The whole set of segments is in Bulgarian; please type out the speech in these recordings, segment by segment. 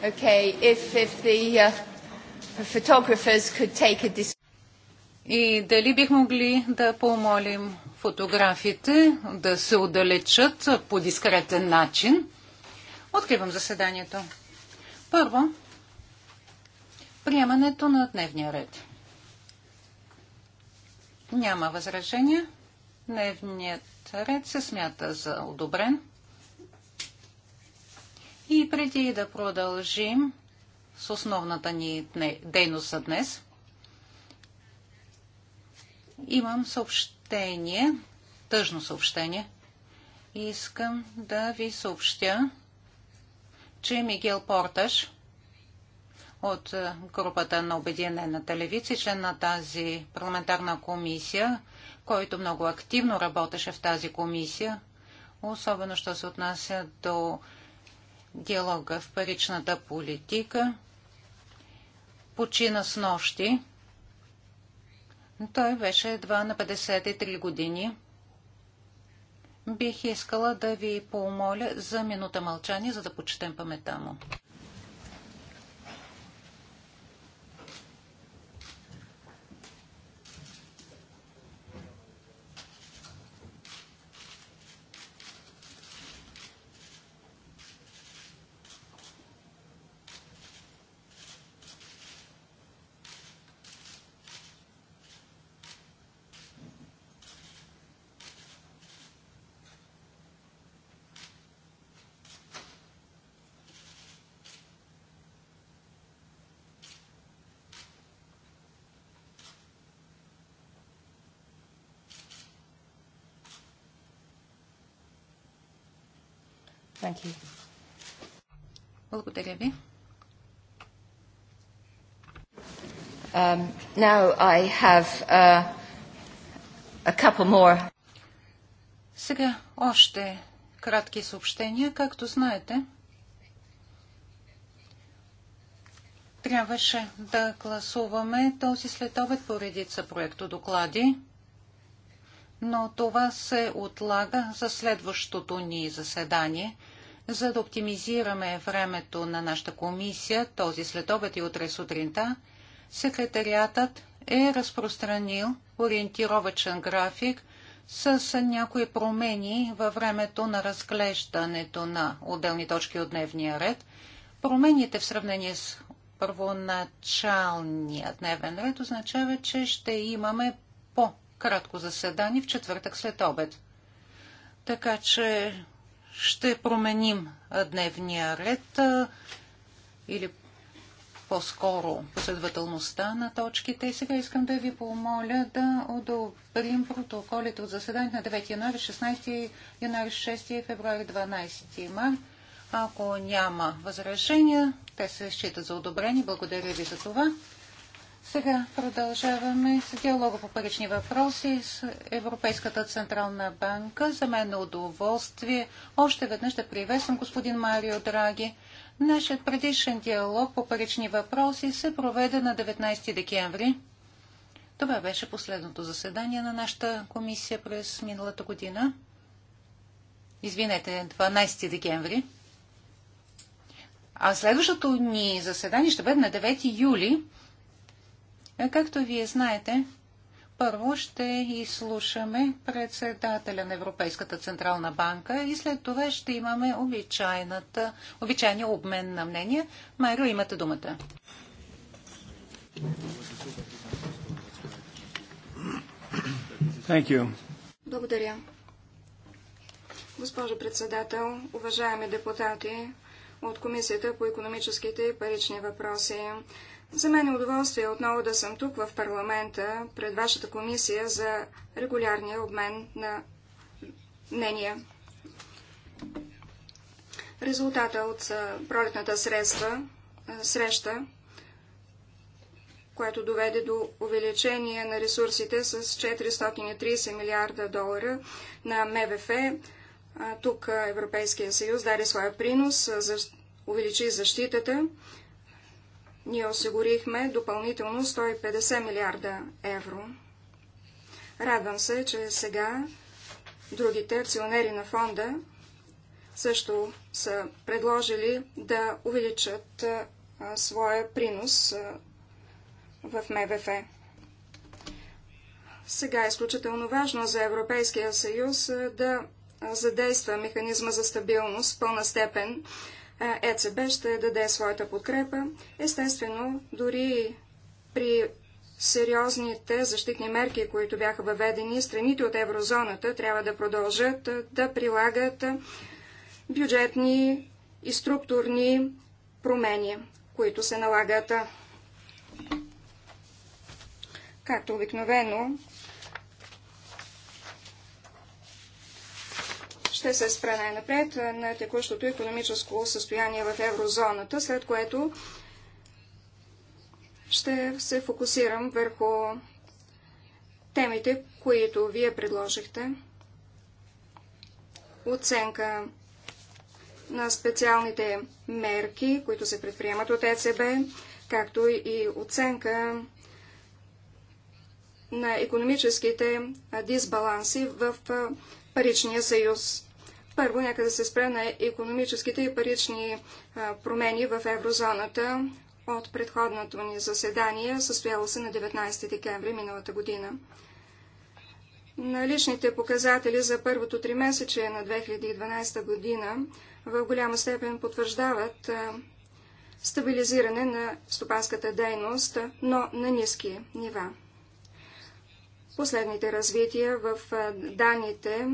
Okay, if, if the uh, photographers could take a dis- И дали бих могли да помолим фотографите да се отдалечат по дискретен начин? Откривам заседанието. Първо, приемането на дневния ред. Няма възражения. Дневният ред се смята за одобрен. И преди да продължим с основната ни дейност за днес, имам съобщение, тъжно съобщение. Искам да ви съобщя, че Мигел Порташ от е, групата на Обединената левица, член на тази парламентарна комисия, който много активно работеше в тази комисия, особено що се отнася до диалога в паричната политика почина с нощи. Той беше едва на 53 години. Бих искала да ви помоля за минута мълчание, за да почетем памета му. Thank you. Благодаря ви. Um, now I have uh, a couple more. Сега още кратки съобщения. Както знаете, трябваше да гласуваме този следобед по редица проектодоклади, но това се отлага за следващото ни заседание – за да оптимизираме времето на нашата комисия този следобед и утре сутринта, секретариатът е разпространил ориентировачен график с някои промени във времето на разглеждането на отделни точки от дневния ред. Промените в сравнение с първоначалния дневен ред означава, че ще имаме по-кратко заседание в четвъртък след обед. Така че ще променим дневния ред или по-скоро последователността на точките. И сега искам да ви помоля да одобрим протоколите от заседанието на 9 януари, 16 януари, 6 февруари, 12 март. Ако няма възражения, те се считат за одобрени. Благодаря ви за това. Сега продължаваме с диалога по парични въпроси с Европейската Централна банка. За мен е удоволствие още веднъж да приветствам господин Марио Драги. Нашият предишен диалог по парични въпроси се проведе на 19 декември. Това беше последното заседание на нашата комисия през миналата година. Извинете, 12 декември. А следващото ни заседание ще бъде на 9 юли е, както вие знаете, първо ще изслушаме председателя на Европейската Централна банка и след това ще имаме обичайната, обичайния обмен на мнения. Майро, имате думата. Thank you. Благодаря. Госпожо председател, уважаеми депутати от Комисията по економическите и парични въпроси, за мен е удоволствие отново да съм тук в парламента пред вашата комисия за регулярния обмен на мнения. Резултата от пролетната средства, среща, което доведе до увеличение на ресурсите с 430 милиарда долара на МВФ. Тук Европейския съюз даде своя принос, увеличи защитата ние осигурихме допълнително 150 милиарда евро. Радвам се, че сега другите акционери на фонда също са предложили да увеличат своя принос в МВФ. Сега е изключително важно за Европейския съюз да задейства механизма за стабилност в пълна степен, ЕЦБ ще даде своята подкрепа. Естествено, дори при сериозните защитни мерки, които бяха въведени, страните от еврозоната трябва да продължат да прилагат бюджетни и структурни промени, които се налагат. Както обикновено, Ще се спра най-напред на текущото економическо състояние в еврозоната, след което ще се фокусирам върху темите, които вие предложихте. Оценка на специалните мерки, които се предприемат от ЕЦБ, както и оценка на економическите дисбаланси в паричния съюз. Първо, нека да се спре на економическите и парични промени в еврозоната от предходното ни заседание, състояло се на 19 декември миналата година. Наличните показатели за първото три месече на 2012 година в голяма степен потвърждават стабилизиране на стопанската дейност, но на ниски нива последните развития в данните,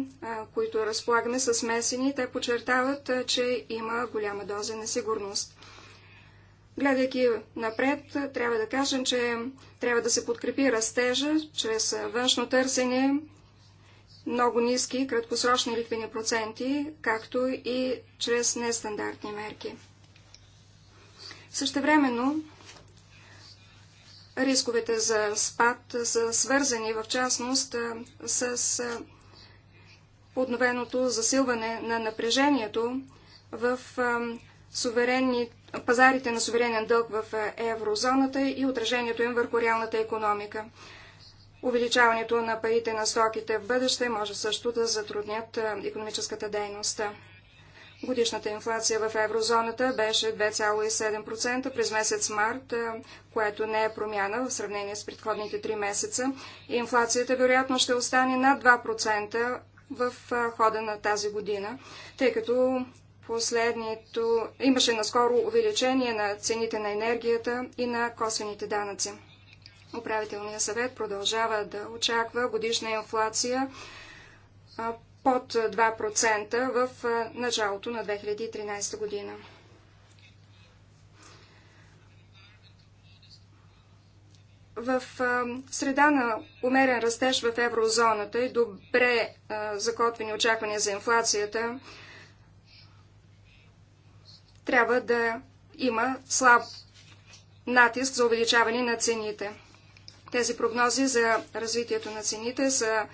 които разполагаме са смесени, те подчертават, че има голяма доза несигурност. Гледайки напред, трябва да кажем, че трябва да се подкрепи растежа чрез външно търсене, много ниски краткосрочни ликвени проценти, както и чрез нестандартни мерки. Същевременно, Рисковете за спад са свързани в частност с подновеното засилване на напрежението в суверенни, пазарите на суверенен дълг в еврозоната и отражението им върху реалната економика. Увеличаването на парите на стоките в бъдеще може също да затруднят економическата дейност. Годишната инфлация в еврозоната беше 2,7% през месец март, което не е промяна в сравнение с предходните три месеца. Инфлацията вероятно ще остане над 2% в хода на тази година, тъй като последното имаше наскоро увеличение на цените на енергията и на косвените данъци. Управителният съвет продължава да очаква годишна инфлация под 2% в началото на 2013 година. в среда на умерен растеж в еврозоната и добре закотвени очаквания за инфлацията, трябва да има слаб натиск за увеличаване на цените. Тези прогнози за развитието на цените са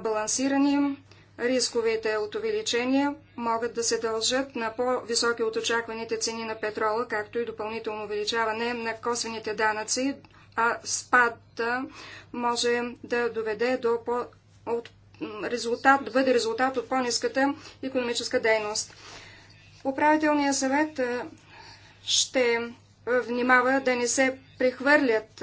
балансирани, Рисковете от увеличение могат да се дължат на по-високи от очакваните цени на петрола, както и допълнително увеличаване на косвените данъци, а спад може да доведе до по- от резултат, да бъде резултат от по-низката економическа дейност. Управителният съвет ще внимава да не се прехвърлят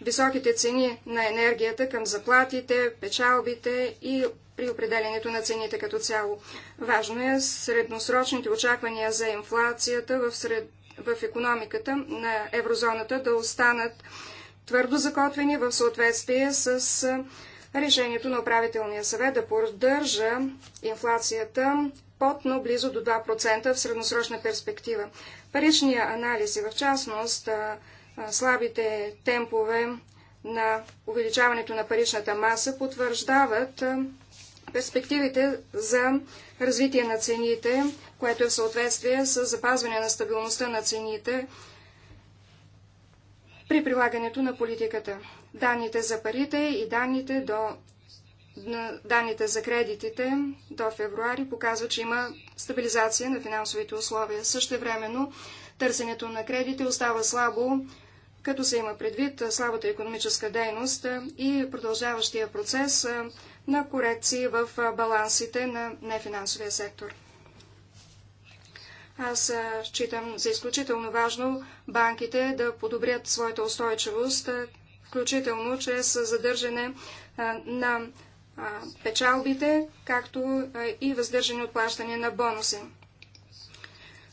високите цени на енергията към заплатите, печалбите и при определенето на цените като цяло. Важно е средносрочните очаквания за инфлацията в, сред... в економиката на еврозоната да останат твърдо закотвени в съответствие с решението на управителния съвет да поддържа инфлацията под, но близо до 2% в средносрочна перспектива. Паричния анализ и в частност слабите темпове на увеличаването на паричната маса потвърждават перспективите за развитие на цените, което е в съответствие с запазване на стабилността на цените при прилагането на политиката. Данните за парите и данните, до, данните за кредитите до февруари показват, че има стабилизация на финансовите условия. Също времено търсенето на кредити остава слабо, като се има предвид слабата економическа дейност и продължаващия процес на корекции в балансите на нефинансовия сектор. Аз считам за изключително важно банките да подобрят своята устойчивост, включително чрез задържане на печалбите, както и въздържане от плащане на бонуси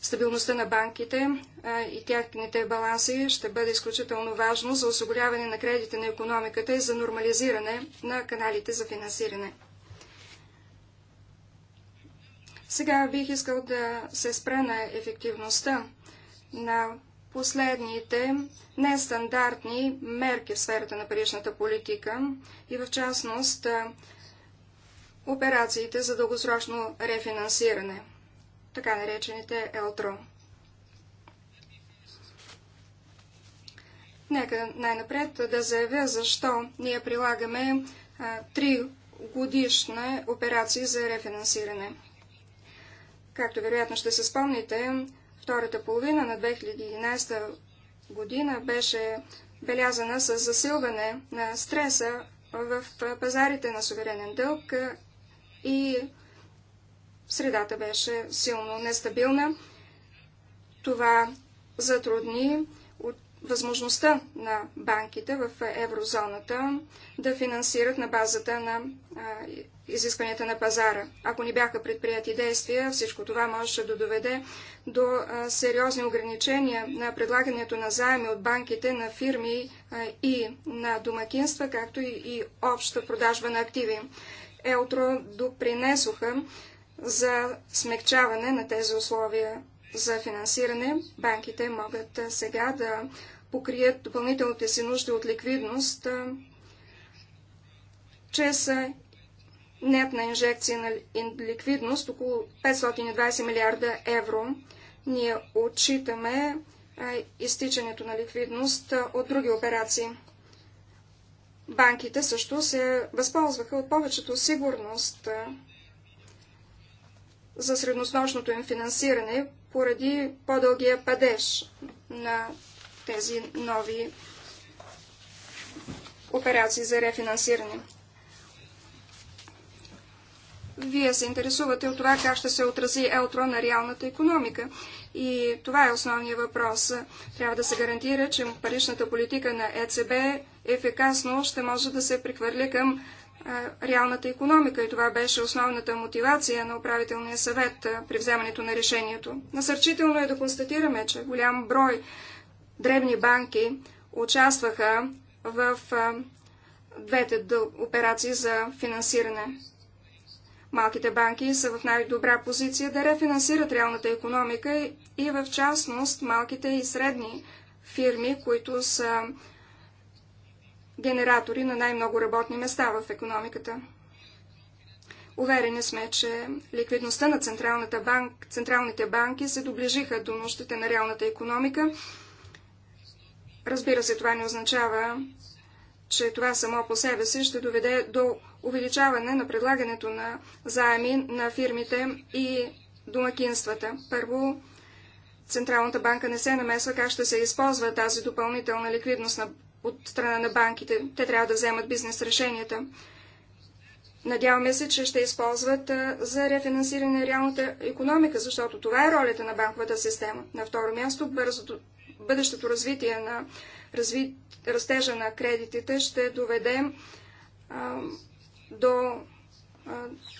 стабилността на банките и тяхните баланси ще бъде изключително важно за осигуряване на кредите на економиката и за нормализиране на каналите за финансиране. Сега бих искал да се спре на ефективността на последните нестандартни мерки в сферата на паричната политика и в частност операциите за дългосрочно рефинансиране – така наречените елтро. Нека най-напред да заявя защо ние прилагаме три годишни операции за рефинансиране. Както вероятно ще се спомните, втората половина на 2011 година беше белязана с засилване на стреса в пазарите на суверенен дълг и Средата беше силно нестабилна. Това затрудни от възможността на банките в еврозоната да финансират на базата на изискванията на пазара. Ако ни бяха предприяти действия, всичко това можеше да доведе до сериозни ограничения на предлагането на заеми от банките на фирми и на домакинства, както и обща продажба на активи. Елтро допринесоха за смягчаване на тези условия за финансиране. Банките могат сега да покрият допълнителните си нужди от ликвидност чрез нетна инжекция на ликвидност около 520 милиарда евро. Ние отчитаме изтичането на ликвидност от други операции. Банките също се възползваха от повечето сигурност за средносрочното им финансиране поради по-дългия падеж на тези нови операции за рефинансиране. Вие се интересувате от това как ще се отрази Елтро на реалната економика. И това е основният въпрос. Трябва да се гарантира, че паричната политика на ЕЦБ ефикасно ще може да се прехвърля към реалната економика и това беше основната мотивация на управителния съвет при вземането на решението. Насърчително е да констатираме, че голям брой древни банки участваха в двете операции за финансиране. Малките банки са в най-добра позиция да рефинансират реалната економика и в частност малките и средни фирми, които са генератори на най-много работни места в економиката. Уверени сме, че ликвидността на Централната банк, централните банки се доближиха до нуждите на реалната економика. Разбира се, това не означава, че това само по себе си ще доведе до увеличаване на предлагането на заеми на фирмите и домакинствата. Първо, Централната банка не се намесва как ще се използва тази допълнителна ликвидност на от страна на банките. Те трябва да вземат бизнес решенията. Надяваме се, че ще използват за рефинансиране на реалната економика, защото това е ролята на банковата система. На второ място, бързото, бъдещето развитие на разви, растежа на кредитите ще доведе а, до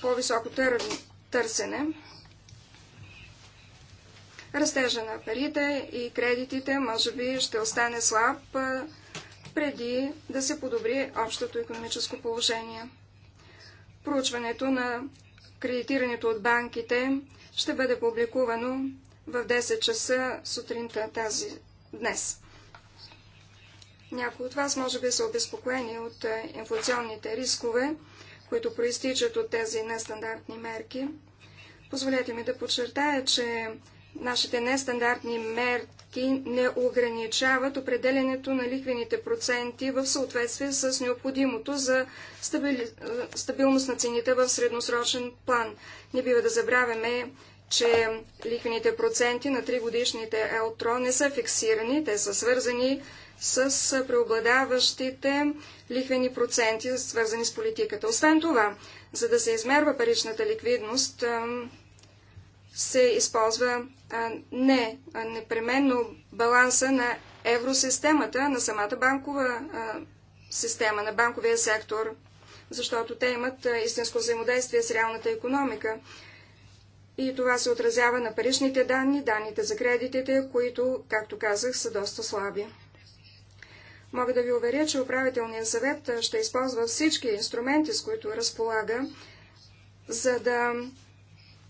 по-високо тър... търсене. Растежа на парите и кредитите може би ще остане слаб. А, преди да се подобри общото економическо положение. Проучването на кредитирането от банките ще бъде публикувано в 10 часа сутринта тази днес. Някои от вас може би са обезпокоени от е, инфлационните рискове, които проистичат от тези нестандартни мерки. Позволете ми да подчертая, че Нашите нестандартни мерки не ограничават определенето на лихвените проценти в съответствие с необходимото за стабили... стабилност на цените в средносрочен план. Не бива да забравяме, че лихвените проценти на 3 годишните ЕЛТРО не са фиксирани, те са свързани с преобладаващите лихвени проценти, свързани с политиката. Освен това, за да се измерва паричната ликвидност, се използва а, не а непременно баланса на евросистемата, на самата банкова а, система, на банковия сектор, защото те имат а, истинско взаимодействие с реалната економика. И това се отразява на паричните данни, данните за кредитите, които, както казах, са доста слаби. Мога да ви уверя, че управителният съвет ще използва всички инструменти, с които разполага, за да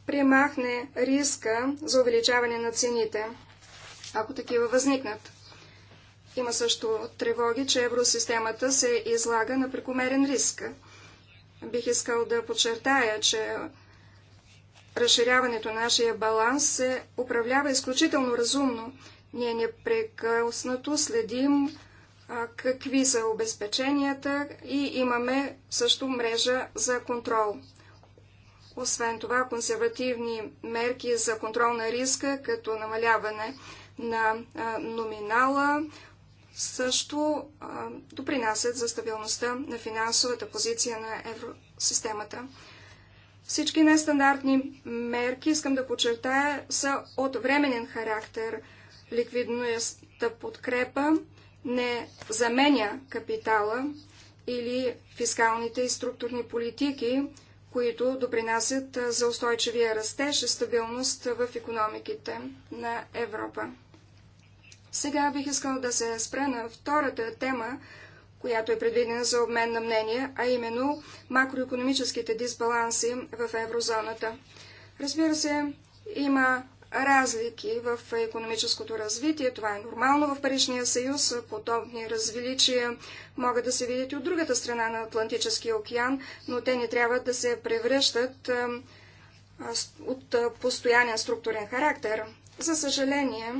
премахне риска за увеличаване на цените, ако такива възникнат. Има също тревоги, че евросистемата се излага на прекомерен риск. Бих искал да подчертая, че разширяването на нашия баланс се управлява изключително разумно. Ние непрекъснато следим а, какви са обезпеченията и имаме също мрежа за контрол. Освен това, консервативни мерки за контрол на риска, като намаляване на номинала, също допринасят за стабилността на финансовата позиция на евросистемата. Всички нестандартни мерки, искам да подчертая, са от временен характер. Ликвидността подкрепа не заменя капитала или фискалните и структурни политики, които допринасят за устойчивия растеж и стабилност в економиките на Европа. Сега бих искал да се спра на втората тема, която е предвидена за обмен на мнения, а именно макроекономическите дисбаланси в еврозоната. Разбира се, има разлики в економическото развитие. Това е нормално в Парижния съюз. Подобни развеличия могат да се видят и от другата страна на Атлантическия океан, но те не трябва да се превръщат от постоянен структурен характер. За съжаление,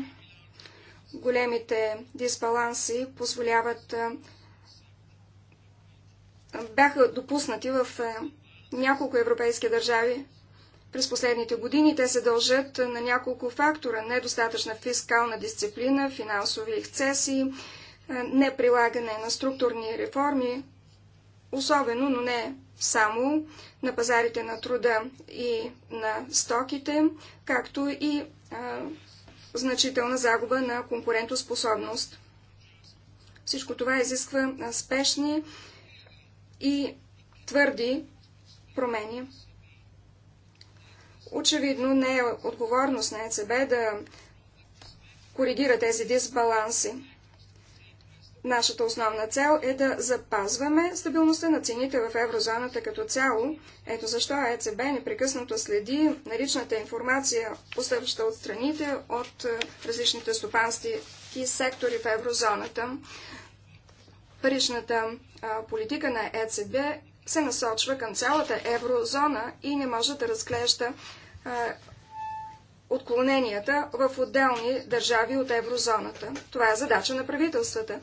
големите дисбаланси позволяват бяха допуснати в няколко европейски държави през последните години те се дължат на няколко фактора – недостатъчна фискална дисциплина, финансови ексцесии, е, неприлагане на структурни реформи, особено, но не само на пазарите на труда и на стоките, както и а, е, значителна загуба на конкурентоспособност. Всичко това изисква е, спешни и твърди промени. Очевидно не е отговорност на ЕЦБ да коригира тези дисбаланси. Нашата основна цел е да запазваме стабилността на цените в еврозоната като цяло. Ето защо ЕЦБ непрекъснато следи наличната информация, постъпваща от страните, от е, различните стопански и сектори в еврозоната. Паричната политика на ЕЦБ се насочва към цялата еврозона и не може да разглежда отклоненията в отделни държави от еврозоната. Това е задача на правителствата.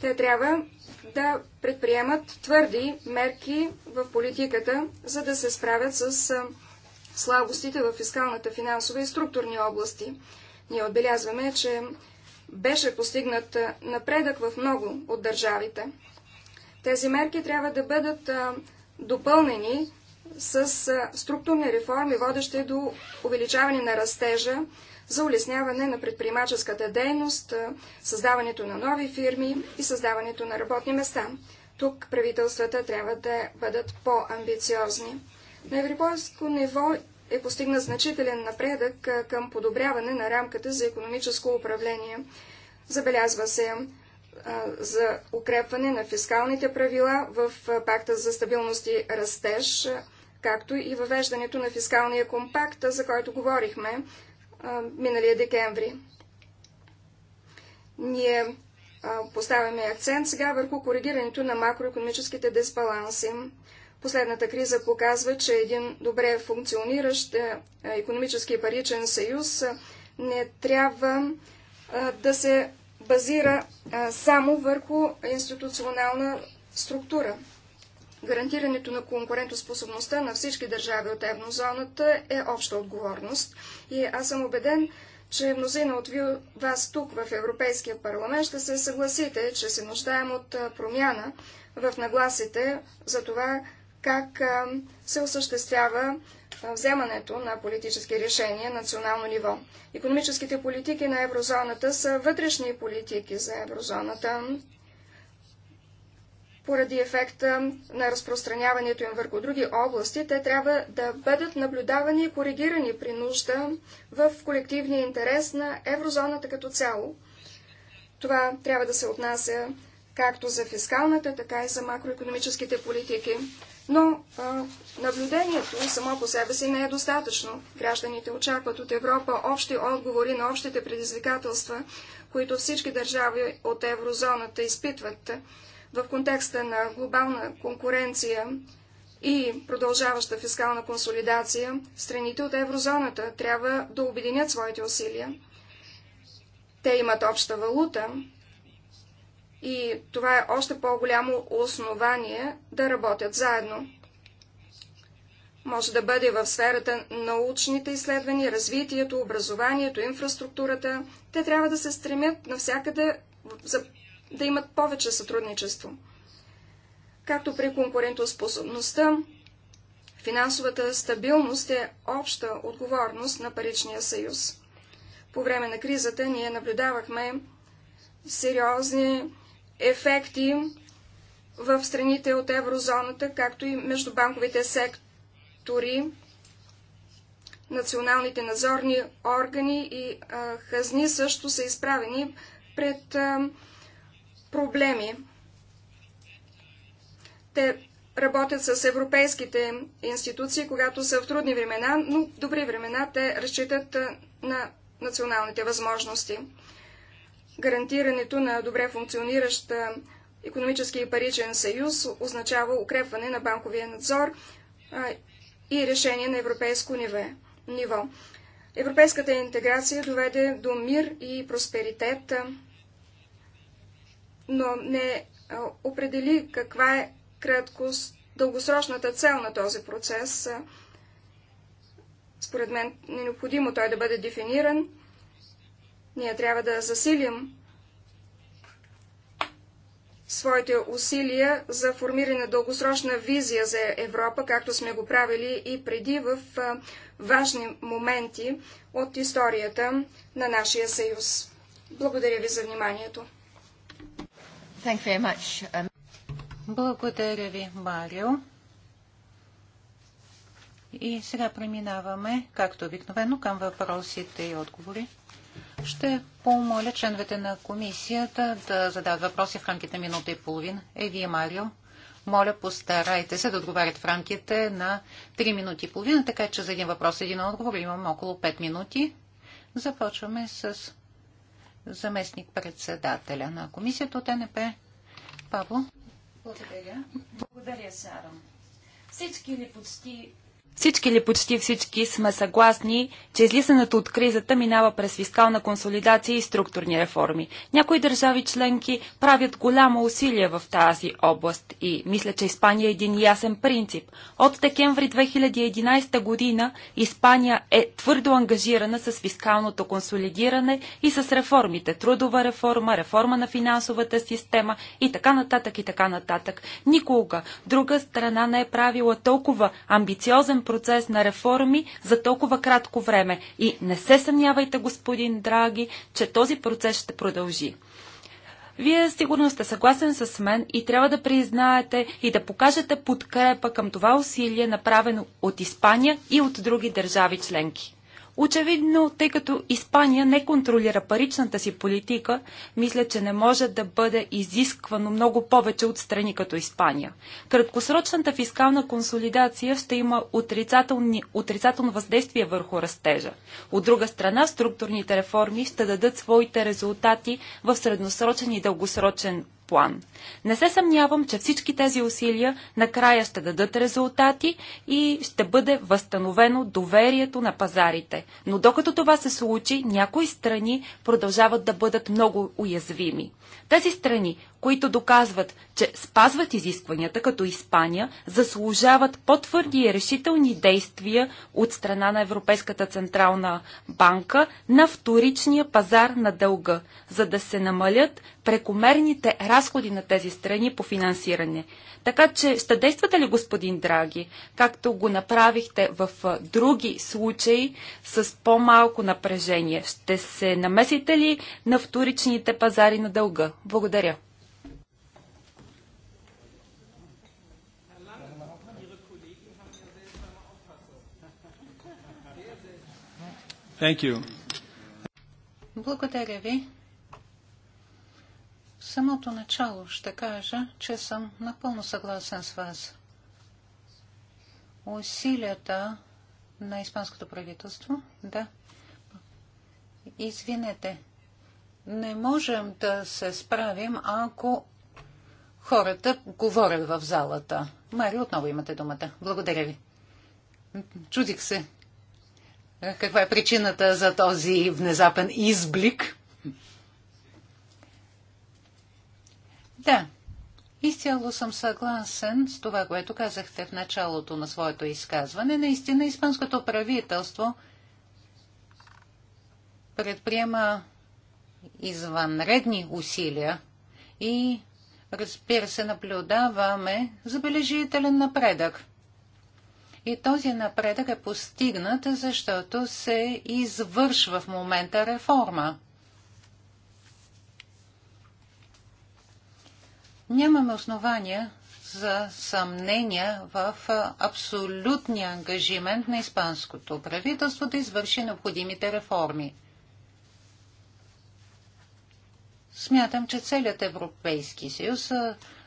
Те трябва да предприемат твърди мерки в политиката, за да се справят с слабостите в фискалната, финансова и структурни области. Ние отбелязваме, че беше постигнат напредък в много от държавите. Тези мерки трябва да бъдат допълнени с структурни реформи, водещи до увеличаване на растежа, за улесняване на предприемаческата дейност, създаването на нови фирми и създаването на работни места. Тук правителствата трябва да бъдат по-амбициозни. На европейско ниво е постигнат значителен напредък към подобряване на рамката за економическо управление. Забелязва се за укрепване на фискалните правила в Пакта за стабилност и растеж, както и въвеждането на фискалния компакт, за който говорихме а, миналия декември. Ние а, поставяме акцент сега върху коригирането на макроекономическите дисбаланси. Последната криза показва, че един добре функциониращ е, економически паричен съюз не трябва да се базира само върху институционална структура. Гарантирането на конкурентоспособността на всички държави от еврозоната е обща отговорност и аз съм убеден, че мнозина от вас тук в Европейския парламент ще се съгласите, че се нуждаем от промяна в нагласите за това как се осъществява вземането на политически решения на национално ниво. Економическите политики на еврозоната са вътрешни политики за еврозоната поради ефекта на разпространяването им върху други области, те трябва да бъдат наблюдавани и коригирани при нужда в колективния интерес на еврозоната като цяло. Това трябва да се отнася както за фискалната, така и за макроекономическите политики. Но а, наблюдението само по себе си не е достатъчно. Гражданите очакват от Европа общи отговори на общите предизвикателства, които всички държави от еврозоната изпитват в контекста на глобална конкуренция и продължаваща фискална консолидация, страните от еврозоната трябва да обединят своите усилия. Те имат обща валута и това е още по-голямо основание да работят заедно. Може да бъде в сферата научните изследвания, развитието, образованието, инфраструктурата. Те трябва да се стремят навсякъде за да имат повече сътрудничество. Както при конкурентоспособността, финансовата стабилност е обща отговорност на паричния съюз. По време на кризата ние наблюдавахме сериозни ефекти в страните от еврозоната, както и между банковите сектори, националните надзорни органи и а, хазни също са изправени пред а, проблеми. Те работят с европейските институции, когато са в трудни времена, но в добри времена те разчитат на националните възможности. Гарантирането на добре функционираща економически и паричен съюз означава укрепване на банковия надзор и решение на европейско ниво. Европейската интеграция доведе до мир и просперитет но не определи каква е кратко дългосрочната цел на този процес. Според мен е необходимо той да бъде дефиниран. Ние трябва да засилим своите усилия за формиране на дългосрочна визия за Европа, както сме го правили и преди в важни моменти от историята на нашия съюз. Благодаря ви за вниманието. Thank you very much. Um... Благодаря ви, Марио. И сега преминаваме, както обикновено, към въпросите и отговори. Ще помоля членовете на комисията да задават въпроси в рамките на минута и половина. Е, вие, Марио, моля, постарайте се да отговарят в рамките на 3 минути и половина, така че за един въпрос и един отговор имам около 5 минути. Започваме с заместник председателя на комисията от НП. Павло. Благодаря. Благодаря, Сара. Всички ли почти всички или почти всички сме съгласни, че излизането от кризата минава през фискална консолидация и структурни реформи. Някои държави членки правят голямо усилие в тази област и мисля, че Испания е един ясен принцип. От декември 2011 година Испания е твърдо ангажирана с фискалното консолидиране и с реформите. Трудова реформа, реформа на финансовата система и така нататък и така нататък. Никога друга страна не е правила толкова амбициозен процес на реформи за толкова кратко време. И не се съмнявайте, господин Драги, че този процес ще продължи. Вие сигурно сте съгласен с мен и трябва да признаете и да покажете подкрепа към това усилие, направено от Испания и от други държави членки. Очевидно, тъй като Испания не контролира паричната си политика, мисля, че не може да бъде изисквано много повече от страни като Испания. Краткосрочната фискална консолидация ще има отрицателно въздействие върху растежа. От друга страна, структурните реформи ще дадат своите резултати в средносрочен и дългосрочен план. Не се съмнявам, че всички тези усилия накрая ще дадат резултати и ще бъде възстановено доверието на пазарите. Но докато това се случи, някои страни продължават да бъдат много уязвими. Тези страни, които доказват, че спазват изискванията, като Испания, заслужават по-твърди и решителни действия от страна на Европейската централна банка на вторичния пазар на дълга, за да се намалят прекомерните разходи на тези страни по финансиране. Така че ще действате ли, господин Драги, както го направихте в други случаи с по-малко напрежение? Ще се намесите ли на вторичните пазари на дълга? Благодаря. Thank you. Благодаря ви самото начало ще кажа, че съм напълно съгласен с вас. Усилията на испанското правителство, да. Извинете, не можем да се справим, ако хората говорят в залата. Мари, отново имате думата. Благодаря ви. Чудих се. Каква е причината за този внезапен изблик? Да, изцяло съм съгласен с това, което казахте в началото на своето изказване. Наистина, испанското правителство предприема извънредни усилия и, разбира се, наблюдаваме забележителен напредък. И този напредък е постигнат, защото се извършва в момента реформа. Нямаме основания за съмнения в абсолютния ангажимент на испанското правителство да извърши необходимите реформи. Смятам, че целият Европейски съюз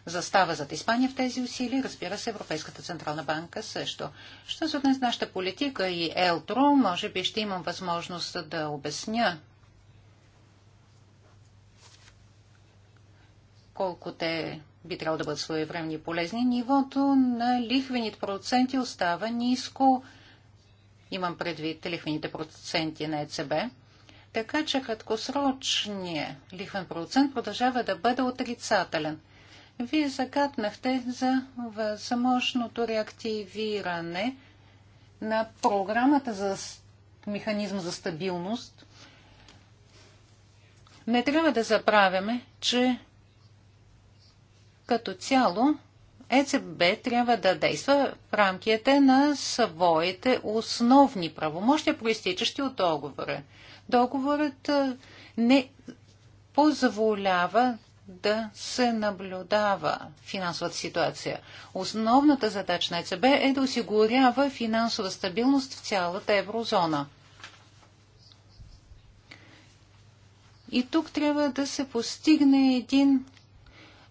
застава зад Испания в тези усилия, разбира се, Европейската централна банка също. Що се отнес нашата политика и Елтро, може би ще имам възможност да обясня колко те би трябвало да бъдат своевременни и полезни, нивото на лихвените проценти остава ниско. Имам предвид лихвените проценти на ЕЦБ. Така че краткосрочният лихвен процент продължава да бъде отрицателен. Вие загаднахте за възможното реактивиране на програмата за механизма за стабилност. Не трябва да забравяме, че като цяло, ЕЦБ трябва да действа в рамките на своите основни правомощия, проистичащи от договора. Договорът не позволява да се наблюдава финансовата ситуация. Основната задача на ЕЦБ е да осигурява финансова стабилност в цялата еврозона. И тук трябва да се постигне един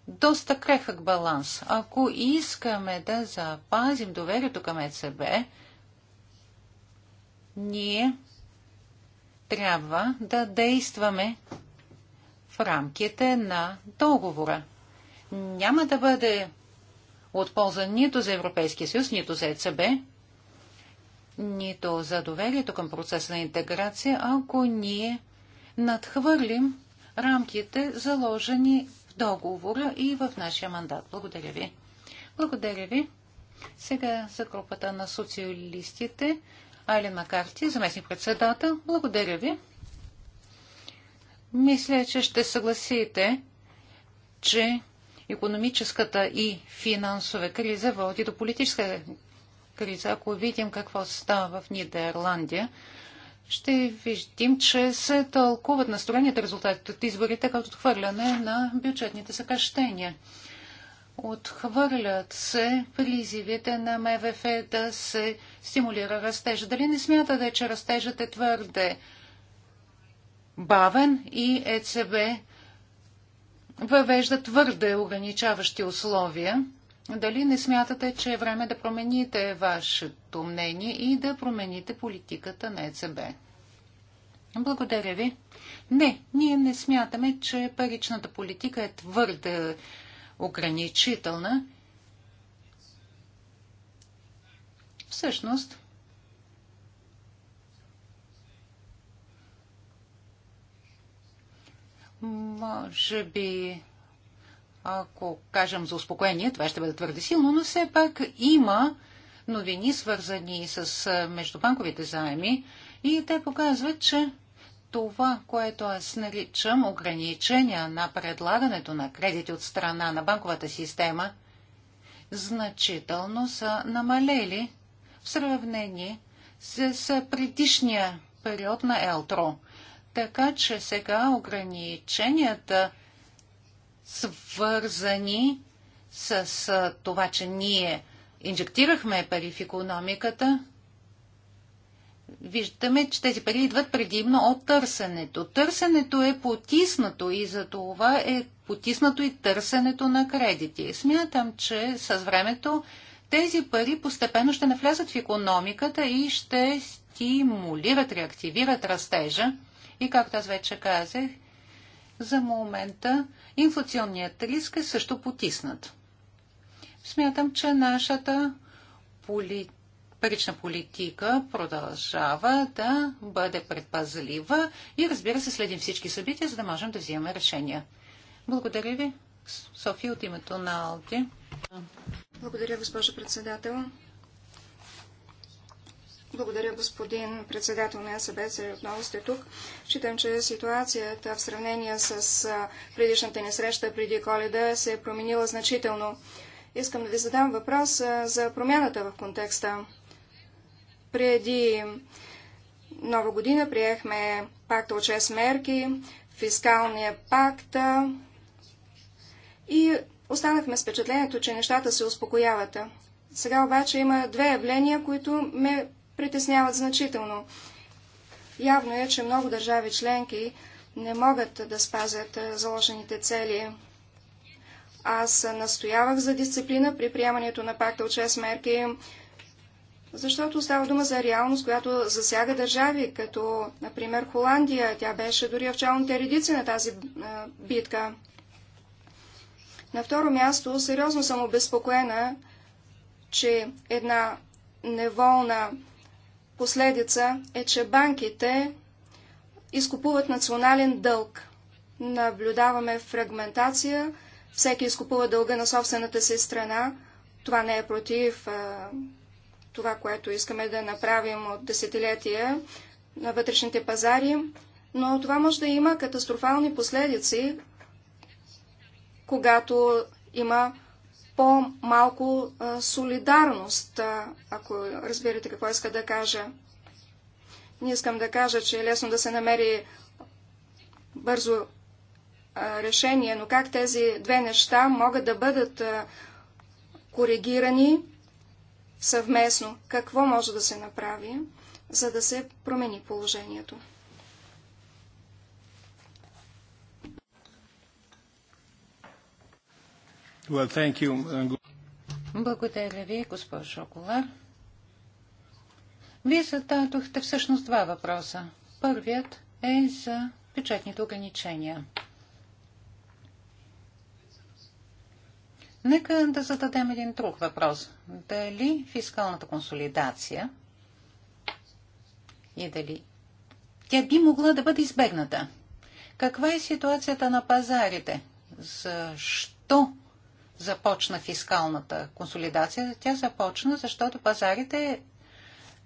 доста крехък баланс. Ако искаме да запазим доверието към ЕЦБ, ние трябва да действаме в рамките на договора. Няма да бъде от полза нито за Европейския съюз, нито за ЕЦБ, нито за доверието към процеса на интеграция, ако ние надхвърлим рамките, заложени договора и в нашия мандат. Благодаря ви. Благодаря ви. Сега за групата на социалистите. Айлен Макарти, заместник председател. Благодаря ви. Мисля, че ще съгласите, че економическата и финансова криза води до политическа криза. Ако видим какво става в Нидерландия, ще видим, че се тълкуват настроенията, резултатите от изборите, като отхвърляне на бюджетните съкръщения. Отхвърлят се призивите на МВФ да се стимулира растежа. Дали не смятате, че растежът е твърде бавен и ЕЦБ въвежда твърде ограничаващи условия? Дали не смятате, че е време да промените вашето мнение и да промените политиката на ЕЦБ? Благодаря ви. Не, ние не смятаме, че паричната политика е твърде ограничителна. Всъщност, може би ако кажем за успокоение, това ще бъде твърде силно, но все пак има новини, свързани с междубанковите заеми и те показват, че това, което аз наричам ограничения на предлагането на кредити от страна на банковата система, значително са намалели в сравнение с, с предишния период на Елтро. Така че сега ограниченията свързани с това, че ние инжектирахме пари в економиката, виждаме, че тези пари идват предимно от търсенето. Търсенето е потиснато и за това е потиснато и търсенето на кредити. Смятам, че с времето тези пари постепенно ще навлязат в економиката и ще стимулират, реактивират растежа. И както аз вече казах, за момента инфлационният риск е също потиснат. Смятам, че нашата поли... парична политика продължава да бъде предпазлива и разбира се следим всички събития, за да можем да вземем решения. Благодаря ви. София от името на Алти. Благодаря, госпожо председател. Благодаря, господин председател на СБ, че отново сте тук. Считам, че ситуацията в сравнение с предишната ни среща преди коледа се е променила значително. Искам да ви задам въпрос за промяната в контекста. Преди нова година приехме пакта от 6 мерки, фискалния пакт и останахме с впечатлението, че нещата се успокояват. Сега обаче има две явления, които ме притесняват значително. Явно е, че много държави членки не могат да спазят е, заложените цели. Аз настоявах за дисциплина при приемането на пакта от 6 мерки, защото става дума за реалност, която засяга държави, като, например, Холандия. Тя беше дори в челните редици на тази е, битка. На второ място, сериозно съм обезпокоена, че една неволна последица е, че банките изкупуват национален дълг. Наблюдаваме фрагментация, всеки изкупува дълга на собствената си страна. Това не е против а, това, което искаме да направим от десетилетия на вътрешните пазари, но това може да има катастрофални последици, когато има по-малко солидарност, ако разбирате какво иска да кажа. Не искам да кажа, че е лесно да се намери бързо решение, но как тези две неща могат да бъдат коригирани съвместно? Какво може да се направи, за да се промени положението? Well, uh, Благодаря ви, госпожо Колар. Вие зададохте всъщност два въпроса. Първият е за бюджетните ограничения. Нека да зададем един друг въпрос. Дали фискалната консолидация и дали тя би могла да бъде избегната? Каква е ситуацията на пазарите? Защо започна фискалната консолидация, тя започна, защото пазарите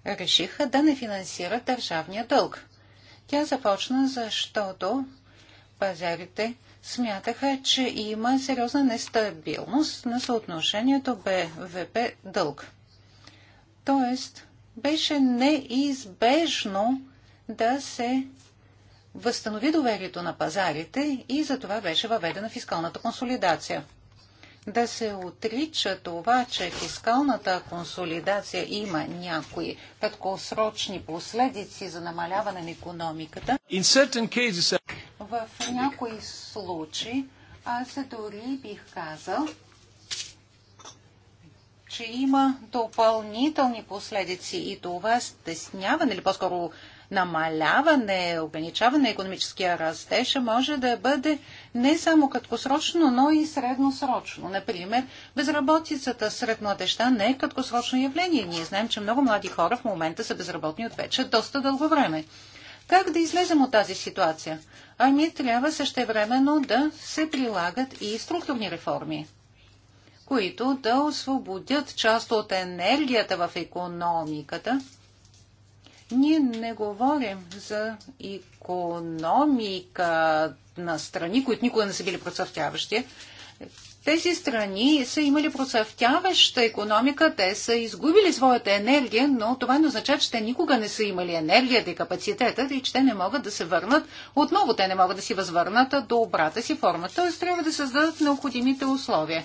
решиха да не финансират държавния дълг. Тя започна, защото пазарите смятаха, че има сериозна нестабилност на съотношението БВП дълг. Тоест, беше неизбежно да се възстанови доверието на пазарите и за това беше въведена фискалната консолидация да се отрича това, че фискалната консолидация има някои краткосрочни последици за намаляване на економиката. Cases... Uh, В някои случаи аз дори бих казал, че има допълнителни последици и това стесняване или по-скоро намаляване, ограничаване на економическия растеж може да бъде не само краткосрочно, но и средносрочно. Например, безработицата сред младеща не е краткосрочно явление. Ние знаем, че много млади хора в момента са безработни от вече доста дълго време. Как да излезем от тази ситуация? Ами трябва същевременно да се прилагат и структурни реформи които да освободят част от енергията в економиката, ние не говорим за економика на страни, които никога не са били процъфтяващи. Тези страни са имали процъфтяваща економика, те са изгубили своята енергия, но това не означава, че те никога не са имали енергията и капацитета и че те не могат да се върнат. Отново те не могат да си възвърнат до обрата си форма. Т.е. трябва да създадат необходимите условия.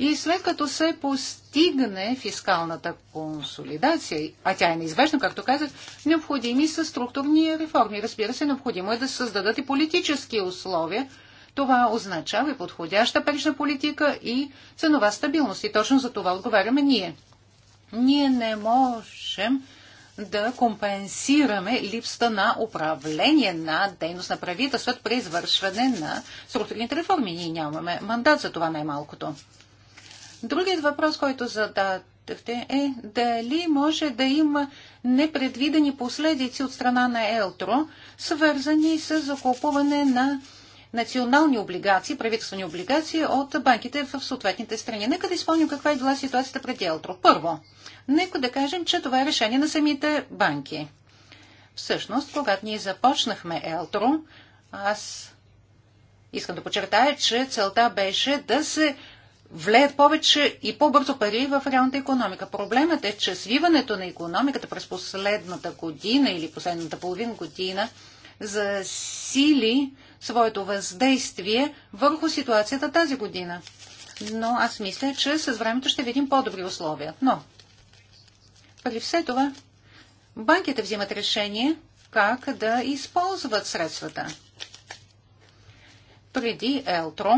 И след като се постигне фискалната консолидация, а тя е неизбежна, както казах, необходими са структурни реформи. Разбира се, необходимо е да създадат и политически условия. Това означава и подходяща парична политика и ценова стабилност. И точно за това отговаряме ние. Ние не можем да компенсираме липста на управление на дейност на правителството при извършване на структурните реформи. Ние нямаме мандат за това най-малкото. Другият въпрос, който зададахте е дали може да има непредвидени последици от страна на Елтро, свързани с закупуване на национални облигации, правителствени облигации от банките в съответните страни. Нека да изпълним каква е била ситуацията преди Елтро. Първо, нека да кажем, че това е решение на самите банки. Всъщност, когато ние започнахме Елтро, аз искам да подчертая, че целта беше да се влеят повече и по-бързо пари в реалната економика. Проблемът е, че свиването на економиката през последната година или последната половин година засили своето въздействие върху ситуацията тази година. Но аз мисля, че с времето ще видим по-добри условия. Но при все това банките взимат решение как да използват средствата. Преди Елтро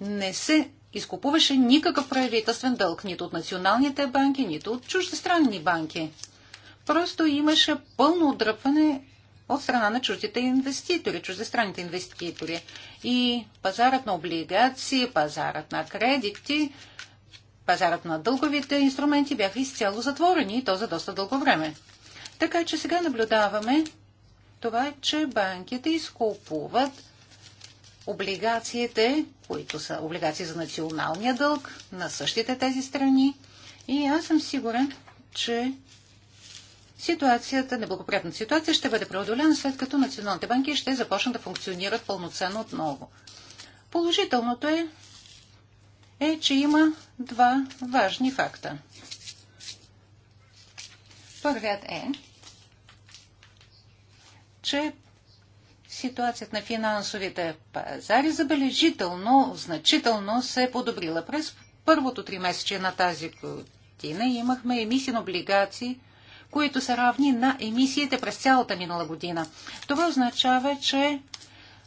не се изкупуваше никакъв правителствен дълг, нито от националните банки, нито от чуждестранни банки. Просто имаше пълно отдръпване от страна на чуждите инвеститори, чуждестранните инвеститори. И пазарът на облигации, пазарът на кредити, пазарът на дълговите инструменти бяха изцяло затворени и то за доста дълго време. Така че сега наблюдаваме това, че банките изкупуват облигациите, които са облигации за националния дълг на същите тези страни. И аз съм сигурен, че ситуацията, неблагоприятната ситуация ще бъде преодолена, след като националните банки ще започнат да функционират пълноценно отново. Положителното е, е, че има два важни факта. Първият е, че ситуацията на финансовите пазари забележително, значително се е подобрила. През първото три месече на тази година имахме емисии на облигации, които са равни на емисиите през цялата минала година. Това означава, че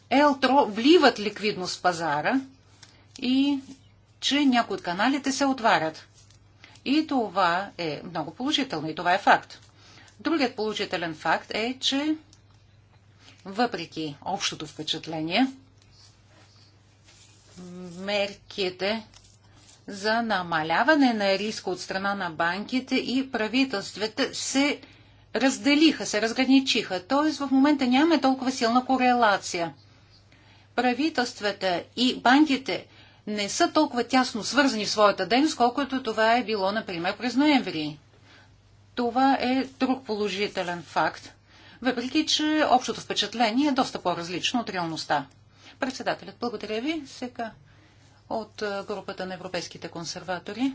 Елтро вливат ликвидност в пазара и че някои от каналите се отварят. И това е много положително и това е факт. Другият положителен факт е, че въпреки общото впечатление, мерките за намаляване на риска от страна на банките и правителствата се разделиха, се разграничиха. Т.е. в момента нямаме толкова силна корелация. Правителствата и банките не са толкова тясно свързани в своята дейност, колкото това е било, например, през ноември. Това е друг положителен факт въпреки че общото впечатление е доста по-различно от реалността. Председателят, благодаря ви. Сега от групата на европейските консерватори.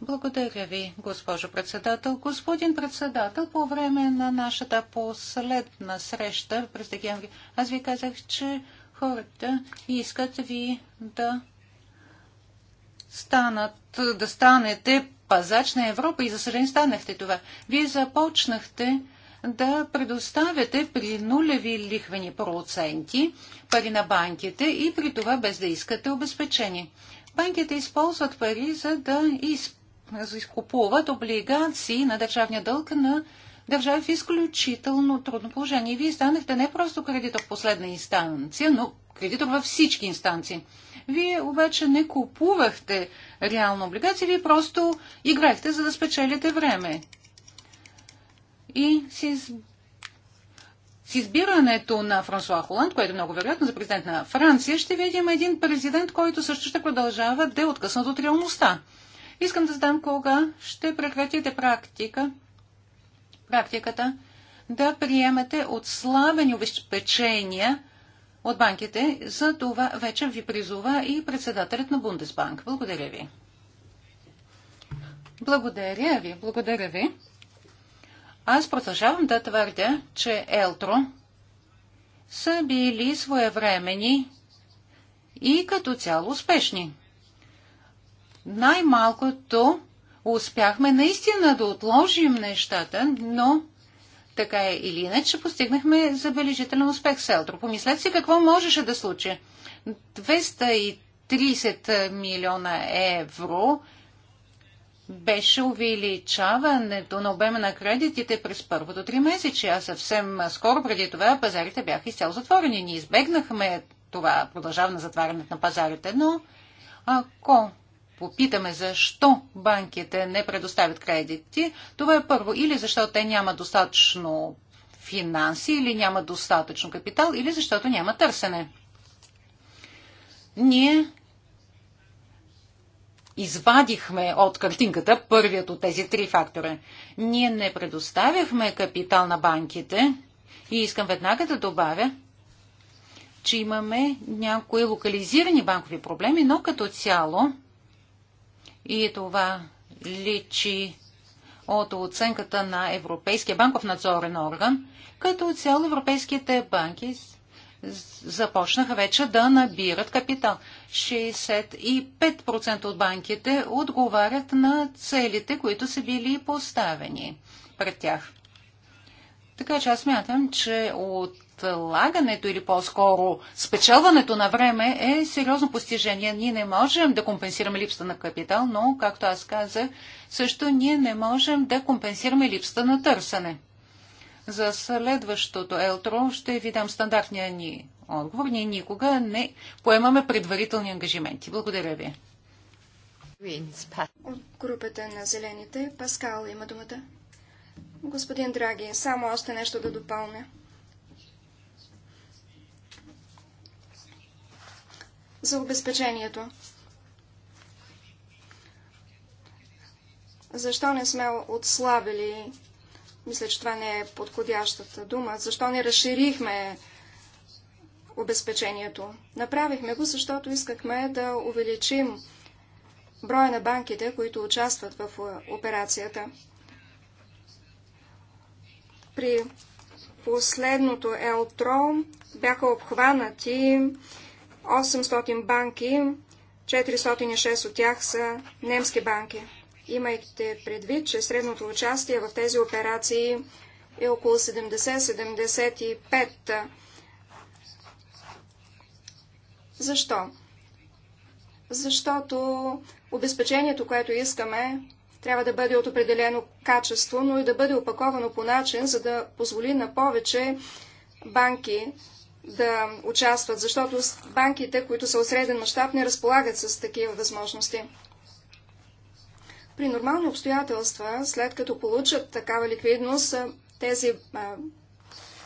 Благодаря ви, госпожо председател. Господин председател, по време на нашата последна среща през декември, аз ви казах, че хората искат ви да станат, да станете пазач на Европа и за съжаление станахте това. Вие започнахте да предоставяте при нулеви лихвени проценти пари на банките и при това без да искате обезпечение. Банките използват пари за да изкупуват облигации на държавния дълг на държави в изключително трудно положение. Вие станахте не просто кредитор в последна инстанция, но кредитор във всички инстанции. Вие обаче не купувахте реално облигации, вие просто играхте, за да спечелите време. И с, с избирането на Франсуа Холанд, което е много вероятно за президент на Франция, ще видим един президент, който също ще продължава да е откъснат от реалността. Искам да знам кога ще прекратите практика, практиката да приемете отслабени обезпечения от банките. За това вече ви призова и председателят на Бундесбанк. Благодаря ви. Благодаря ви. Благодаря ви. Аз продължавам да твърдя, че Елтро са били своевремени и като цяло успешни. Най-малкото успяхме наистина да отложим нещата, но така е или иначе постигнахме забележителен успех с Елтро. Помислете си какво можеше да случи. 230 милиона евро беше увеличаването на обема на кредитите през първото три месечи, а съвсем скоро преди това пазарите бяха изцяло затворени. Ние избегнахме това продължаване затварянето на пазарите, но ако попитаме защо банките не предоставят кредити, това е първо или защото те няма достатъчно финанси, или няма достатъчно капитал, или защото няма търсене. Ние извадихме от картинката първият от тези три фактора. Ние не предоставяхме капитал на банките и искам веднага да добавя, че имаме някои локализирани банкови проблеми, но като цяло и това личи от оценката на Европейския банков надзорен орган, като цяло европейските банки започнаха вече да набират капитал. 65% от банките отговарят на целите, които са били поставени пред тях. Така че аз мятам, че отлагането или по-скоро спечелването на време е сериозно постижение. Ние не можем да компенсираме липсата на капитал, но, както аз казах, също ние не можем да компенсираме липсата на търсене. За следващото елтро ще ви дам стандартния ни отговор. Ние никога не поемаме предварителни ангажименти. Благодаря ви. От групата на зелените Паскал има думата. Господин Драги, само още нещо да допълня. За обезпечението. Защо не сме отслабили мисля, че това не е подходящата дума. Защо не разширихме обезпечението? Направихме го, защото искахме да увеличим броя на банките, които участват в операцията. При последното Елтро бяха обхванати 800 банки, 406 от тях са немски банки. Имайте предвид, че средното участие в тези операции е около 70-75. Защо? Защото обезпечението, което искаме, трябва да бъде от определено качество, но и да бъде опаковано по начин, за да позволи на повече банки да участват, защото банките, които са от среден мащаб, не разполагат с такива възможности. При нормални обстоятелства, след като получат такава ликвидност, тези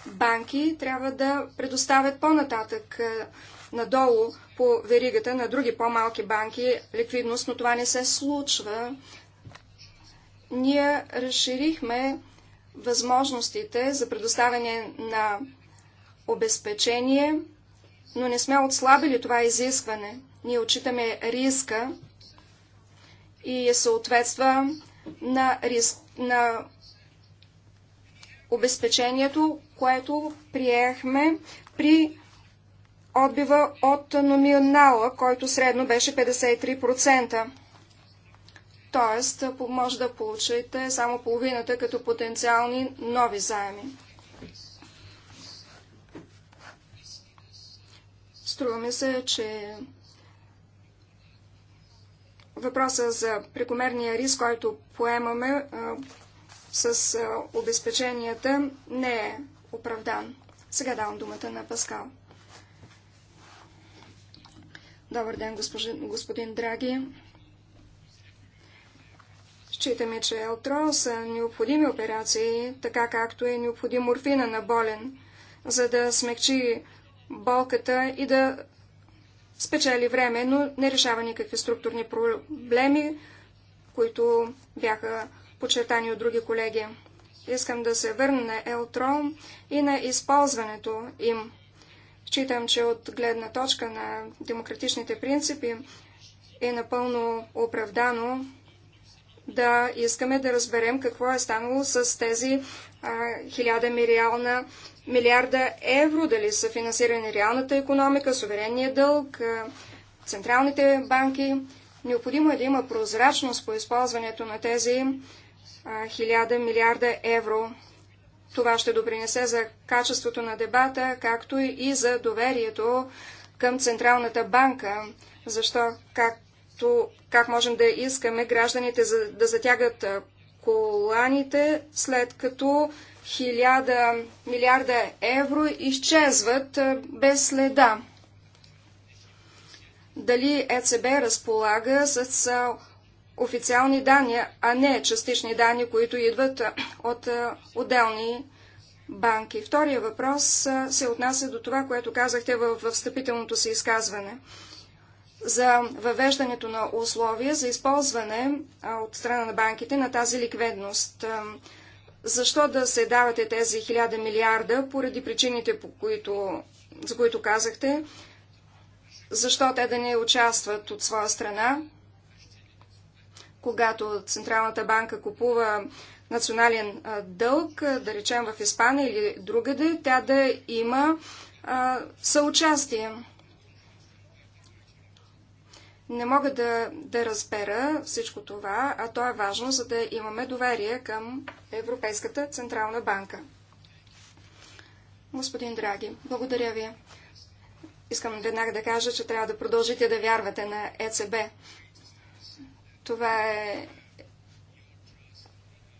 банки трябва да предоставят по-нататък надолу по веригата на други по-малки банки ликвидност, но това не се случва. Ние разширихме възможностите за предоставяне на обезпечение, но не сме отслабили това изискване. Ние отчитаме риска и е съответства на, рис... на обезпечението, което приехме при отбива от номинала, който средно беше 53%. Тоест, може да получите само половината като потенциални нови заеми. Струва ми се, че въпроса за прекомерния риск, който поемаме а, с а, обезпеченията, не е оправдан. Сега давам думата на Паскал. Добър ден, господин, господин Драги. Считаме, че Елтро са необходими операции, така както е необходим морфина на болен, за да смекчи болката и да спечели време, но не решава никакви структурни проблеми, които бяха подчертани от други колеги. Искам да се върна на Елтрон и на използването им. Считам, че от гледна точка на демократичните принципи е напълно оправдано да искаме да разберем какво е станало с тези хиляда мириална милиарда евро, дали са финансирани реалната економика, суверенния дълг, е, централните банки. Необходимо е да има прозрачност по използването на тези е, хиляда милиарда евро. Това ще допринесе за качеството на дебата, както и за доверието към Централната банка. Защо? Както, как можем да искаме гражданите за, да затягат е, коланите, след като 1000 милиарда евро изчезват без следа. Дали ЕЦБ разполага с официални данни, а не частични данни, които идват от отделни банки. Втория въпрос се отнася до това, което казахте във встъпителното си изказване за въвеждането на условия за използване от страна на банките на тази ликвидност. Защо да се давате тези 1000 милиарда поради причините, по които, за които казахте? Защо те да не участват от своя страна? Когато Централната банка купува национален дълг, да речем в Испания или другаде, тя да има съучастие. Не мога да, да разбера всичко това, а то е важно, за да имаме доверие към Европейската Централна банка. Господин Драги, благодаря ви. Искам веднага да кажа, че трябва да продължите да вярвате на ЕЦБ. Това е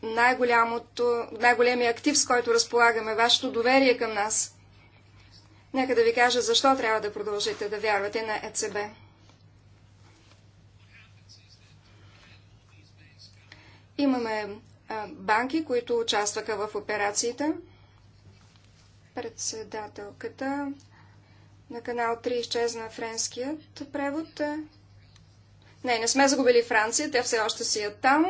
най-голямото, най-големия актив, с който разполагаме, вашето доверие към нас. Нека да ви кажа защо трябва да продължите да вярвате на ЕЦБ. Имаме банки, които участваха в операциите. Председателката на канал 3 изчезна френският превод. Не, не сме загубили Франция, те все още си ят е там.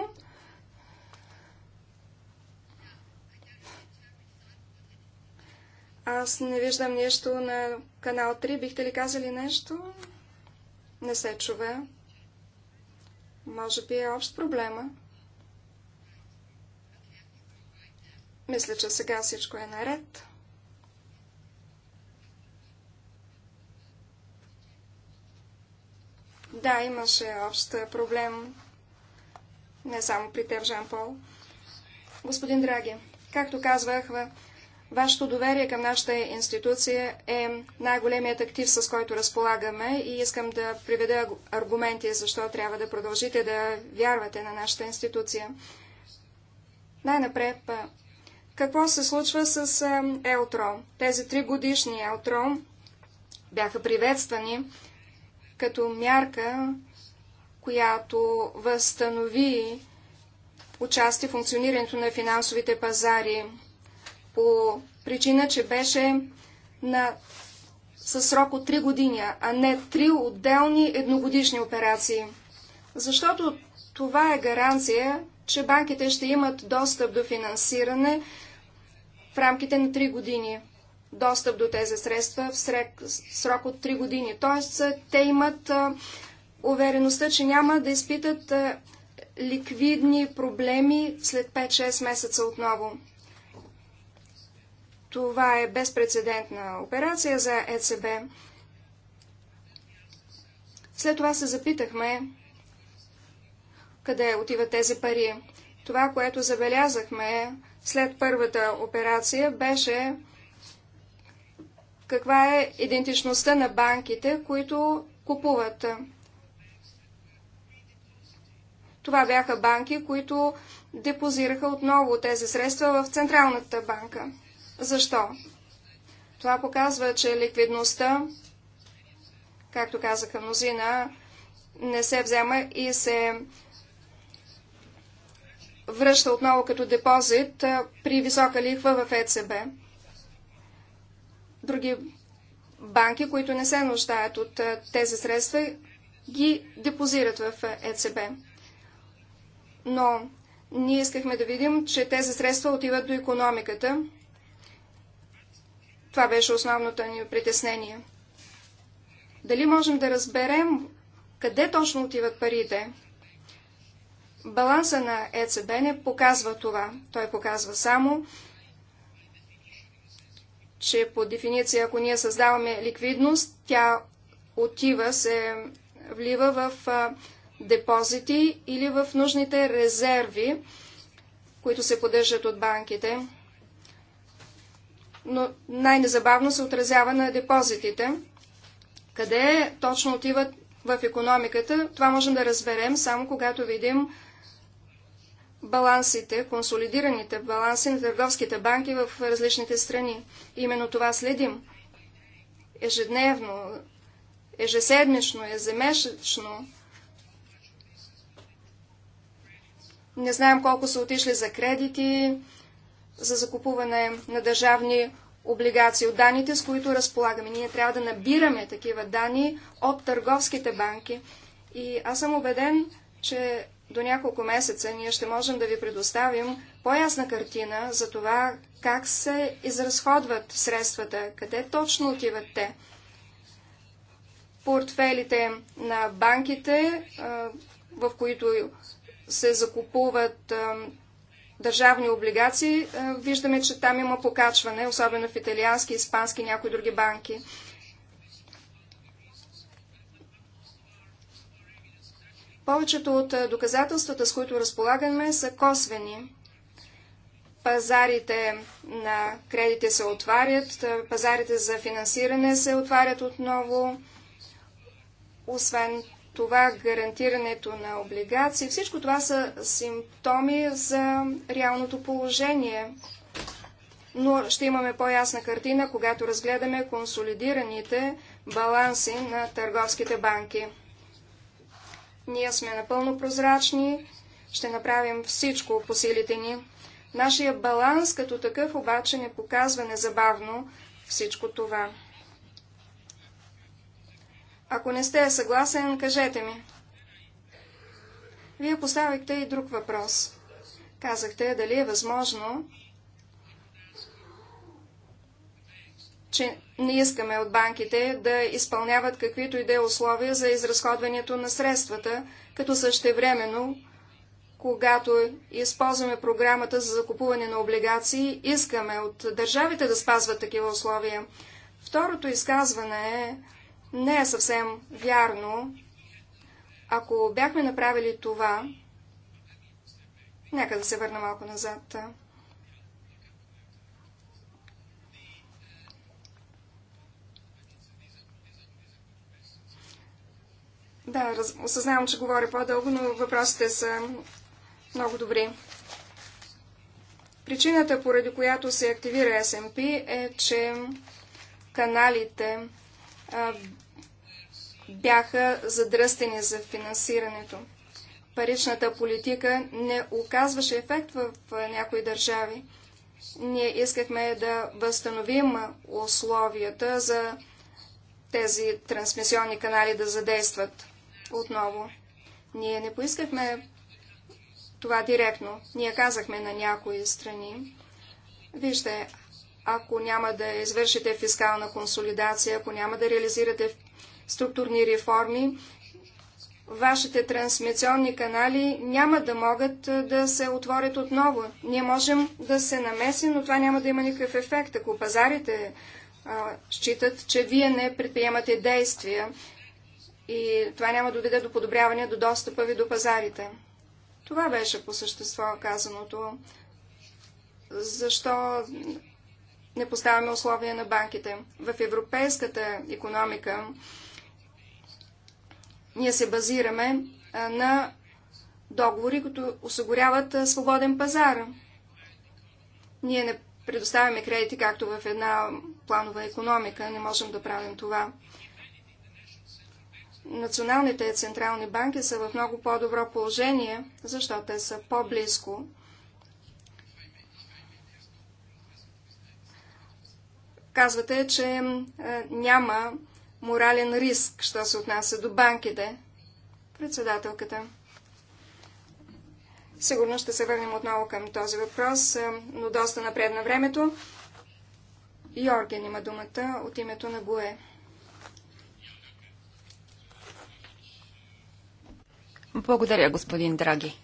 Аз не виждам нещо на канал 3. Бихте ли казали нещо? Не се чува. Може би е общ проблема. Мисля, че сега всичко е наред. Да, имаше общ проблем. Не само при теб, Жан Пол. Господин Драги, както казвах, вашето доверие към нашата институция е най-големият актив, с който разполагаме и искам да приведа аргументи, защо трябва да продължите да вярвате на нашата институция. Най-напред какво се случва с Елтро? Тези три годишни Елтро бяха приветствани като мярка, която възстанови участие в функционирането на финансовите пазари по причина, че беше на със срок от 3 години, а не 3 отделни едногодишни операции. Защото това е гаранция, че банките ще имат достъп до финансиране в рамките на 3 години. Достъп до тези средства в срок от 3 години. Тоест, те имат увереността, че няма да изпитат ликвидни проблеми след 5-6 месеца отново. Това е безпредседентна операция за ЕЦБ. След това се запитахме къде отиват тези пари. Това, което забелязахме след първата операция, беше каква е идентичността на банките, които купуват. Това бяха банки, които депозираха отново тези средства в Централната банка. Защо? Това показва, че ликвидността, както казаха мнозина, не се взема и се връща отново като депозит при висока лихва в ЕЦБ. Други банки, които не се нуждаят от тези средства, ги депозират в ЕЦБ. Но ние искахме да видим, че тези средства отиват до економиката. Това беше основното ни притеснение. Дали можем да разберем къде точно отиват парите? Баланса на ЕЦБ не показва това. Той показва само, че по дефиниция, ако ние създаваме ликвидност, тя отива, се влива в депозити или в нужните резерви, които се поддържат от банките. Но най-незабавно се отразява на депозитите. Къде точно отиват в економиката, това можем да разберем само когато видим балансите, консолидираните баланси на търговските банки в различните страни. Именно това следим. Ежедневно, ежеседмично, ежемесечно. Не знаем колко са отишли за кредити, за закупуване на държавни облигации от данните, с които разполагаме. Ние трябва да набираме такива данни от търговските банки. И аз съм убеден, че до няколко месеца ние ще можем да ви предоставим по-ясна картина за това как се изразходват средствата, къде точно отиват те. Портфелите на банките, в които се закупуват държавни облигации, виждаме, че там има покачване, особено в италиански, испански и някои други банки. Повечето от е, доказателствата, с които разполагаме, са косвени. Пазарите на кредити се отварят, е, пазарите за финансиране се отварят отново. Освен това, гарантирането на облигации, всичко това са симптоми за реалното положение. Но ще имаме по-ясна картина, когато разгледаме консолидираните баланси на търговските банки. Ние сме напълно прозрачни, ще направим всичко по силите ни. Нашия баланс като такъв обаче не показва незабавно всичко това. Ако не сте съгласен, кажете ми. Вие поставихте и друг въпрос. Казахте дали е възможно че не искаме от банките да изпълняват каквито и да е условия за изразходването на средствата, като същевременно, когато използваме програмата за закупуване на облигации, искаме от държавите да спазват такива условия. Второто изказване не е съвсем вярно. Ако бяхме направили това, нека да се върна малко назад. Да, раз... осъзнавам, че говоря по-дълго, но въпросите са много добри. Причината, поради която се активира SMP, е, че каналите а, бяха задръстени за финансирането. Паричната политика не оказваше ефект в някои държави. Ние искахме да възстановим условията за тези трансмисионни канали да задействат отново. Ние не поискахме това директно. Ние казахме на някои страни, вижте, ако няма да извършите фискална консолидация, ако няма да реализирате структурни реформи, вашите трансмисионни канали няма да могат да се отворят отново. Ние можем да се намесим, но това няма да има никакъв ефект. Ако пазарите а, считат, че вие не предприемате действия, и това няма да доведе до подобряване до достъпа ви до пазарите. Това беше по същество казаното. Защо не поставяме условия на банките? В европейската економика ние се базираме на договори, които осигуряват свободен пазар. Ние не предоставяме кредити, както в една планова економика. Не можем да правим това националните централни банки са в много по-добро положение, защото те са по-близко. Казвате, че е, няма морален риск, що се отнася до банките. Председателката. Сигурно ще се върнем отново към този въпрос, е, но доста напред на времето. Йорген има думата от името на Гуе. Благодаря, господин Драги.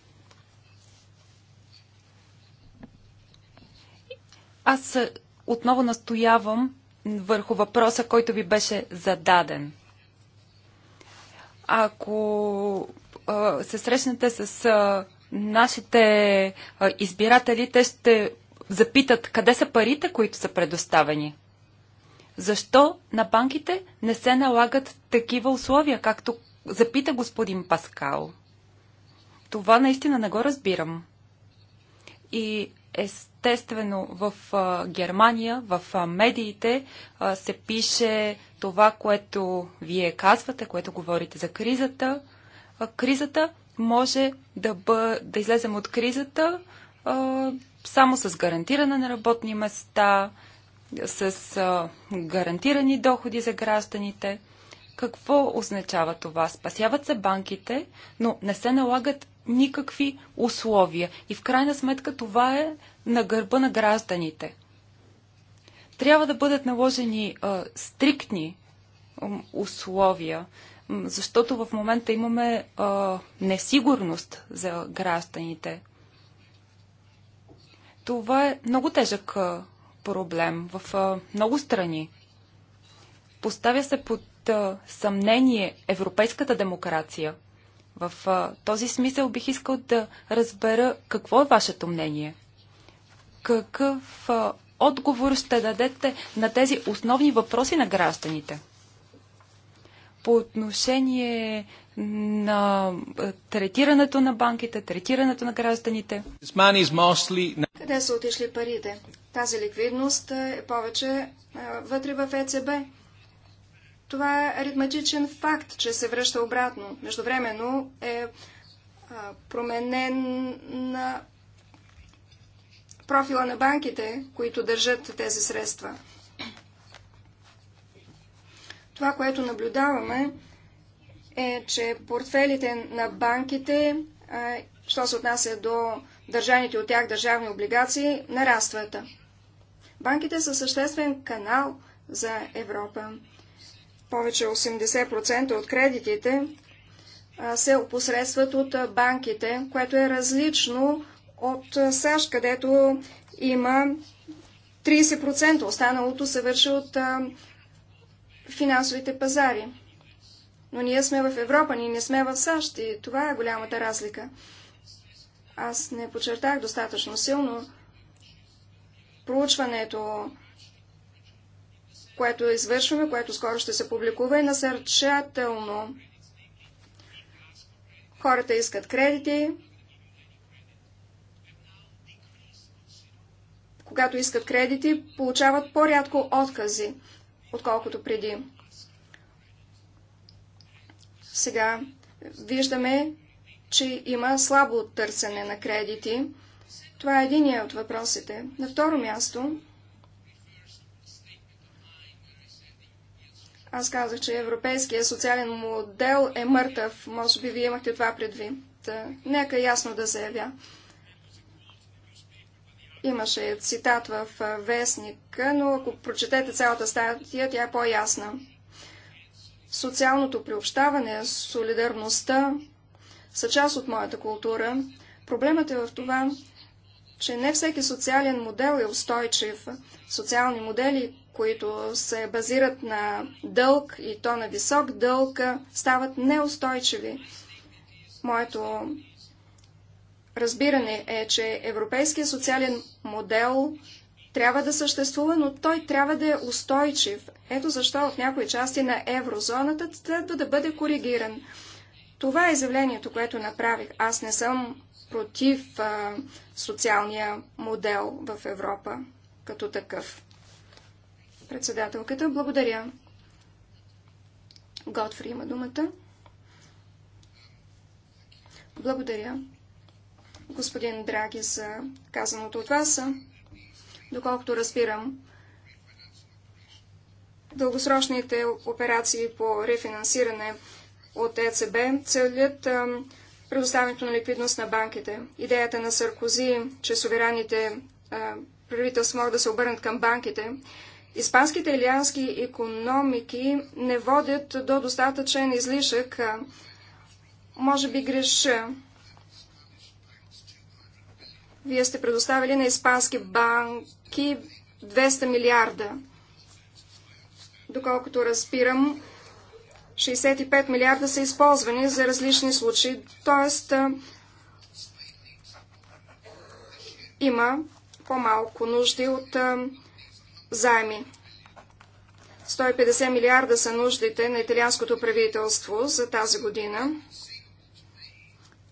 Аз е, отново настоявам върху въпроса, който ви беше зададен. Ако а, е, се срещнете с а, е, нашите а, избиратели, те ще запитат къде са парите, които са предоставени. Защо на банките не се налагат такива условия, както запита господин Паскал. Това наистина не го разбирам. И естествено в Германия, в медиите се пише това, което вие казвате, което говорите за кризата. Кризата може да, бъ... да излезем от кризата само с гарантиране на работни места, с гарантирани доходи за гражданите – какво означава това? Спасяват се банките, но не се налагат никакви условия. И в крайна сметка това е на гърба на гражданите. Трябва да бъдат наложени а, стриктни а, условия, защото в момента имаме а, несигурност за гражданите. Това е много тежък а, проблем в а, много страни. Поставя се под съмнение европейската демокрация. В този смисъл бих искал да разбера какво е вашето мнение. Какъв отговор ще дадете на тези основни въпроси на гражданите? По отношение на третирането на банките, третирането на гражданите. Къде са отишли парите? Тази ликвидност е повече вътре в ЕЦБ, това е аритматичен факт, че се връща обратно. Междувременно е променен на профила на банките, които държат тези средства. Това, което наблюдаваме, е, че портфелите на банките, що се отнася до държаните от тях държавни облигации, нарастват. Банките са съществен канал за Европа повече 80% от кредитите се опосредстват от банките, което е различно от САЩ, където има 30%, останалото се върши от финансовите пазари. Но ние сме в Европа, ние не сме в САЩ и това е голямата разлика. Аз не подчертах достатъчно силно проучването което извършваме, което скоро ще се публикува, е насърчателно. Хората искат кредити. Когато искат кредити, получават по-рядко откази, отколкото преди. Сега виждаме, че има слабо търсене на кредити. Това е единия от въпросите. На второ място, Аз казах, че европейския социален модел е мъртъв. Може би вие имахте това предвид. Нека ясно да заявя. Имаше цитат в вестника, но ако прочетете цялата статия, тя е по-ясна. Социалното приобщаване, солидарността са част от моята култура. Проблемът е в това, че не всеки социален модел е устойчив. Социални модели които се базират на дълг и то на висок дълг, стават неустойчиви. Моето разбиране е, че европейския социален модел трябва да съществува, но той трябва да е устойчив. Ето защо в някои части на еврозоната следва да бъде коригиран. Това е изявлението, което направих. Аз не съм против а, социалния модел в Европа като такъв. Председателката, благодаря. Готфри има думата. Благодаря, господин Драги, за казаното от вас. Доколкото разбирам, дългосрочните операции по рефинансиране от ЕЦБ целят предоставянето на ликвидност на банките. Идеята на Саркози, че суверените правителства могат да се обърнат към банките, Испанските и италиански економики не водят до достатъчен излишък. Може би греша. Вие сте предоставили на испански банки 200 милиарда. Доколкото разбирам, 65 милиарда са използвани за различни случаи. Тоест, има по-малко нужди от заеми. 150 милиарда са нуждите на италианското правителство за тази година.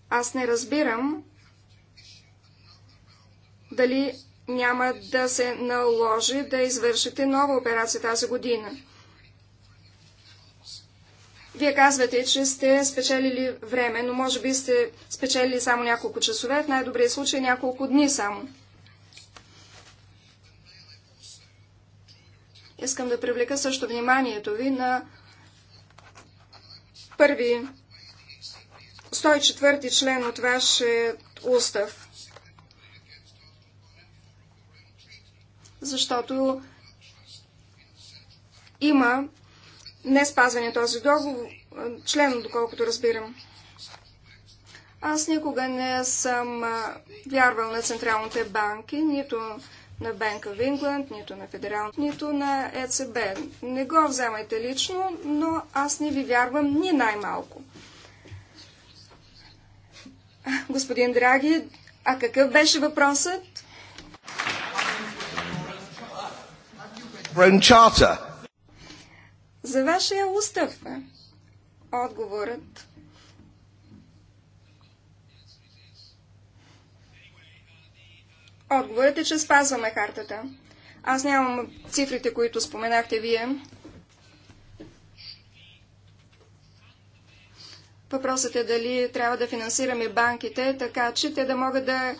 Аз не разбирам дали няма да се наложи да извършите нова операция тази година. Вие казвате, че сте спечелили време, но може би сте спечелили само няколко часове, в най-добрия случай няколко дни само. Искам да привлека също вниманието ви на първи 104 ти член от ваше устав. Защото има не спазване този договор, член, доколкото разбирам. Аз никога не съм вярвал на централните банки, нито на Bank of Ингланд, нито на Федерал, нито на ЕЦБ. Не го вземайте лично, но аз не ви вярвам ни най-малко. Господин Драги, а какъв беше въпросът? За вашия устав. Е отговорът Отговорът е, че спазваме картата. Аз нямам цифрите, които споменахте вие. Въпросът е дали трябва да финансираме банките, така че те да могат да е,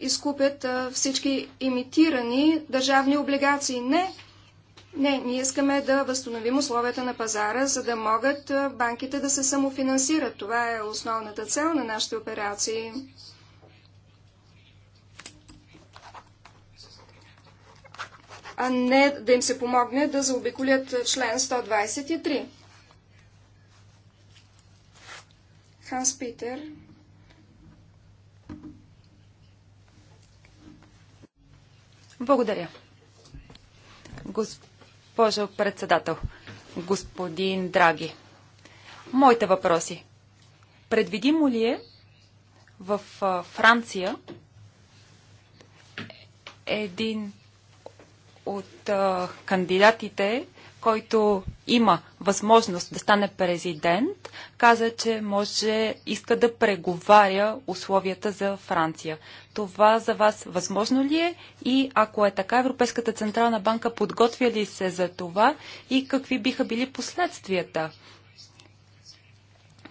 изкупят е, всички имитирани държавни облигации. Не, не, ние искаме да възстановим условията на пазара, за да могат е, банките да се самофинансират. Това е основната цел на нашите операции. а не да им се помогне да заобиколят член 123. Ханс Питер. Благодаря. Госпожо председател, господин Драги, моите въпроси. Предвидимо ли е в Франция един от а, кандидатите, който има възможност да стане президент, каза, че може, иска да преговаря условията за Франция. Това за вас възможно ли е? И ако е така, Европейската Централна банка подготвя ли се за това и какви биха били последствията?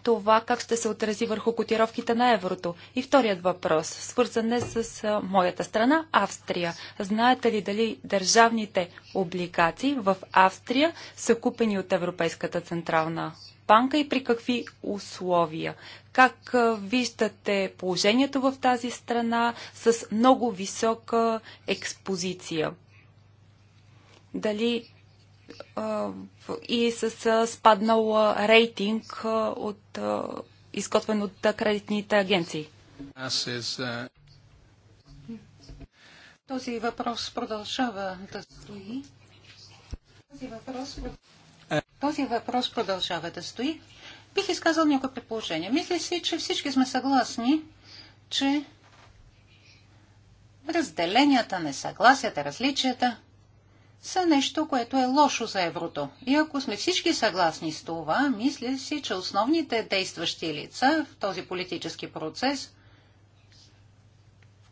това как ще се отрази върху котировките на еврото? И вторият въпрос, свързан е с моята страна, Австрия. Знаете ли дали държавните облигации в Австрия са купени от Европейската централна банка и при какви условия? Как виждате положението в тази страна с много висока експозиция? Дали и с спаднал рейтинг от изготвен от кредитните агенции. Този въпрос продължава да стои. Този въпрос, този въпрос продължава да стои. Бих изказал някои предположения. Мисля си, че всички сме съгласни, че разделенията, несъгласията, различията – са нещо, което е лошо за еврото. И ако сме всички съгласни с това, мисля си, че основните действащи лица в този политически процес, в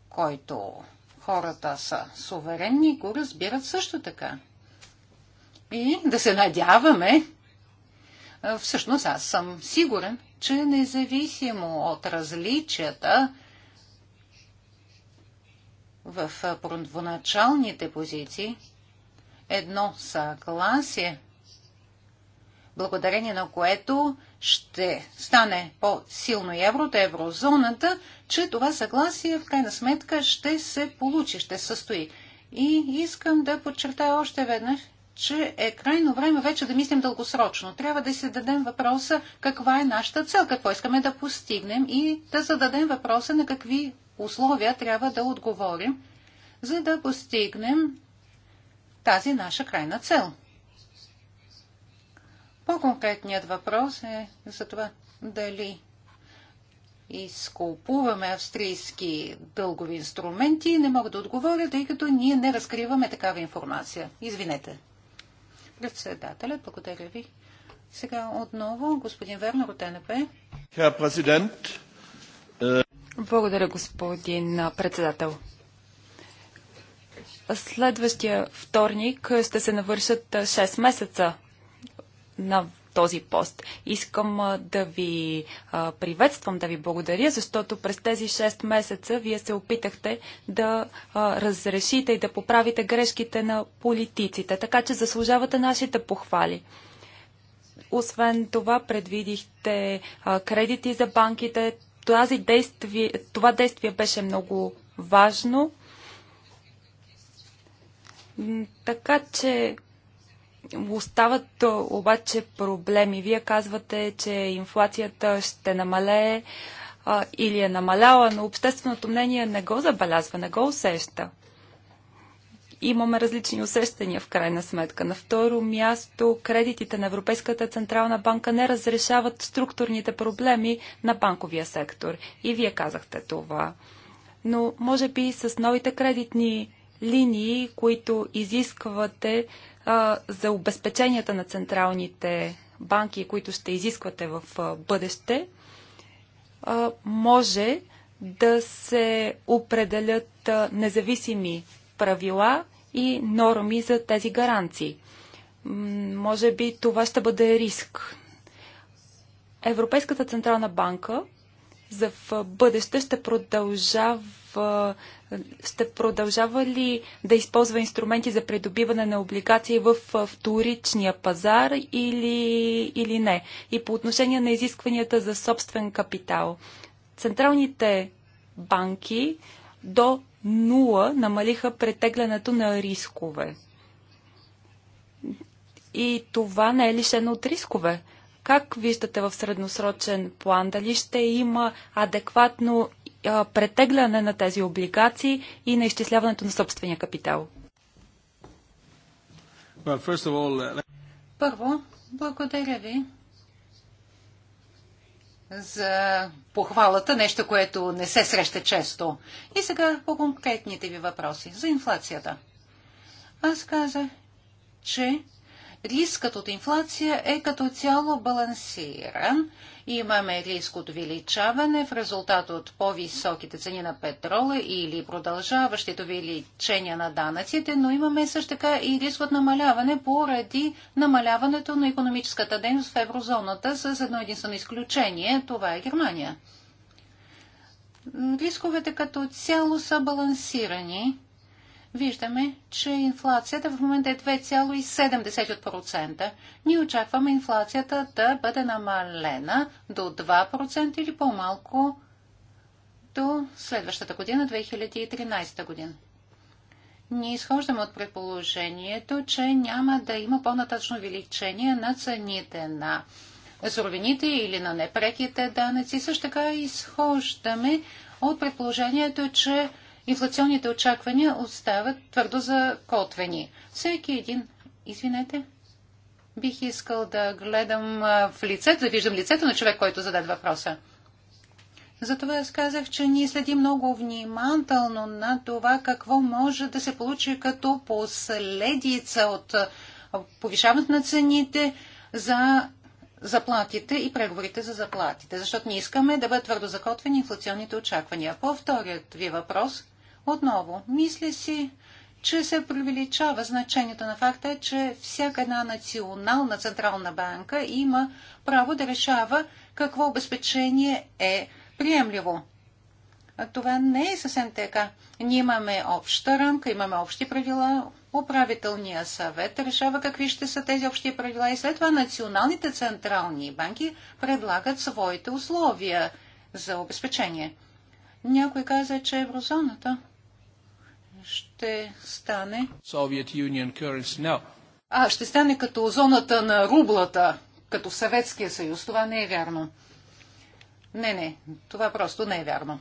който хората са суверенни, го разбират също така. И да се надяваме, всъщност аз съм сигурен, че независимо от различията, в първоначалните позиции, едно съгласие, благодарение на което ще стане по-силно и еврото, еврозоната, че това съгласие в крайна сметка ще се получи, ще състои. И искам да подчертая още веднъж, че е крайно време вече да мислим дългосрочно. Трябва да си дадем въпроса каква е нашата цел, какво искаме да постигнем и да зададем въпроса на какви условия трябва да отговорим, за да постигнем тази наша крайна цел. По-конкретният въпрос е за това дали изкупуваме австрийски дългови инструменти, не мога да отговоря, тъй като ние не разкриваме такава информация. Извинете. Председателя, благодаря ви. Сега отново господин Вернер от НП. Е, благодаря, господин председател. Следващия вторник ще се навършат 6 месеца на този пост. Искам да ви приветствам, да ви благодаря, защото през тези 6 месеца вие се опитахте да разрешите и да поправите грешките на политиците, така че заслужавате нашите похвали. Освен това, предвидихте кредити за банките. това действие беше много важно така че остават обаче проблеми. Вие казвате, че инфлацията ще намалее а, или е намаляла, но общественото мнение не го забелязва, не го усеща. Имаме различни усещания в крайна сметка. На второ място, кредитите на Европейската Централна банка не разрешават структурните проблеми на банковия сектор. И вие казахте това. Но може би с новите кредитни линии, които изисквате а, за обезпеченията на централните банки, които ще изисквате в а, бъдеще, а, може да се определят а, независими правила и норми за тези гаранции. М може би това ще бъде риск. Европейската централна банка за в бъдеще ще продължава сте продължавали да използва инструменти за придобиване на облигации в вторичния пазар или, или не? И по отношение на изискванията за собствен капитал. Централните банки до нула намалиха претеглянето на рискове. И това не е лишено от рискове. Как виждате в средносрочен план? Дали ще има адекватно претегляне на тези облигации и на изчисляването на собствения капитал? Uh, Първо, благодаря ви за похвалата, нещо, което не се среща често. И сега по конкретните ви въпроси за инфлацията. Аз казах, че рискът от инфлация е като цяло балансиран Имаме риск от увеличаване в резултат от по-високите цени на петрола или продължаващите увеличения на данъците, но имаме също така и риск от намаляване поради намаляването на економическата дейност в еврозоната с едно единствено изключение. Това е Германия. Рисковете като цяло са балансирани виждаме, че инфлацията в момента е 2,7%. Ние очакваме инфлацията да бъде намалена до 2% или по-малко до следващата година, 2013 година. Ние изхождаме от предположението, че няма да има по-нататъчно увеличение на цените на суровините или на непреките данъци. Също така изхождаме от предположението, че инфлационните очаквания остават твърдо закотвени. Всеки един, извинете, бих искал да гледам в лицето, да виждам лицето на човек, който зададе въпроса. Затова аз казах, че ние следим много внимателно на това какво може да се получи като последица от повишаването на цените за заплатите и преговорите за заплатите, защото не искаме да бъдат твърдо закотвени инфлационните очаквания. По вторият ви въпрос, отново, мисля си, че се преувеличава значението на факта, е, че всяка една национална централна банка има право да решава какво обезпечение е приемливо. Това не е съвсем така. Ние имаме обща рамка, имаме общи правила. Управителният съвет решава какви ще са тези общи правила и след това националните централни банки предлагат своите условия за обезпечение. Някой каза, че е еврозоната ще стане... Soviet Union currency no. А, ще стане като зоната на рублата, като Съветския съюз. Това не е вярно. Не, не, това просто не е вярно.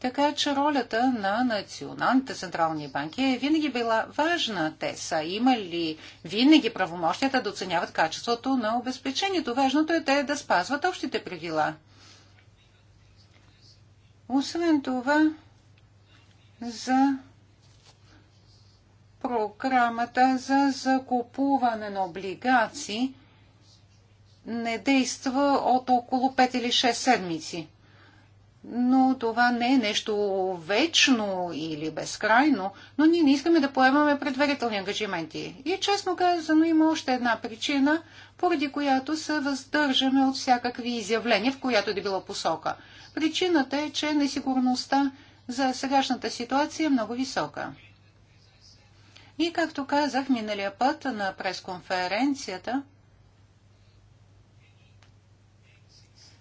Така че ролята на националните централни банки е винаги била важна. Те са имали винаги правомощията да оценяват качеството на обезпечението. Важното е те да спазват общите правила. Освен това, за програмата за закупуване на облигации не действа от около 5 или 6 седмици. Но това не е нещо вечно или безкрайно, но ние не искаме да поемаме предварителни ангажименти. И честно казано има още една причина, поради която се въздържаме от всякакви изявления, в която е да била посока. Причината е, че несигурността за сегашната ситуация е много висока. И както казах миналия път на пресконференцията,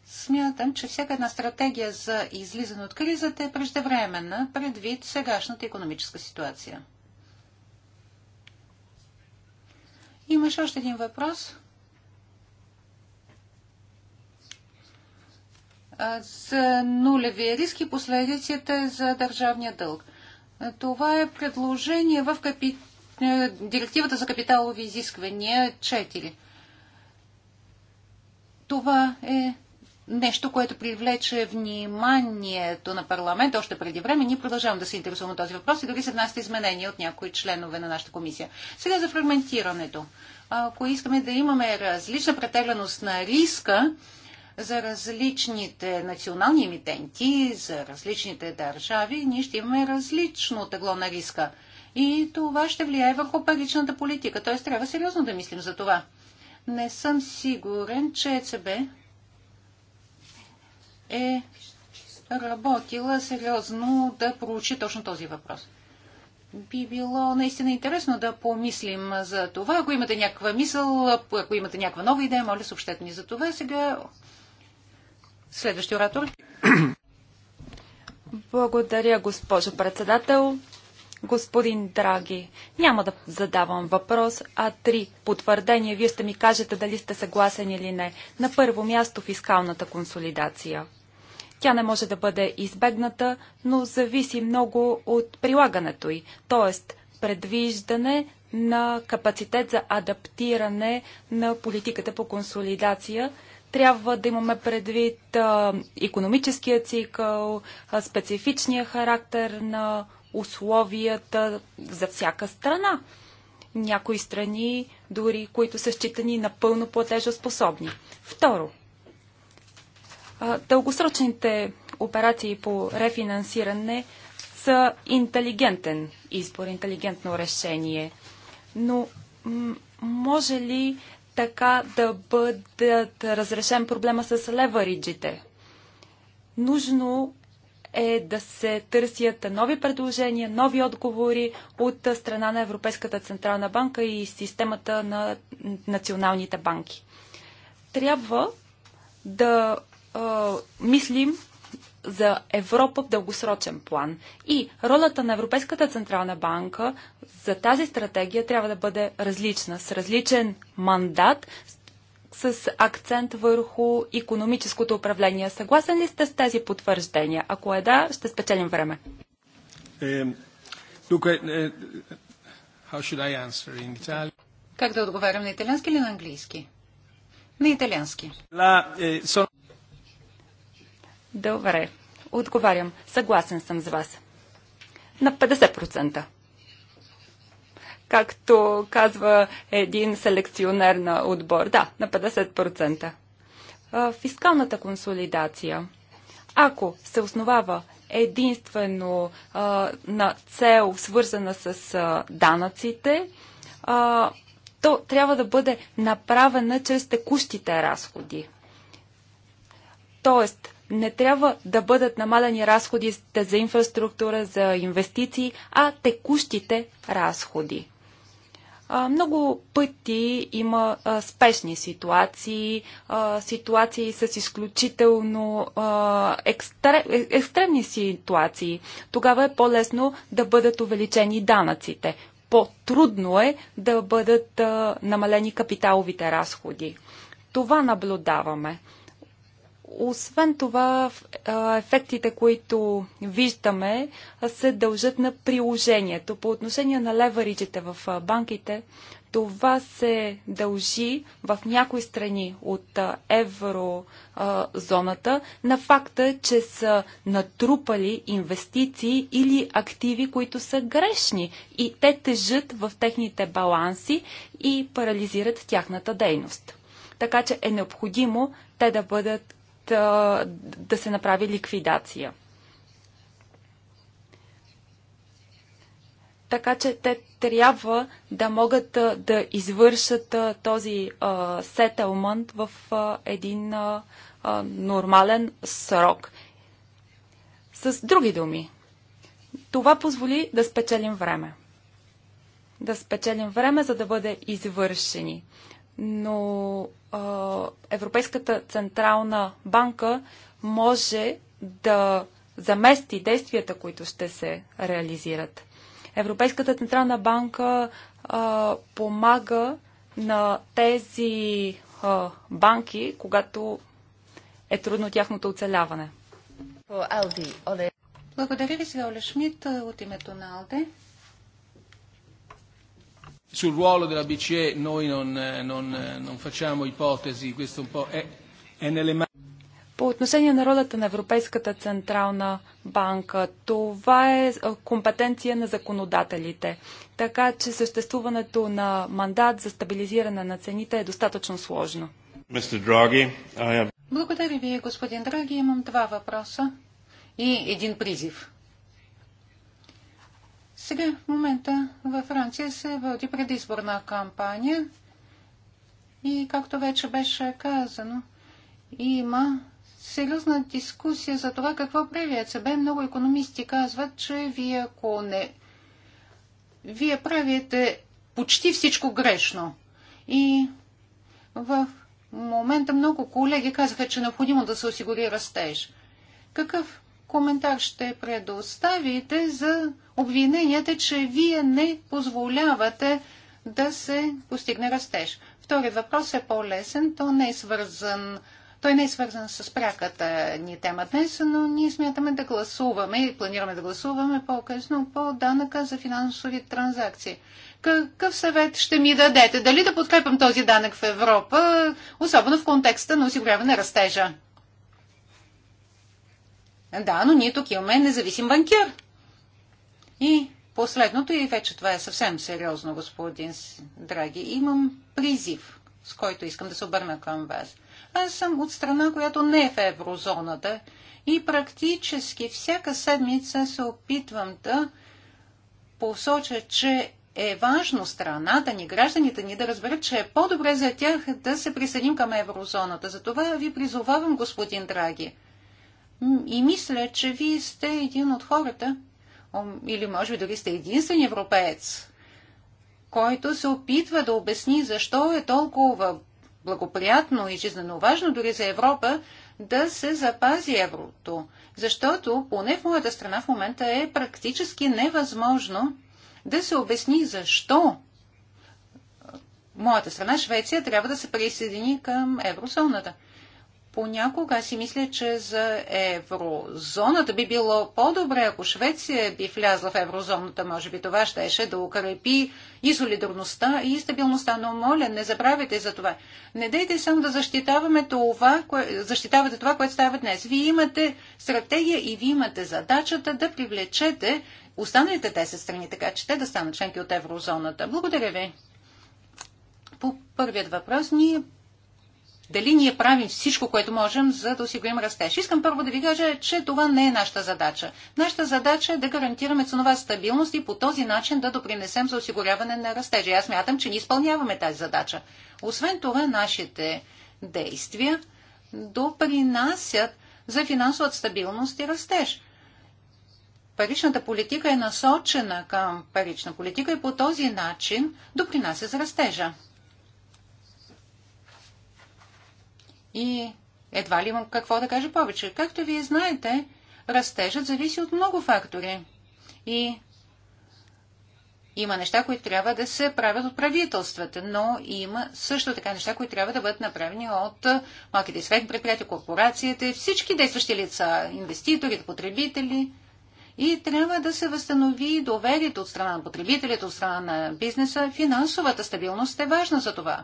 смятам, че всяка една стратегия за излизане от кризата е преждевременна предвид сегашната економическа ситуация. Имаш още един въпрос за нулеви риски последиците за държавния дълг. Това е предложение в капи... Е, директивата за капиталови изисквания 4. Това е нещо, което привлече вниманието на парламент още преди време. Ние продължаваме да се интересуваме този въпрос и дори се внасят изменения от някои членове на нашата комисия. Сега за фрагментирането. Ако искаме да имаме различна претегленост на риска, за различните национални емитенти, за различните държави, ние ще имаме различно тегло на риска. И това ще влияе върху паричната политика. Т.е. трябва сериозно да мислим за това. Не съм сигурен, че ЕЦБ е работила сериозно да проучи точно този въпрос. Би било наистина интересно да помислим за това. Ако имате някаква мисъл, ако имате някаква нова идея, моля съобщете ни за това. Сега Следващия оратор. Благодаря, госпожо председател. Господин Драги, няма да задавам въпрос, а три потвърдения. Вие ще ми кажете дали сте съгласен или не. На първо място фискалната консолидация. Тя не може да бъде избегната, но зависи много от прилагането й, т.е. предвиждане на капацитет за адаптиране на политиката по консолидация – трябва да имаме предвид економическия цикъл, специфичния характер на условията за всяка страна. Някои страни, дори които са считани напълно платежоспособни. Второ, дългосрочните операции по рефинансиране са интелигентен избор, интелигентно решение. Но може ли така да бъдат разрешен проблема с левариджите. Нужно е да се търсят нови предложения, нови отговори от страна на Европейската Централна банка и системата на националните банки. Трябва да а, мислим за Европа в дългосрочен план. И ролята на Европейската Централна банка за тази стратегия трябва да бъде различна, с различен мандат, с акцент върху економическото управление. Съгласен ли сте с тези потвърждения? Ако е да, ще спечелим време. Е, е, как да отговарям на италиански или на английски? На италиански. Е, Добре. Отговарям. Съгласен съм с вас. На 50%. Както казва един селекционер на отбор. Да, на 50%. Фискалната консолидация, ако се основава единствено на цел, свързана с данъците, то трябва да бъде направена чрез текущите разходи. Тоест, не трябва да бъдат намалени разходите за инфраструктура, за инвестиции, а текущите разходи. Много пъти има спешни ситуации, ситуации с изключително екстремни ситуации. Тогава е по-лесно да бъдат увеличени данъците. По-трудно е да бъдат намалени капиталовите разходи. Това наблюдаваме. Освен това, ефектите, които виждаме, се дължат на приложението. По отношение на левериджите в банките, това се дължи в някои страни от еврозоната на факта, че са натрупали инвестиции или активи, които са грешни и те тежат в техните баланси и парализират тяхната дейност. Така че е необходимо те да бъдат да се направи ликвидация. Така че те трябва да могат да извършат този сетълмент в един нормален срок. С други думи, това позволи да спечелим време. Да спечелим време, за да бъде извършени но а, Европейската централна банка може да замести действията, които ще се реализират. Европейската централна банка а, помага на тези а, банки, когато е трудно тяхното оцеляване. Благодаря ви за Шмидт от името на Алде. Sul ruolo della BCE noi non, eh, non, eh, non facciamo ipotesi, questo un po' è, è nelle mani. По отношение на ролята на Европейската централна банка, това е, е компетенция на законодателите. Така че съществуването на мандат за стабилизиране на цените е достатъчно сложно. Благодаря ви, господин Драги. Имам два въпроса и един призив. Сега в момента във Франция се води предизборна кампания и, както вече беше казано, има сериозна дискусия за това какво прави ЕЦБ. Много економисти казват, че вие ако не... Вие правите почти всичко грешно. И в момента много колеги казаха, че е необходимо да се осигури растеж. Какъв коментар ще предоставите за обвиненията, че вие не позволявате да се постигне растеж? Втори въпрос е по-лесен. той не е свързан той не е свързан с пряката ни тема днес, но ние смятаме да гласуваме и планираме да гласуваме по-късно по данъка за финансови транзакции. Какъв съвет ще ми дадете? Дали да подкрепям този данък в Европа, особено в контекста на осигуряване растежа? Да, но ние тук имаме независим банкир. И последното, и вече това е съвсем сериозно, господин Драги, имам призив, с който искам да се обърна към вас. Аз съм от страна, която не е в еврозоната и практически всяка седмица се опитвам да посоча, че е важно страната ни, гражданите ни да разберат, че е по-добре за тях да се присъединим към еврозоната. Затова ви призовавам, господин Драги, и мисля, че вие сте един от хората, или може би дори сте единствен европеец, който се опитва да обясни защо е толкова благоприятно и жизненно важно дори за Европа да се запази еврото. Защото поне в моята страна в момента е практически невъзможно да се обясни защо моята страна Швеция трябва да се присъедини към еврозоната. Понякога си мисля, че за еврозоната би било по-добре, ако Швеция би влязла в еврозоната. Може би това щеше да укрепи и солидарността, и стабилността. Но моля, не забравяйте за това. Не дейте само да защитаваме това, кое, защитавате това, което става днес. Вие имате стратегия и вие имате задачата да привлечете останалите 10 страни, така че те да станат членки от еврозоната. Благодаря ви. По първият въпрос ние дали ние правим всичко, което можем, за да осигурим растеж. Искам първо да ви кажа, че това не е нашата задача. Нашата задача е да гарантираме ценова стабилност и по този начин да допринесем за осигуряване на растежа. Аз мятам, че ние изпълняваме тази задача. Освен това, нашите действия допринасят за финансовата стабилност и растеж. Паричната политика е насочена към парична политика и по този начин допринася за растежа. И едва ли имам какво да кажа повече. Както вие знаете, растежът зависи от много фактори. И има неща, които трябва да се правят от правителствата, но има също така неща, които трябва да бъдат направени от малките и средни предприятия, корпорациите, всички действащи лица, инвеститорите, потребители. И трябва да се възстанови доверието от страна на потребителите, от страна на бизнеса. Финансовата стабилност е важна за това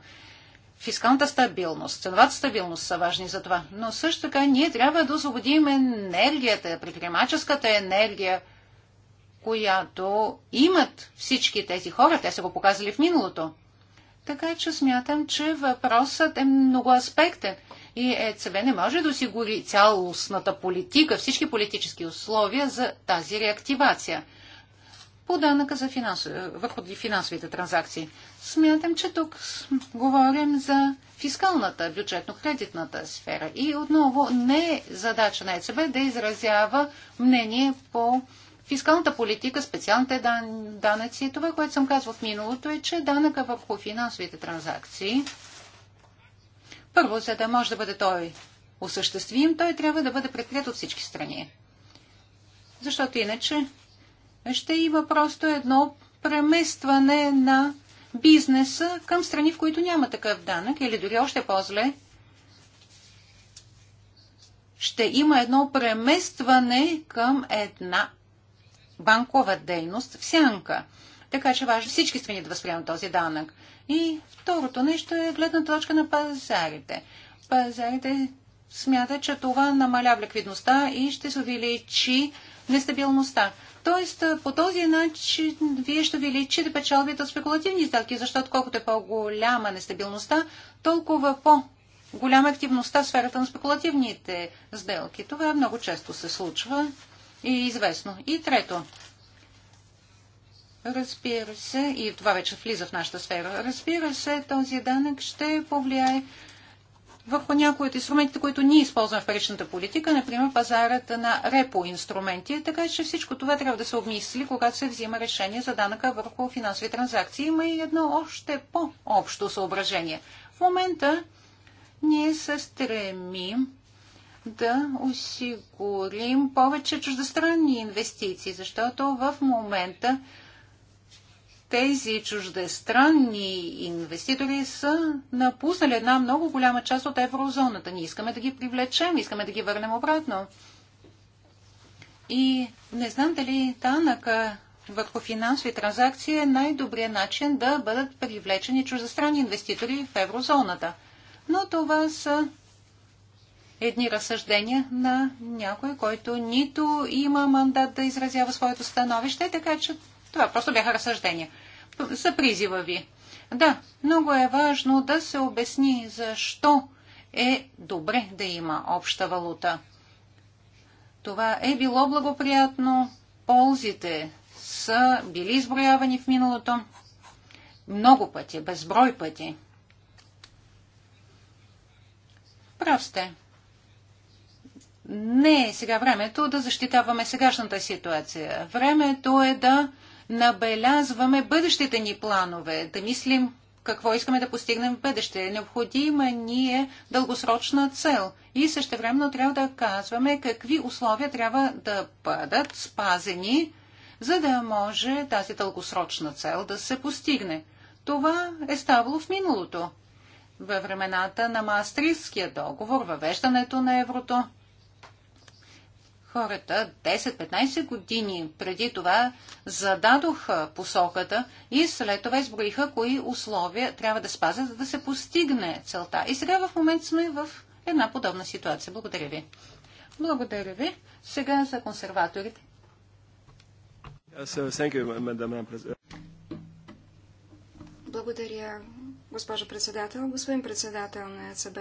фискалната стабилност, ценовата стабилност са важни за това. Но също така ние трябва да освободим енергията, предприемаческата енергия, която имат всички тези хора. Те са го показали в миналото. Така че смятам, че въпросът е многоаспектен и ЕЦБ не може да осигури цялостната политика, всички политически условия за тази реактивация – по данъка за финансов... върху финансовите транзакции. Смятам, че тук говорим за фискалната, бюджетно-кредитната сфера. И отново не е задача на ЕЦБ да изразява мнение по фискалната политика, специалните дан... данъци. Това, което съм казвал в миналото е, че данъка върху финансовите транзакции, първо, за да може да бъде той осъществим, той трябва да бъде предприят от всички страни. Защото иначе ще има просто едно преместване на бизнеса към страни, в които няма такъв данък или дори още по-зле. Ще има едно преместване към една банкова дейност в сянка. Така че важно всички страни да възприемат този данък. И второто нещо е гледна точка на пазарите. Пазарите смятат, че това намалява ликвидността и ще се увеличи нестабилността. Тоест, по този начин вие ще увеличите печалбите от спекулативни сделки, защото колкото е по-голяма нестабилността, толкова по-голяма е активността в сферата на спекулативните сделки. Това много често се случва и е известно. И трето, разбира се, и това вече влиза в нашата сфера, разбира се, този данък ще повлияе върху някои от инструментите, които ние използваме в паричната политика, например пазарата на репо инструменти, така че всичко това трябва да се обмисли, когато се взима решение за данъка върху финансови транзакции. Има и едно още по-общо съображение. В момента ние се стремим да осигурим повече чуждестранни инвестиции, защото в момента тези чуждестранни инвеститори са напуснали една много голяма част от еврозоната. Ние искаме да ги привлечем, искаме да ги върнем обратно. И не знам дали танък върху финансови транзакции е най-добрият начин да бъдат привлечени чуждестранни инвеститори в еврозоната. Но това са едни разсъждения на някой, който нито има мандат да изразява своето становище, така че това просто бяха разсъждения за призива ви. Да, много е важно да се обясни защо е добре да има обща валута. Това е било благоприятно, ползите са били изброявани в миналото много пъти, безброй пъти. Прав сте. Не е сега времето да защитаваме сегашната ситуация. Времето е да набелязваме бъдещите ни планове, да мислим какво искаме да постигнем в бъдеще. Необходима ни е дългосрочна цел и същевременно трябва да казваме какви условия трябва да бъдат спазени, за да може тази дългосрочна цел да се постигне. Това е ставало в миналото. Във времената на Маастрийския договор, въвеждането на еврото – хората 10-15 години преди това зададоха посоката и след това изброиха кои условия трябва да спазят, за да се постигне целта. И сега в момента сме в една подобна ситуация. Благодаря ви. Благодаря ви. Сега за консерваторите. Uh, Благодаря, госпожо председател, господин председател на ЕЦБ.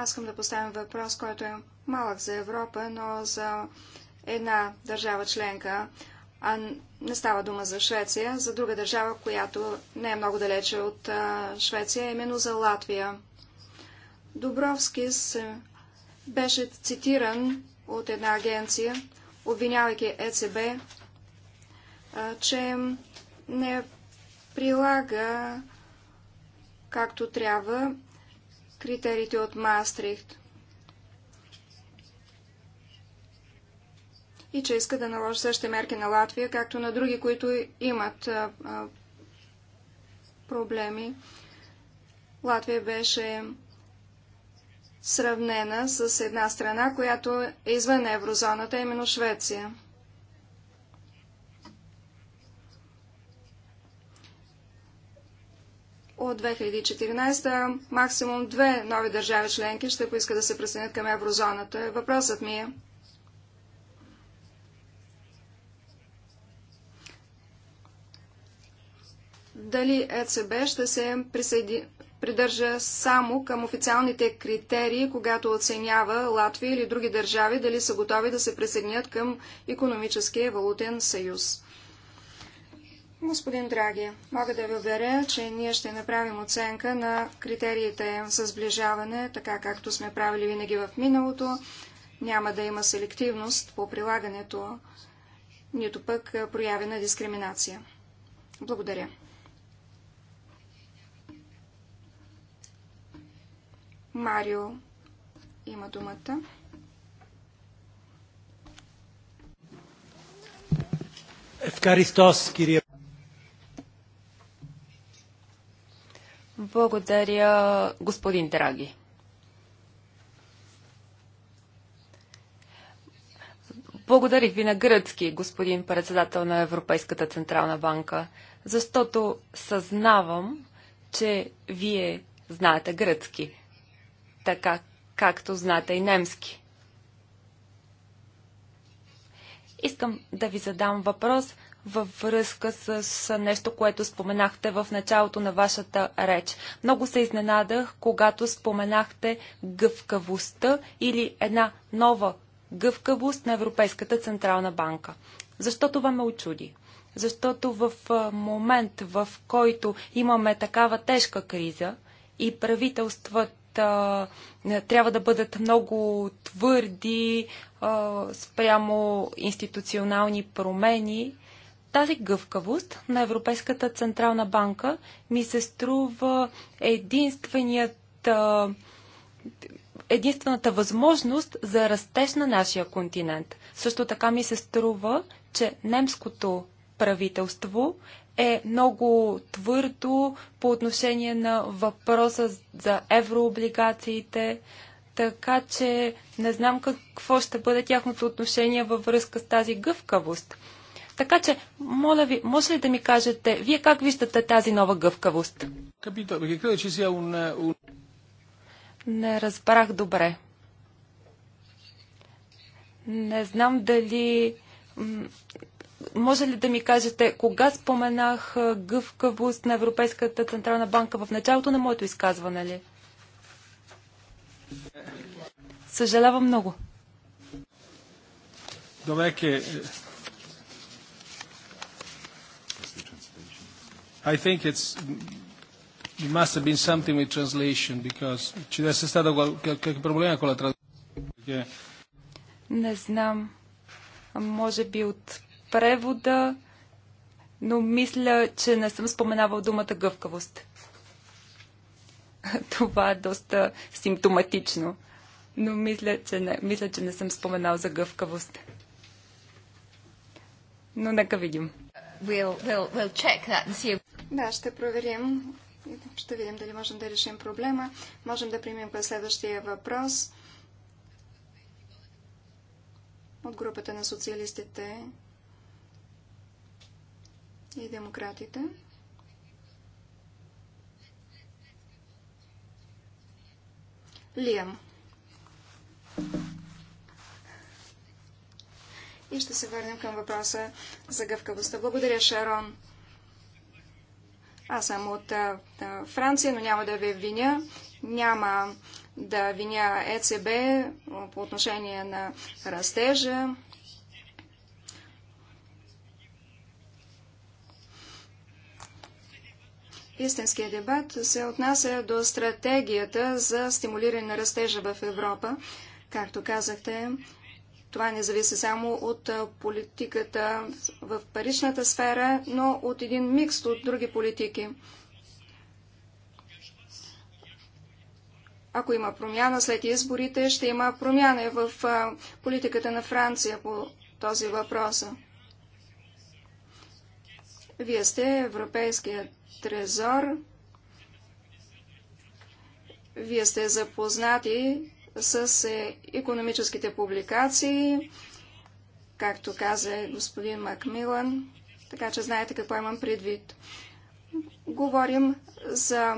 Аз искам да поставям въпрос, който е малък за Европа, но за една държава членка, а не става дума за Швеция, за друга държава, която не е много далече от Швеция, именно за Латвия. Добровски беше цитиран от една агенция, обвинявайки ЕЦБ, че не прилага както трябва критериите от Маастрихт. И че иска да наложи същите мерки на Латвия, както на други, които имат а, а, проблеми. Латвия беше сравнена с една страна, която е извън еврозоната, именно Швеция. От 2014 максимум две нови държави членки ще поиска да се присъединят към еврозоната. Въпросът ми е, дали ЕЦБ ще се присъеди... придържа само към официалните критерии, когато оценява Латвия или други държави дали са готови да се присъединят към економическия валутен съюз. Господин Драги, мога да ви уверя, че ние ще направим оценка на критериите за сближаване, така както сме правили винаги в миналото. Няма да има селективност по прилагането, нито пък прояви на дискриминация. Благодаря. Марио има думата. Ευχαριστώ, κύριε Благодаря, господин Драги. Благодарих ви на гръцки, господин председател на Европейската Централна банка, защото съзнавам, че вие знаете гръцки, така както знаете и немски. Искам да ви задам въпрос във връзка с нещо, което споменахте в началото на вашата реч. Много се изненадах, когато споменахте гъвкавостта или една нова гъвкавост на Европейската Централна банка. Защо това ме очуди? Защото в момент, в който имаме такава тежка криза и правителствата трябва да бъдат много твърди спрямо институционални промени, тази гъвкавост на Европейската Централна банка ми се струва единственият, единствената възможност за растеж на нашия континент. Също така ми се струва, че немското правителство е много твърдо по отношение на въпроса за еврооблигациите, така че не знам какво ще бъде тяхното отношение във връзка с тази гъвкавост. Така че, моля ви, може ли да ми кажете, вие как виждате тази нова гъвкавост? Е Не разбрах добре. Не знам дали... Може ли да ми кажете, кога споменах гъвкавост на Европейската Централна банка в началото на моето изказване ли? Съжалявам много. Добре, I think it's, it must have been something with translation because ci deve essere stato qualche problema con la traduzione. Не знам. Може би от превода, но мисля, че не съм споменавал думата гъвкавост. Това е доста симптоматично, но мисля, че не, мисля, че не съм споменал за гъвкавост. Но нека видим. We'll, we'll, we'll check that and see. if... Да, ще проверим. Ще видим дали можем да решим проблема. Можем да примем към следващия въпрос от групата на социалистите и демократите. Лиам. И ще се върнем към въпроса за гъвкавостта. Благодаря, Шарон. Аз съм от а, Франция, но няма да ви виня. Няма да виня ЕЦБ по отношение на растежа. Истинският дебат се отнася до стратегията за стимулиране на растежа в Европа. Както казахте, това не зависи само от политиката в паричната сфера, но от един микс от други политики. Ако има промяна след изборите, ще има промяна в политиката на Франция по този въпрос. Вие сте Европейският трезор. Вие сте запознати с економическите публикации, както каза господин Макмилан, така че знаете какво имам предвид. Говорим за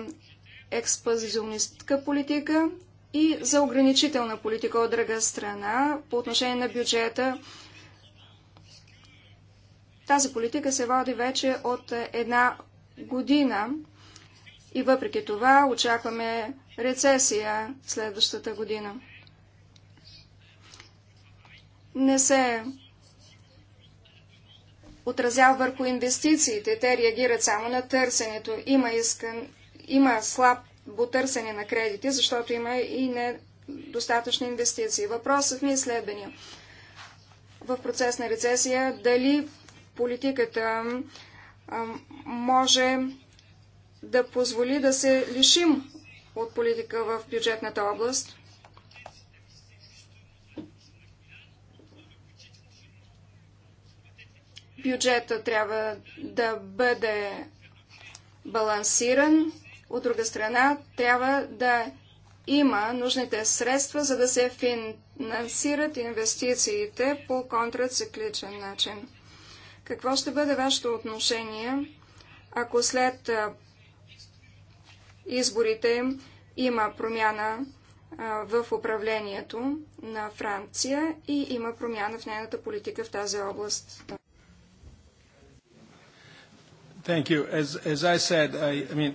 експозиционистка политика и за ограничителна политика от друга страна по отношение на бюджета. Тази политика се води вече от една година и въпреки това очакваме рецесия следващата година. Не се отразява върху инвестициите. Те реагират само на търсенето. Има, искан, има слабо търсене на кредити, защото има и недостатъчни инвестиции. Въпросът ми е следвания. В процес на рецесия дали политиката може да позволи да се лишим от политика в бюджетната област. Бюджета трябва да бъде балансиран. От друга страна, трябва да има нужните средства, за да се финансират инвестициите по контрацикличен начин. Какво ще бъде вашето отношение, ако след изборите има промяна в управлението на Франция и има промяна в нейната политика в тази област. Thank you. As, as I said, I, I mean,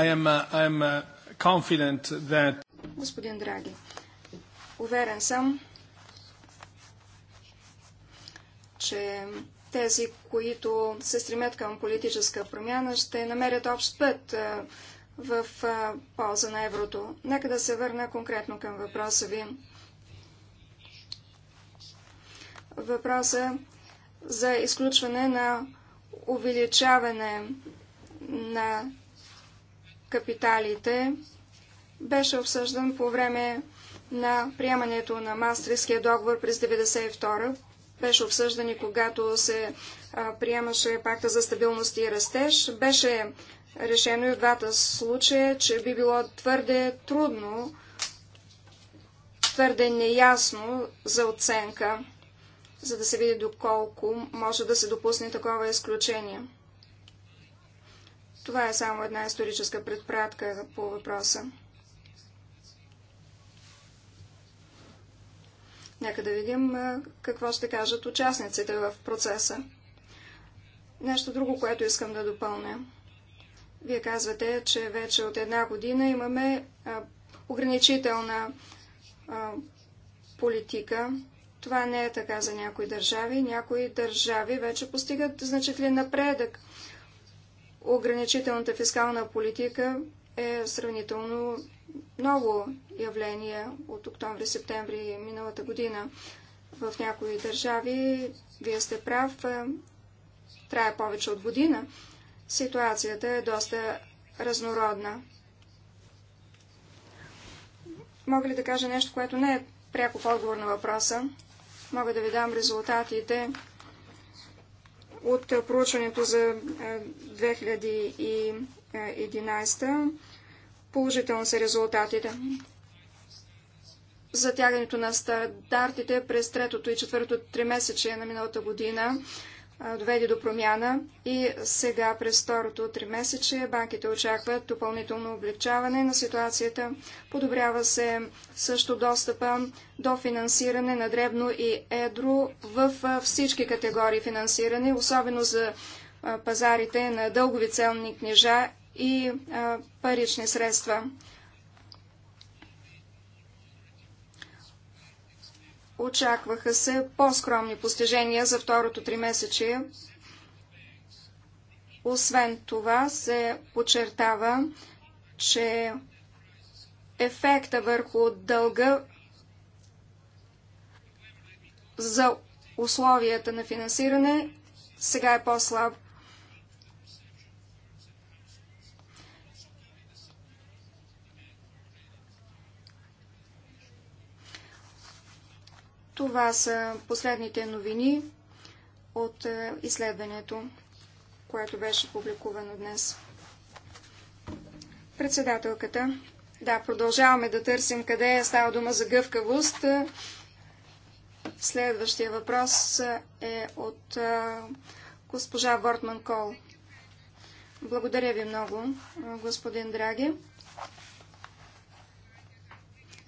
I am, uh, I am uh, confident that... Господин Драги, уверен съм, че тези, които се стремят към политическа промяна, ще намерят общ път uh, в полза на еврото. Нека да се върна конкретно към въпроса ви. Въпроса за изключване на увеличаване на капиталите беше обсъждан по време на приемането на Мастриския договор през 1992. Беше обсъждан и когато се а, приемаше пакта за стабилност и растеж. Беше решено и в двата случая, че би било твърде трудно, твърде неясно за оценка, за да се види доколко може да се допусне такова изключение. Това е само една историческа предпратка по въпроса. Нека да видим какво ще кажат участниците в процеса. Нещо друго, което искам да допълня. Вие казвате, че вече от една година имаме ограничителна политика. Това не е така за някои държави. Някои държави вече постигат значителен напредък. Ограничителната фискална политика е сравнително ново явление от октомври-септември миналата година. В някои държави, вие сте прав, трябва повече от година ситуацията е доста разнородна. Мога ли да кажа нещо, което не е пряко в отговор на въпроса? Мога да ви дам резултатите от проучването за 2011. Е, Положително са резултатите. Затягането на стандартите през третото и четвъртото тримесечие на миналата година доведе до промяна и сега през второто три месече банките очакват допълнително облегчаване на ситуацията. Подобрява се също достъпа до финансиране на дребно и едро в всички категории финансиране, особено за пазарите на дългови целни книжа и парични средства. Очакваха се по-скромни постижения за второто тримесечие. Освен това се подчертава, че ефекта върху дълга за условията на финансиране сега е по-слаб. Това са последните новини от е, изследването, което беше публикувано днес. Председателката. Да, продължаваме да търсим къде е става дума за гъвкавост. Следващия въпрос е от е, госпожа Вортман Кол. Благодаря ви много, е, господин Драги.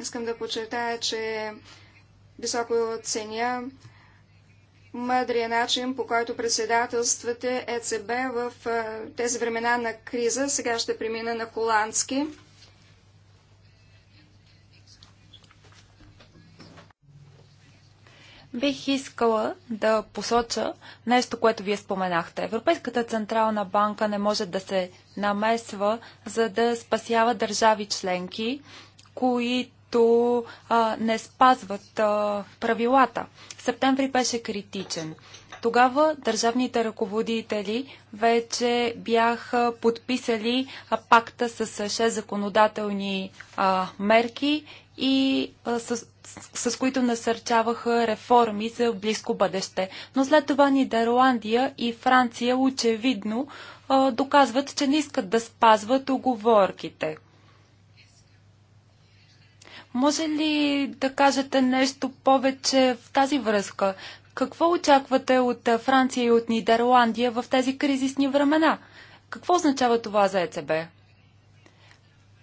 Искам да подчертая, че Високо ценя мъдрия начин, по който председателствате ЕЦБ в тези времена на криза. Сега ще премина на холандски. Бих искала да посоча нещо, което вие споменахте. Европейската централна банка не може да се намесва, за да спасява държави членки, кои които а, не спазват а, правилата. Септември беше критичен. Тогава държавните ръководители вече бяха подписали пакта с 6 законодателни а, мерки и а, с, с, с които насърчаваха реформи за близко бъдеще. Но след това Нидерландия и Франция очевидно а, доказват, че не искат да спазват оговорките. Може ли да кажете нещо повече в тази връзка? Какво очаквате от Франция и от Нидерландия в тези кризисни времена? Какво означава това за ЕЦБ?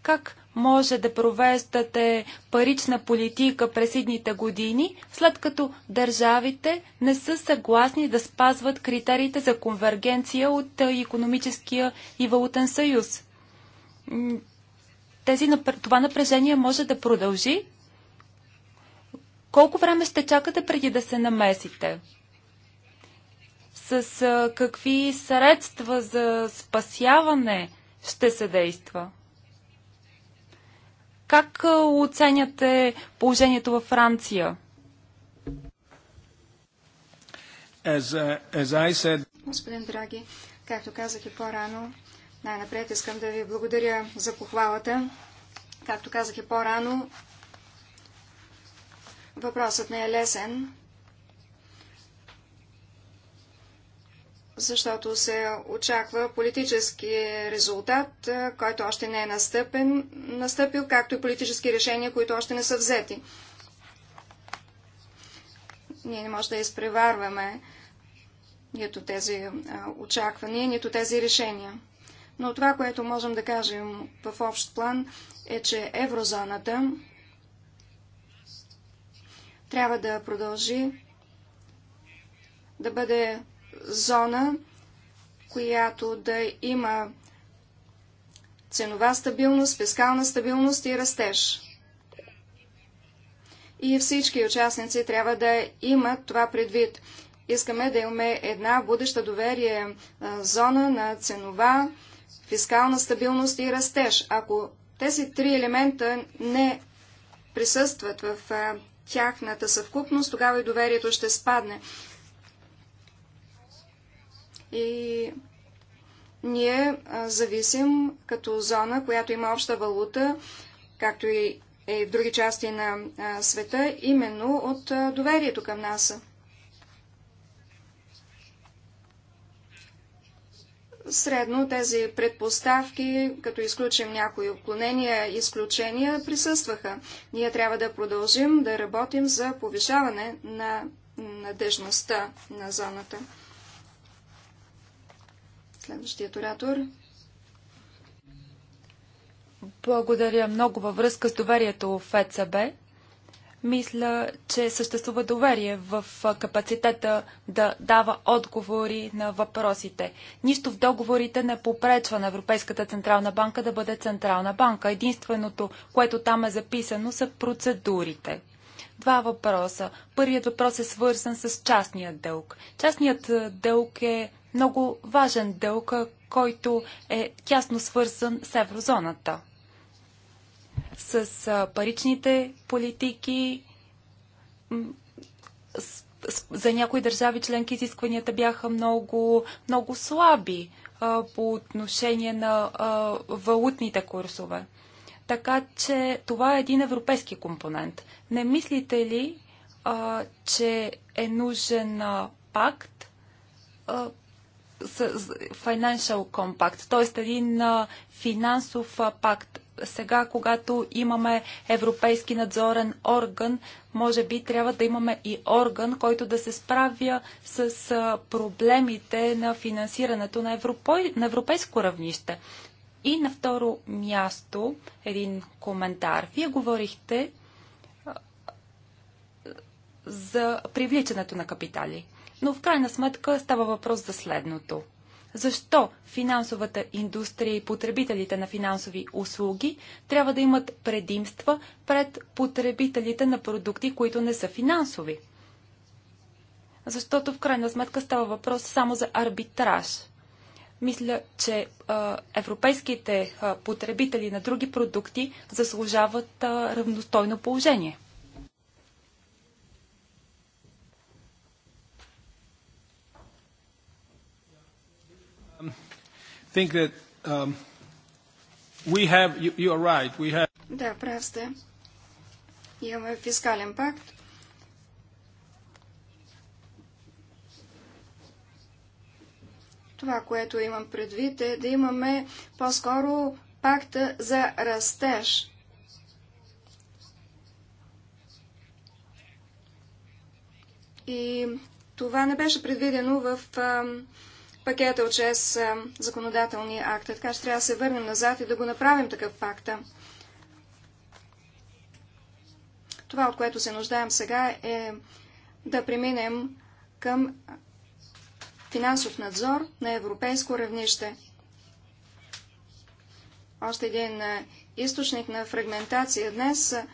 Как може да провеждате парична политика през едните години, след като държавите не са съгласни да спазват критериите за конвергенция от економическия и валутен съюз? тези, това напрежение може да продължи. Колко време ще чакате преди да се намесите? С какви средства за спасяване ще се действа? Как оценяте положението във Франция? As, as said... Господин Драги, както казах и по-рано, най-напред искам да ви благодаря за похвалата. Както казах и по-рано, въпросът не е лесен, защото се очаква политически резултат, който още не е настъпен, настъпил, както и политически решения, които още не са взети. Ние не можем да изпреварваме нито тези очаквания, нито тези решения но това, което можем да кажем в общ план е, че еврозоната трябва да продължи да бъде зона, която да има ценова стабилност, фискална стабилност и растеж. И всички участници трябва да имат това предвид. Искаме да имаме една будеща доверие зона на ценова фискална стабилност и растеж. Ако тези три елемента не присъстват в тяхната съвкупност, тогава и доверието ще спадне. И ние зависим като зона, която има обща валута, както и в други части на света, именно от доверието към нас. Средно тези предпоставки, като изключим някои отклонения и изключения, присъстваха. Ние трябва да продължим да работим за повишаване на надежността на зоната. Следващият оратор. Благодаря много във връзка с доверието в ЕЦБ. Мисля, че съществува доверие в капацитета да дава отговори на въпросите. Нищо в договорите не попречва на Европейската Централна банка да бъде Централна банка. Единственото, което там е записано, са процедурите. Два въпроса. Първият въпрос е свързан с частния дълг. Частният дълг е много важен дълг, който е тясно свързан с еврозоната с паричните политики. За някои държави членки изискванията бяха много, много слаби по отношение на валутните курсове. Така че това е един европейски компонент. Не мислите ли, а, че е нужен а, пакт, а, с, с Financial Compact, т.е. един а, финансов а, пакт сега, когато имаме европейски надзорен орган, може би трябва да имаме и орган, който да се справя с проблемите на финансирането на, европой, на европейско равнище. И на второ място един коментар. Вие говорихте за привличането на капитали. Но в крайна сметка става въпрос за следното защо финансовата индустрия и потребителите на финансови услуги трябва да имат предимства пред потребителите на продукти, които не са финансови. Защото в крайна сметка става въпрос само за арбитраж. Мисля, че а, европейските а, потребители на други продукти заслужават а, равностойно положение. think that um, we have, you, you are right, we have... Да, прав сте. Имаме фискален пакт. Това, което имам предвид е да имаме по-скоро пакта за растеж. И това не беше предвидено в пакета от 6 е, законодателни акта. Така че трябва да се върнем назад и да го направим такъв пакта. Това, от което се нуждаем сега, е да преминем към финансов надзор на европейско равнище. Още един е, източник на фрагментация днес е,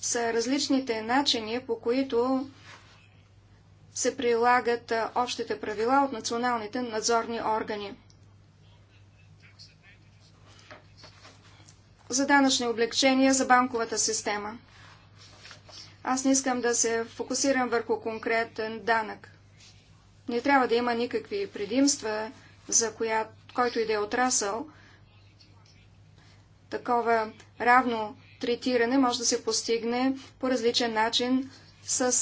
са различните начини, по които се прилагат общите правила от националните надзорни органи. За данъчни облегчения за банковата система. Аз не искам да се фокусирам върху конкретен данък. Не трябва да има никакви предимства, за коя, който и да е отрасъл. Такова равно третиране може да се постигне по различен начин с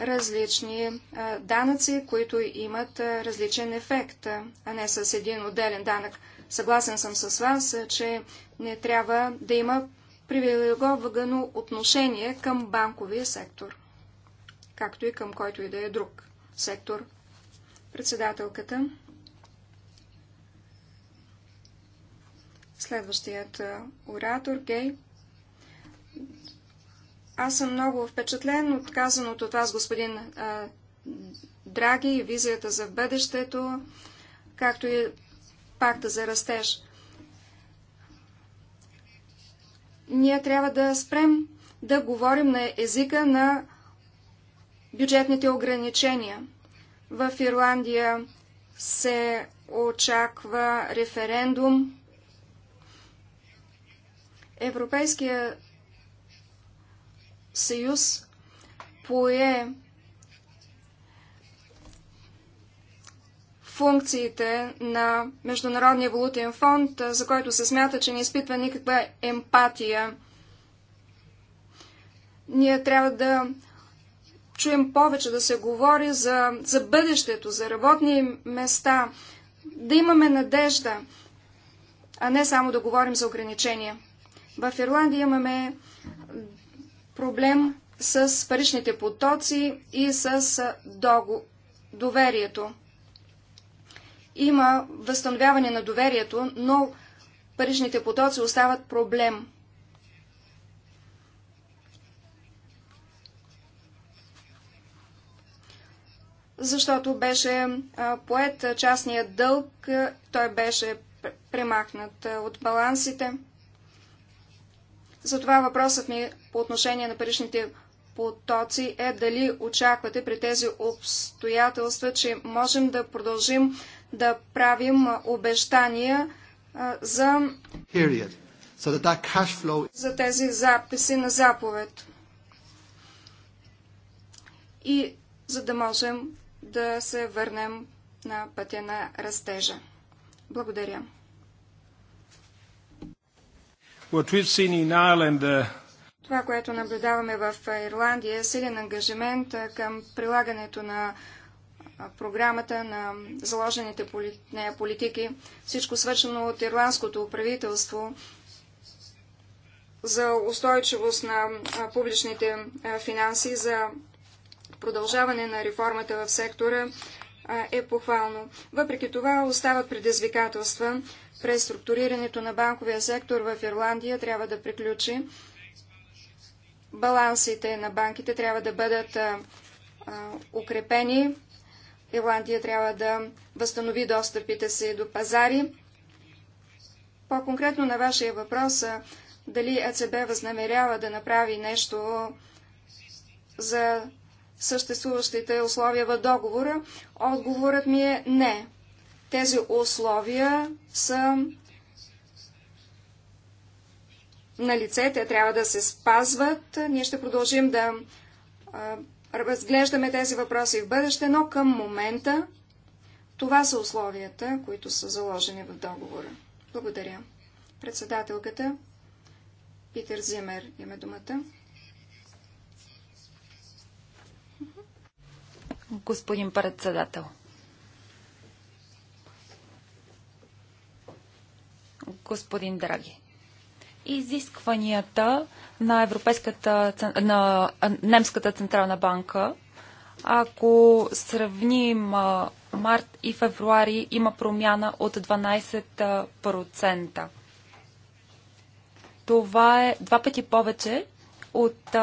различни данъци, които имат различен ефект, а не с един отделен данък. Съгласен съм с вас, че не трябва да има привилеговано отношение към банковия сектор, както и към който и да е друг сектор. Председателката. Следващият оратор Гей. Аз съм много впечатлен от казаното от вас, господин а, Драги, и визията за бъдещето, както и пакта за растеж. Ние трябва да спрем да говорим на езика на бюджетните ограничения. В Ирландия се очаква референдум. Европейския съюз пое функциите на Международния валутен фонд, за който се смята, че не изпитва никаква емпатия. Ние трябва да чуем повече, да се говори за, за бъдещето, за работни места, да имаме надежда, а не само да говорим за ограничения. В Ирландия имаме проблем с паричните потоци и с догу... доверието. Има възстановяване на доверието, но паричните потоци остават проблем. Защото беше поет частният дълг, той беше премахнат от балансите. Затова въпросът ми по отношение на паричните потоци е дали очаквате при тези обстоятелства, че можем да продължим да правим обещания за, so that that flow... за тези записи на заповед. И за да можем да се върнем на пътя на растежа. Благодаря. What we've seen in Ireland, uh... Това, което наблюдаваме в Ирландия, е силен ангажимент към прилагането на програмата на заложените политики, всичко свършено от ирландското правителство за устойчивост на публичните финанси, за продължаване на реформата в сектора е похвално. Въпреки това остават предизвикателства. Преструктурирането на банковия сектор в Ирландия трябва да приключи балансите на банките трябва да бъдат а, а, укрепени. Ирландия трябва да възстанови достъпите си до пазари. По-конкретно на вашия въпрос, дали ЕЦБ възнамерява да направи нещо за съществуващите условия в договора, отговорът ми е не. Тези условия са на лице, те трябва да се спазват. Ние ще продължим да а, разглеждаме тези въпроси в бъдеще, но към момента това са условията, които са заложени в договора. Благодаря. Председателката Питер Зимер има думата. Господин председател. Господин Драги изискванията на, Европейската, на Немската централна банка. Ако сравним март и февруари, има промяна от 12%. Това е два пъти повече от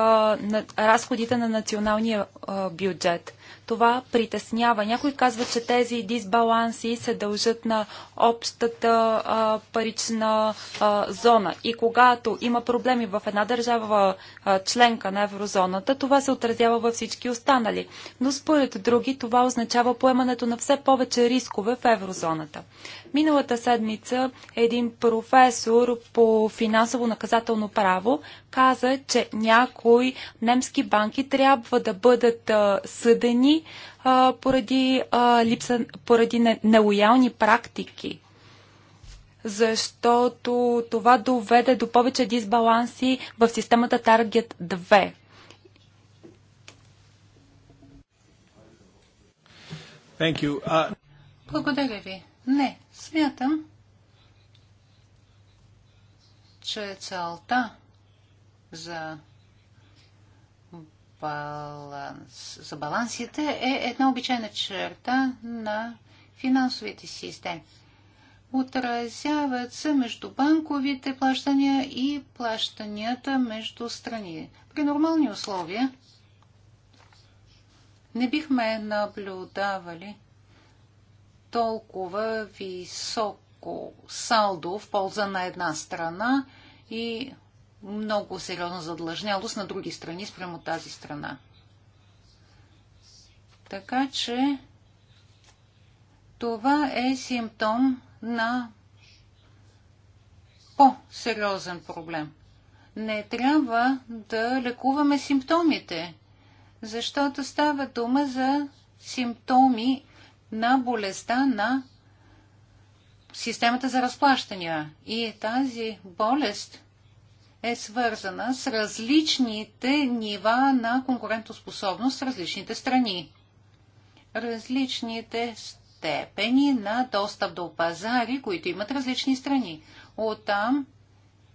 разходите на националния бюджет. Това притеснява. Някой казва, че тези дисбаланси се дължат на общата а, парична а, зона. И когато има проблеми в една държава а, членка на еврозоната, това се отразява във всички останали. Но според други това означава поемането на все повече рискове в еврозоната. Миналата седмица един професор по финансово наказателно право каза, че някои немски банки трябва да бъдат съдени поради, липса, поради нелоялни практики защото това доведе до повече дисбаланси в системата Target 2. Thank you. Uh... Благодаря ви. Не, смятам, че целта за баланс, за балансите е една обичайна черта на финансовите системи. Отразяват се между банковите плащания и плащанията между страни. При нормални условия не бихме наблюдавали толкова високо салдо в полза на една страна и много сериозна задлъжнялост на други страни спрямо тази страна. Така че това е симптом на по-сериозен проблем. Не трябва да лекуваме симптомите, защото става дума за симптоми на болестта на системата за разплащания. И тази болест е свързана с различните нива на конкурентоспособност в различните страни. Различните степени на достъп до пазари, които имат различни страни. Оттам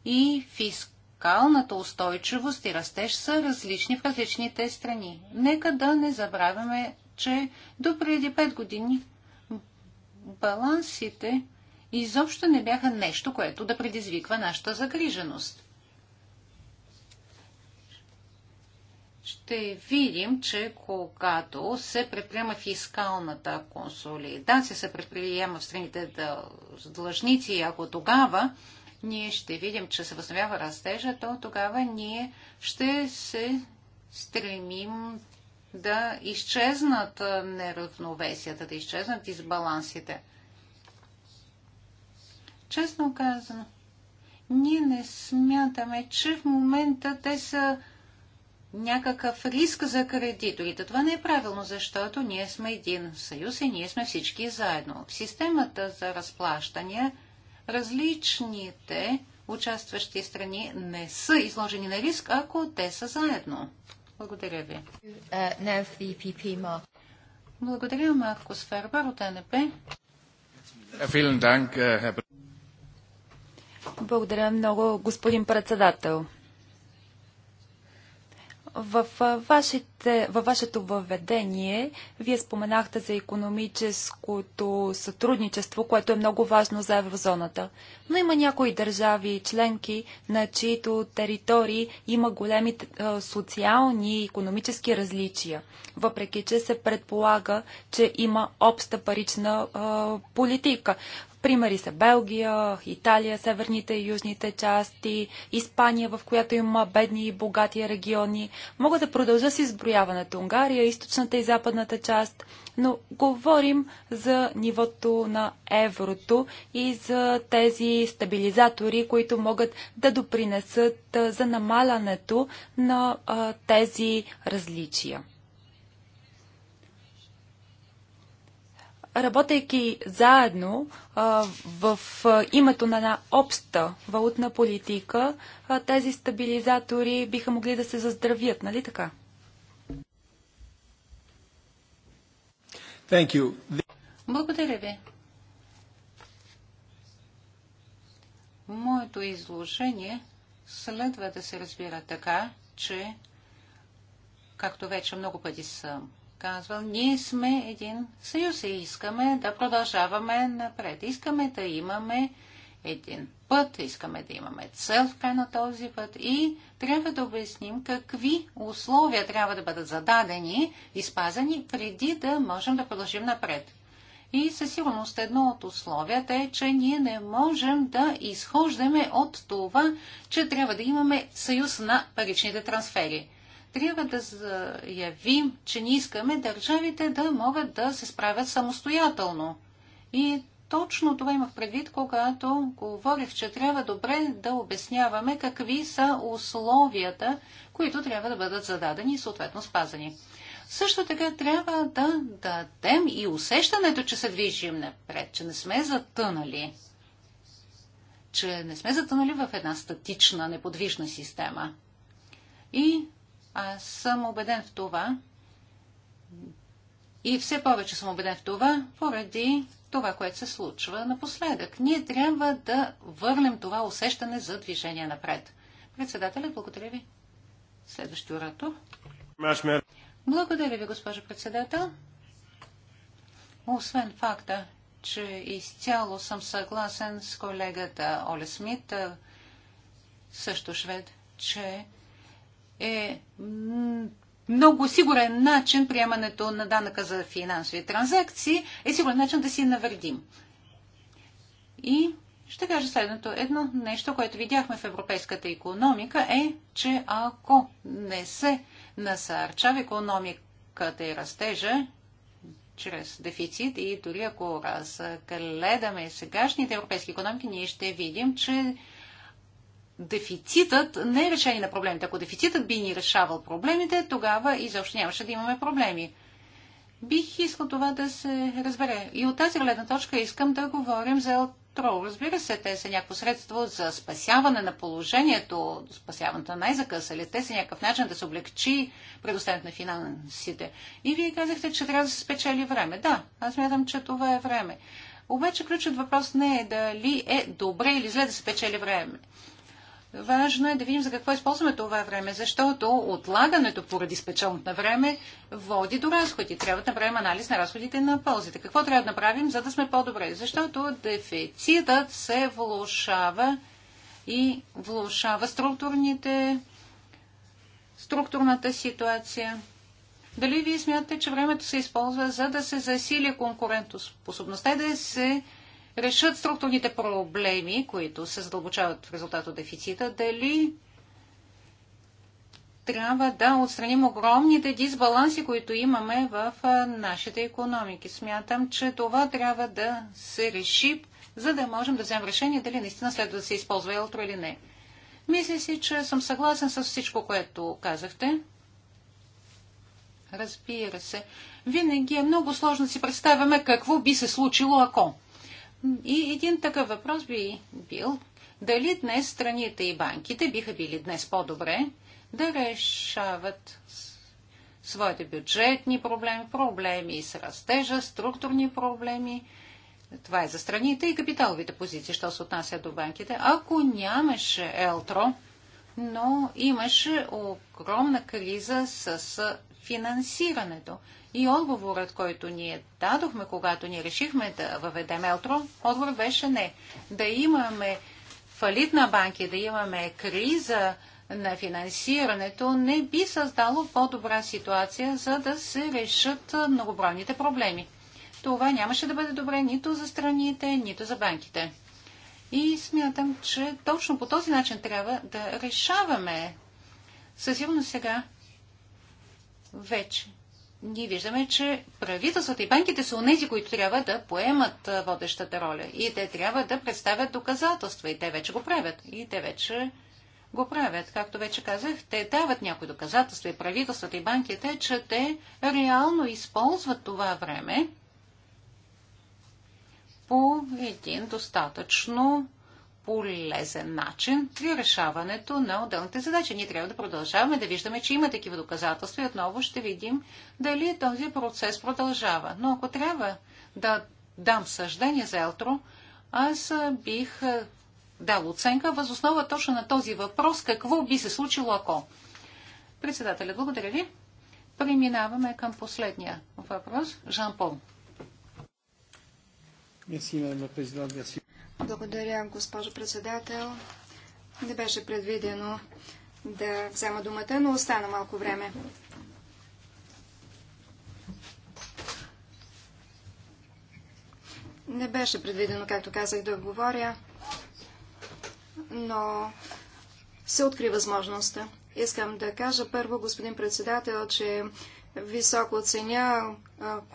и фискалната устойчивост и растеж са различни в различните страни. Нека да не забравяме че до преди 5 години балансите изобщо не бяха нещо, което да предизвиква нашата загриженост. ще видим, че когато се предприема фискалната консолидация, се предприема в страните длъжници и ако тогава ние ще видим, че се възновява растежа, то тогава ние ще се стремим да изчезнат неравновесията, да изчезнат дисбалансите. Честно казано, ние не смятаме, че в момента те са някакъв риск за кредиторите. Това не е правилно, защото ние сме един съюз и ние сме всички заедно. В системата за разплащане различните участващи страни не са изложени на риск, ако те са заедно. Благодаря ви. Uh, e Благодаря, Марко Сфербар от НП. Uh, Благодаря много, господин председател. В, вашите, във вашето въведение вие споменахте за економическото сътрудничество, което е много важно за еврозоната. Но има някои държави и членки, на чието територии има големи е, социални и економически различия, въпреки че се предполага, че има обща парична е, политика. Примери са Белгия, Италия, северните и южните части, Испания, в която има бедни и богати региони. Мога да продължа с изброяването. Унгария, източната и западната част. Но говорим за нивото на еврото и за тези стабилизатори, които могат да допринесат за намалянето на тези различия. работейки заедно в името на една обща валутна политика, тези стабилизатори биха могли да се заздравят, нали така? Thank you. Благодаря ви. Моето изложение следва да се разбира така, че, както вече много пъти съм казвал, ние сме един съюз и искаме да продължаваме напред. Искаме да имаме един път, искаме да имаме цел в край на този път и трябва да обясним какви условия трябва да бъдат зададени и спазани преди да можем да продължим напред. И със сигурност едно от условията е, че ние не можем да изхождаме от това, че трябва да имаме съюз на паричните трансфери трябва да заявим, че не искаме държавите да могат да се справят самостоятелно. И точно това имах предвид, когато говорих, че трябва добре да обясняваме какви са условията, които трябва да бъдат зададени и съответно спазани. Също така трябва да дадем и усещането, че се движим напред, че не сме затънали, че не сме затънали в една статична, неподвижна система. И аз съм убеден в това. И все повече съм убеден в това, поради това, което се случва напоследък. Ние трябва да върнем това усещане за движение напред. Председателят, благодаря ви. Следващи урато. Благодаря ви, госпожо председател. Освен факта, че изцяло съм съгласен с колегата Оле Смит, също швед, че е много сигурен начин приемането на данъка за финансови транзакции е сигурен начин да си навредим. И ще кажа следното. Едно нещо, което видяхме в европейската економика е, че ако не се насърчава економиката и растежа чрез дефицит и дори ако разгледаме сегашните европейски економики, ние ще видим, че дефицитът не е решение на проблемите. Ако дефицитът би ни решавал проблемите, тогава изобщо нямаше да имаме проблеми. Бих искал това да се разбере. И от тази гледна точка искам да говорим за Елтро. Разбира се, те са някакво средство за спасяване на положението, спасяването на най-закъсали. Те са някакъв начин да се облегчи предоставянето на финансите. И вие казахте, че трябва да се спечели време. Да, аз мятам, че това е време. Обаче ключът въпрос не е дали е добре или зле да се печели време. Важно е да видим за какво използваме това време, защото отлагането поради спечелното време води до разходи. Трябва да направим анализ на разходите на ползите. Какво трябва да направим, за да сме по-добре? Защото дефицитът се влушава и влушава структурните, структурната ситуация. Дали вие смятате, че времето се използва за да се засили конкурентоспособността и да се решат структурните проблеми, които се задълбочават в резултат от дефицита, дали трябва да отстраним огромните дисбаланси, които имаме в нашите економики. Смятам, че това трябва да се реши, за да можем да вземем решение дали наистина следва да се използва елтро или не. Мисля си, че съм съгласен с всичко, което казахте. Разбира се. Винаги е много сложно да си представяме какво би се случило, ако. И един такъв въпрос би бил дали днес страните и банките биха били днес по-добре да решават своите бюджетни проблеми, проблеми с растежа, структурни проблеми. Това е за страните и капиталовите позиции, що се отнася до банките. Ако нямаше Елтро, но имаше огромна криза с финансирането. И отговорът, който ние дадохме, когато ние решихме да въведем Елтро, отговор беше не. Да имаме фалит на банки, да имаме криза на финансирането, не би създало по-добра ситуация, за да се решат многобройните проблеми. Това нямаше да бъде добре нито за страните, нито за банките. И смятам, че точно по този начин трябва да решаваме. Със сигурност сега вече ние виждаме, че правителствата и банките са унези, които трябва да поемат водещата роля. И те трябва да представят доказателства. И те вече го правят. И те вече го правят. Както вече казах, те дават някои доказателства и правителствата и банките, че те реално използват това време по един достатъчно полезен начин при решаването на отделните задачи. Ние трябва да продължаваме да виждаме, че има такива доказателства и отново ще видим дали този процес продължава. Но ако трябва да дам съждение за Елтро, аз бих дал оценка възоснова точно на този въпрос какво би се случило ако. Председателя, благодаря ви. Преминаваме към последния въпрос. Жан Пол. Merci, благодаря, госпожо председател. Не беше предвидено да взема думата, но остана малко време. Не беше предвидено, както казах, да говоря, но се откри възможността. Искам да кажа първо, господин председател, че високо оценя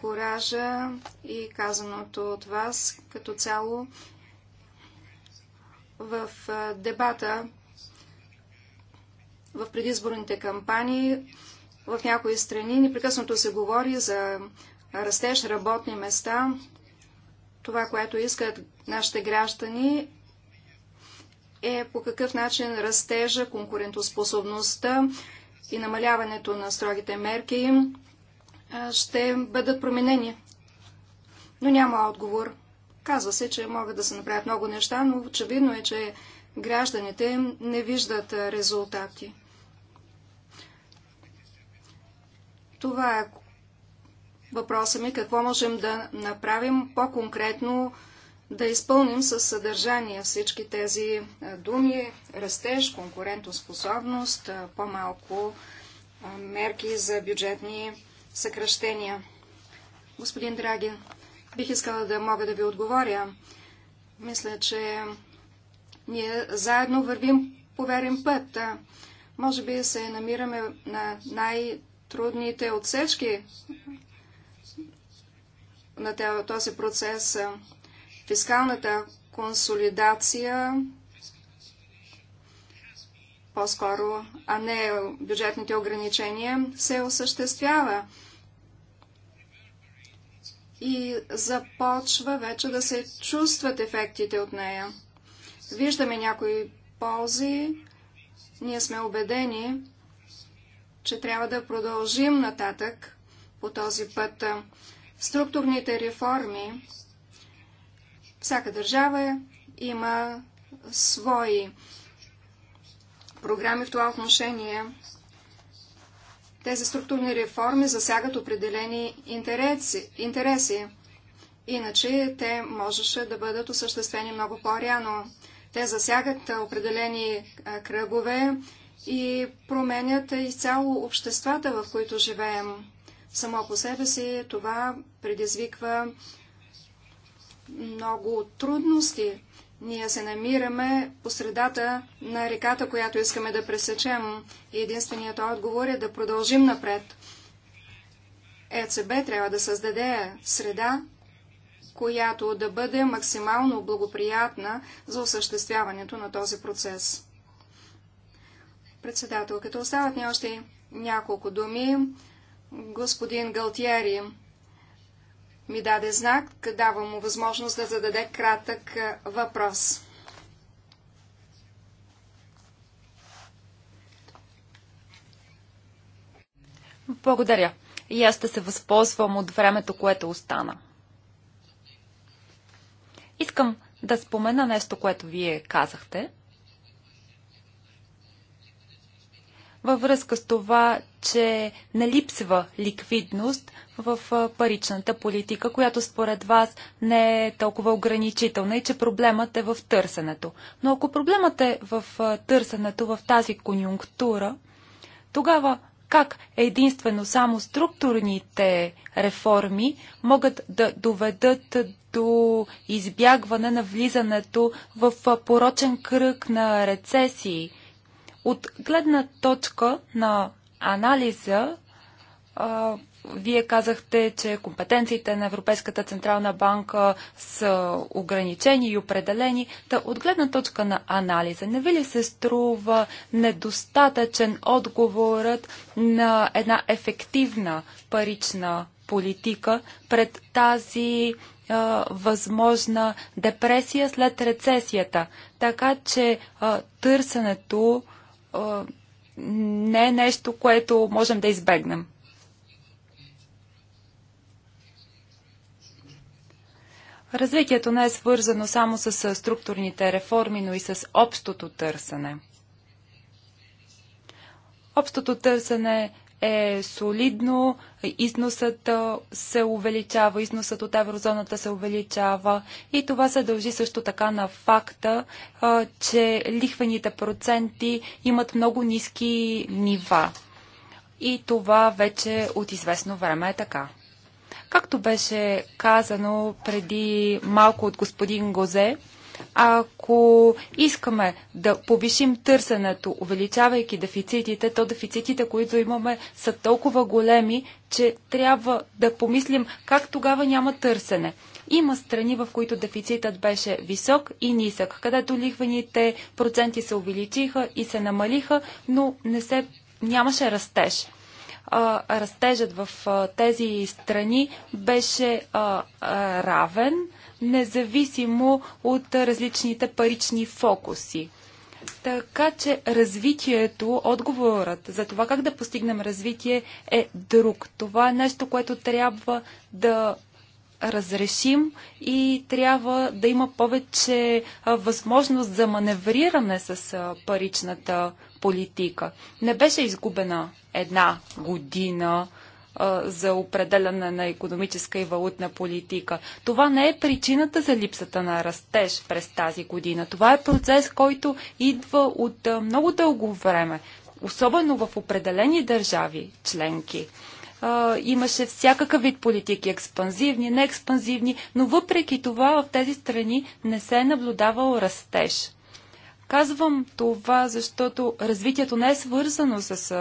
коража и казаното от вас като цяло в дебата в предизборните кампании в някои страни непрекъснато се говори за растеж работни места. Това, което искат нашите граждани е по какъв начин растежа, конкурентоспособността и намаляването на строгите мерки ще бъдат променени. Но няма отговор. Казва се, че могат да се направят много неща, но очевидно е, че гражданите не виждат резултати. Това е въпроса ми, какво можем да направим по-конкретно, да изпълним със съдържание всички тези думи, растеж, конкурентоспособност, по-малко мерки за бюджетни съкръщения. Господин Драгин, Бих искала да мога да ви отговоря. Мисля, че ние заедно вървим поверен път. Може би се намираме на най-трудните отсечки на този процес. Фискалната консолидация по-скоро, а не бюджетните ограничения, се осъществява и започва вече да се чувстват ефектите от нея. Виждаме някои ползи, ние сме убедени, че трябва да продължим нататък по този път. Структурните реформи, всяка държава има свои програми в това отношение. Тези структурни реформи засягат определени интереси. интереси. Иначе те можеше да бъдат осъществени много по-ряно. Те засягат определени е, кръгове и променят изцяло обществата, в които живеем. Само по себе си това предизвиква много трудности. Ние се намираме по средата на реката, която искаме да пресечем и единственият отговор е да продължим напред. ЕЦБ трябва да създаде среда, която да бъде максимално благоприятна за осъществяването на този процес. Председателката, остават ни още няколко думи. Господин Галтиери ми даде знак, давам му възможност да зададе кратък е, въпрос. Благодаря. И аз ще се възползвам от времето, което остана. Искам да спомена нещо, което вие казахте. във връзка с това, че не липсва ликвидност в паричната политика, която според вас не е толкова ограничителна и че проблемът е в търсенето. Но ако проблемът е в търсенето в тази конюнктура, тогава как единствено само структурните реформи могат да доведат до избягване на влизането в порочен кръг на рецесии, от гледна точка на анализа, вие казахте, че компетенциите на Европейската Централна банка са ограничени и определени. Та от гледна точка на анализа, не ви ли се струва недостатъчен отговорът на една ефективна парична политика пред тази възможна депресия след рецесията? Така че търсенето не е нещо, което можем да избегнем. Развитието не е свързано само с структурните реформи, но и с общото търсене. Общото търсене е солидно, износът се увеличава, износът от еврозоната се увеличава и това се дължи също така на факта, че лихвените проценти имат много ниски нива. И това вече от известно време е така. Както беше казано преди малко от господин Гозе, ако искаме да повишим търсенето, увеличавайки дефицитите, то дефицитите, които имаме, са толкова големи, че трябва да помислим как тогава няма търсене. Има страни, в които дефицитът беше висок и нисък, където лихвените проценти се увеличиха и се намалиха, но не се, нямаше растеж. А, растежът в а, тези страни беше а, равен независимо от различните парични фокуси. Така че развитието, отговорът за това как да постигнем развитие е друг. Това е нещо, което трябва да разрешим и трябва да има повече възможност за маневриране с паричната политика. Не беше изгубена една година за определяне на економическа и валутна политика. Това не е причината за липсата на растеж през тази година. Това е процес, който идва от много дълго време, особено в определени държави членки имаше всякакъв вид политики, експанзивни, неекспанзивни, но въпреки това в тези страни не се е наблюдавал растеж. Казвам това, защото развитието не е свързано с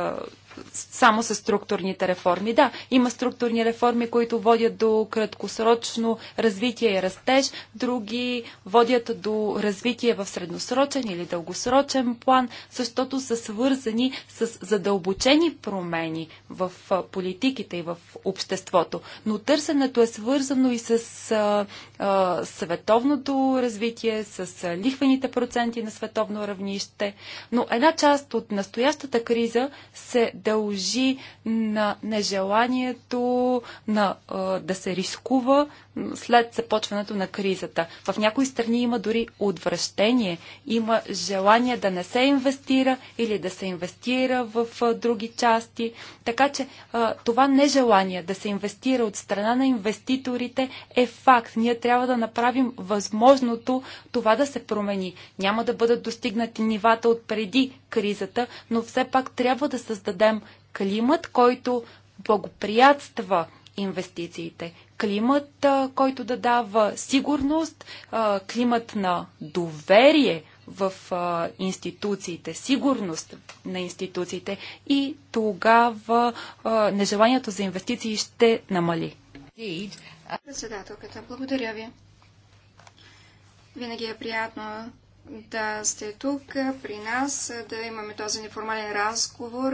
само с структурните реформи. Да, има структурни реформи, които водят до краткосрочно развитие и растеж, други водят до развитие в средносрочен или дългосрочен план, защото са свързани с задълбочени промени в политиките и в обществото. Но търсенето е свързано и с а, а, световното развитие, с а, лихвените проценти на световно равнище. Но една част от настоящата криза се дължи на нежеланието на, да се рискува, след започването на кризата. В някои страни има дори отвращение, има желание да не се инвестира или да се инвестира в други части. Така че това нежелание да се инвестира от страна на инвеститорите е факт. Ние трябва да направим възможното това да се промени. Няма да бъдат достигнати нивата от преди кризата, но все пак трябва да създадем климат, който благоприятства инвестициите. Климат, който да дава сигурност, климат на доверие в институциите, сигурност на институциите и тогава нежеланието за инвестиции ще намали. Председателката, благодаря ви. Винаги е приятно да сте тук при нас, да имаме този неформален разговор.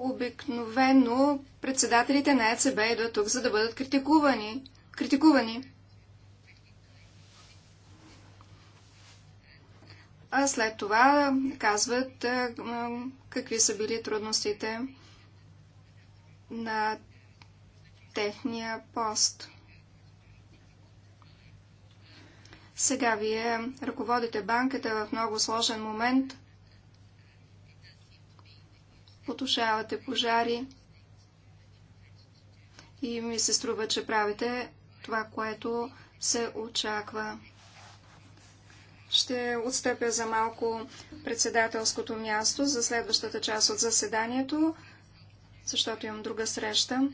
Обикновено председателите на ЕЦБ идват тук, за да бъдат критикувани. критикувани. А след това казват какви са били трудностите на техния пост. Сега вие ръководите банката в много сложен момент – потушавате пожари и ми се струва, че правите това, което се очаква. Ще отстъпя за малко председателското място за следващата част от заседанието, защото имам друга среща.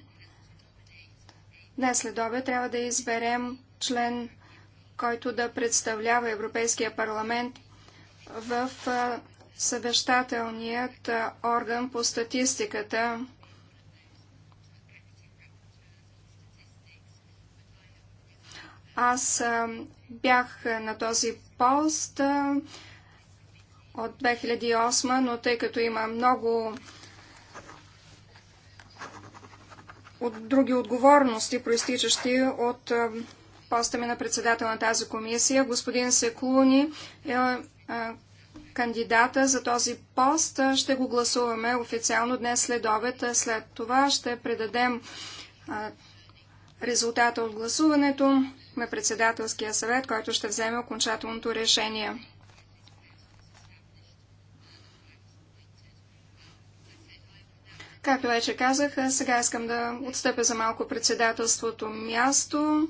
Днес след обед трябва да изберем член, който да представлява Европейския парламент в съвещателният орган по статистиката Аз бях на този пост от 2008, но тъй като има много от други отговорности, проистичащи от поста ми на председател на тази комисия, господин Секлуни е кандидата за този пост. Ще го гласуваме официално днес след обед. След това ще предадем а, резултата от гласуването на председателския съвет, който ще вземе окончателното решение. Както вече казах, сега искам да отстъпя за малко председателството място.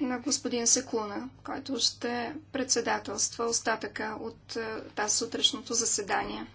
на господин Секуна, който ще председателства остатъка от е, тази сутрешното заседание.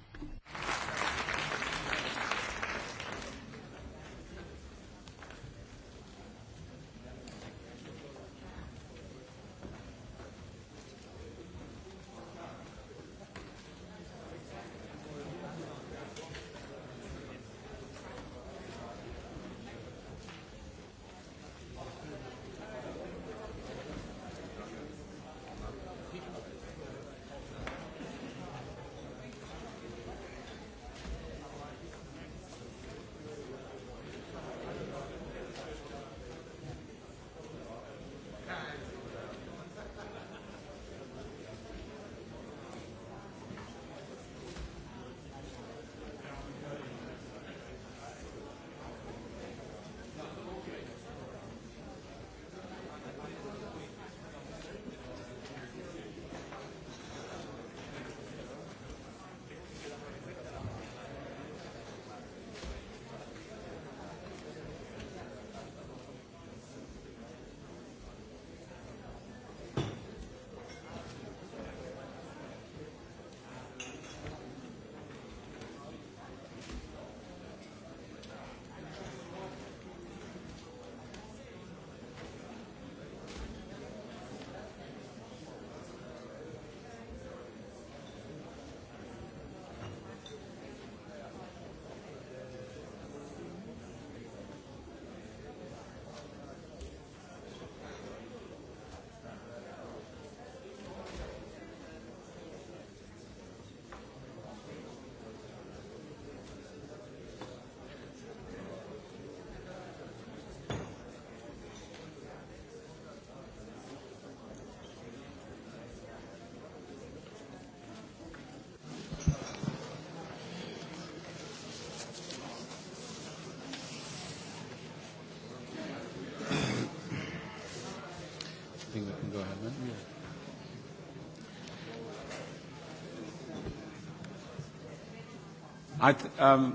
Um,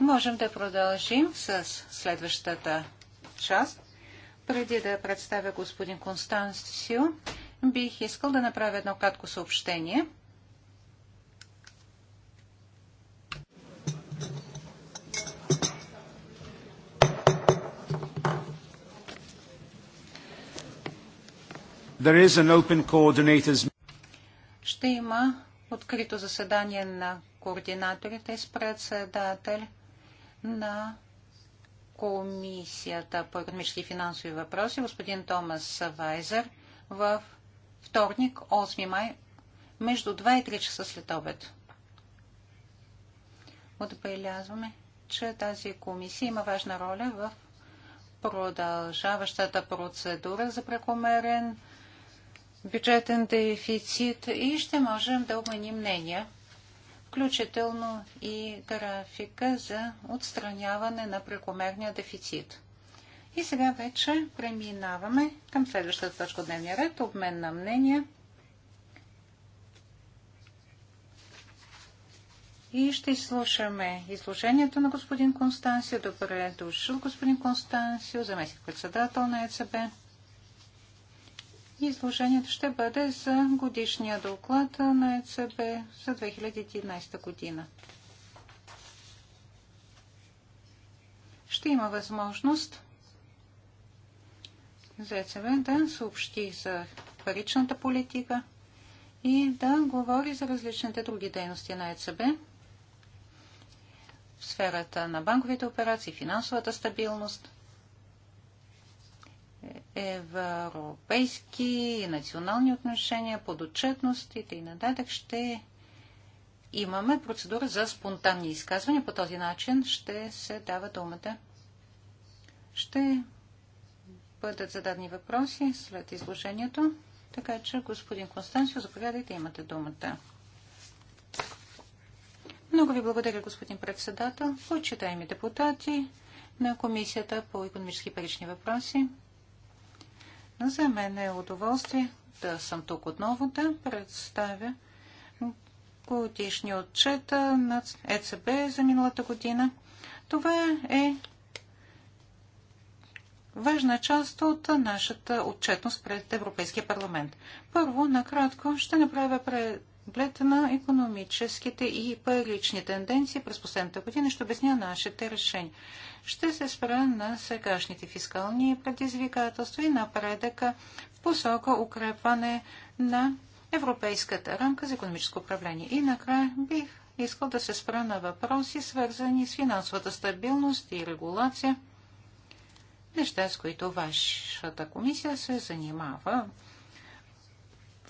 Можем да продължим с следващата част. Преди да представя господин Констанцио, бих искал да направя едно кратко съобщение. Ще има открито заседание на координаторите с председател на Комисията по економически и финансови въпроси, господин Томас Вайзер, в вторник, 8 май, между 2 и 3 часа след обед. Отбелязваме, че тази комисия има важна роля в продължаващата процедура за прекомерен бюджетен дефицит и ще можем да обменим мнения включително и графика за отстраняване на прекомерния дефицит. И сега вече преминаваме към следващата точка от дневния ред – обмен на мнения. И ще изслушаме изложението на господин Констансио. Добре е дошъл, господин Констансио, заместник председател на ЕЦБ. Изложението ще бъде за годишния доклад на ЕЦБ за 2011 година. Ще има възможност за ЕЦБ да съобщи за паричната политика и да говори за различните други дейности на ЕЦБ в сферата на банковите операции, финансовата стабилност – европейски и национални отношения, подотчетност и т.н. ще имаме процедура за спонтанни изказвания. По този начин ще се дава думата. Ще бъдат зададени въпроси след изложението. Така че, господин Констанцио, заповядайте, имате думата. Много ви благодаря, господин председател, почитаеми депутати на Комисията по економически парични въпроси. За мен е удоволствие да съм тук отново да представя годишния отчет на ЕЦБ за миналата година. Това е важна част от нашата отчетност пред Европейския парламент. Първо, накратко, ще направя пред поглед на економическите и парични тенденции през последната година ще обясня нашите решения. Ще се спра на сегашните фискални предизвикателства и напредъка в посока укрепване на Европейската рамка за економическо управление. И накрая бих искал да се спра на въпроси, свързани с финансовата стабилност и регулация, неща, с които вашата комисия се занимава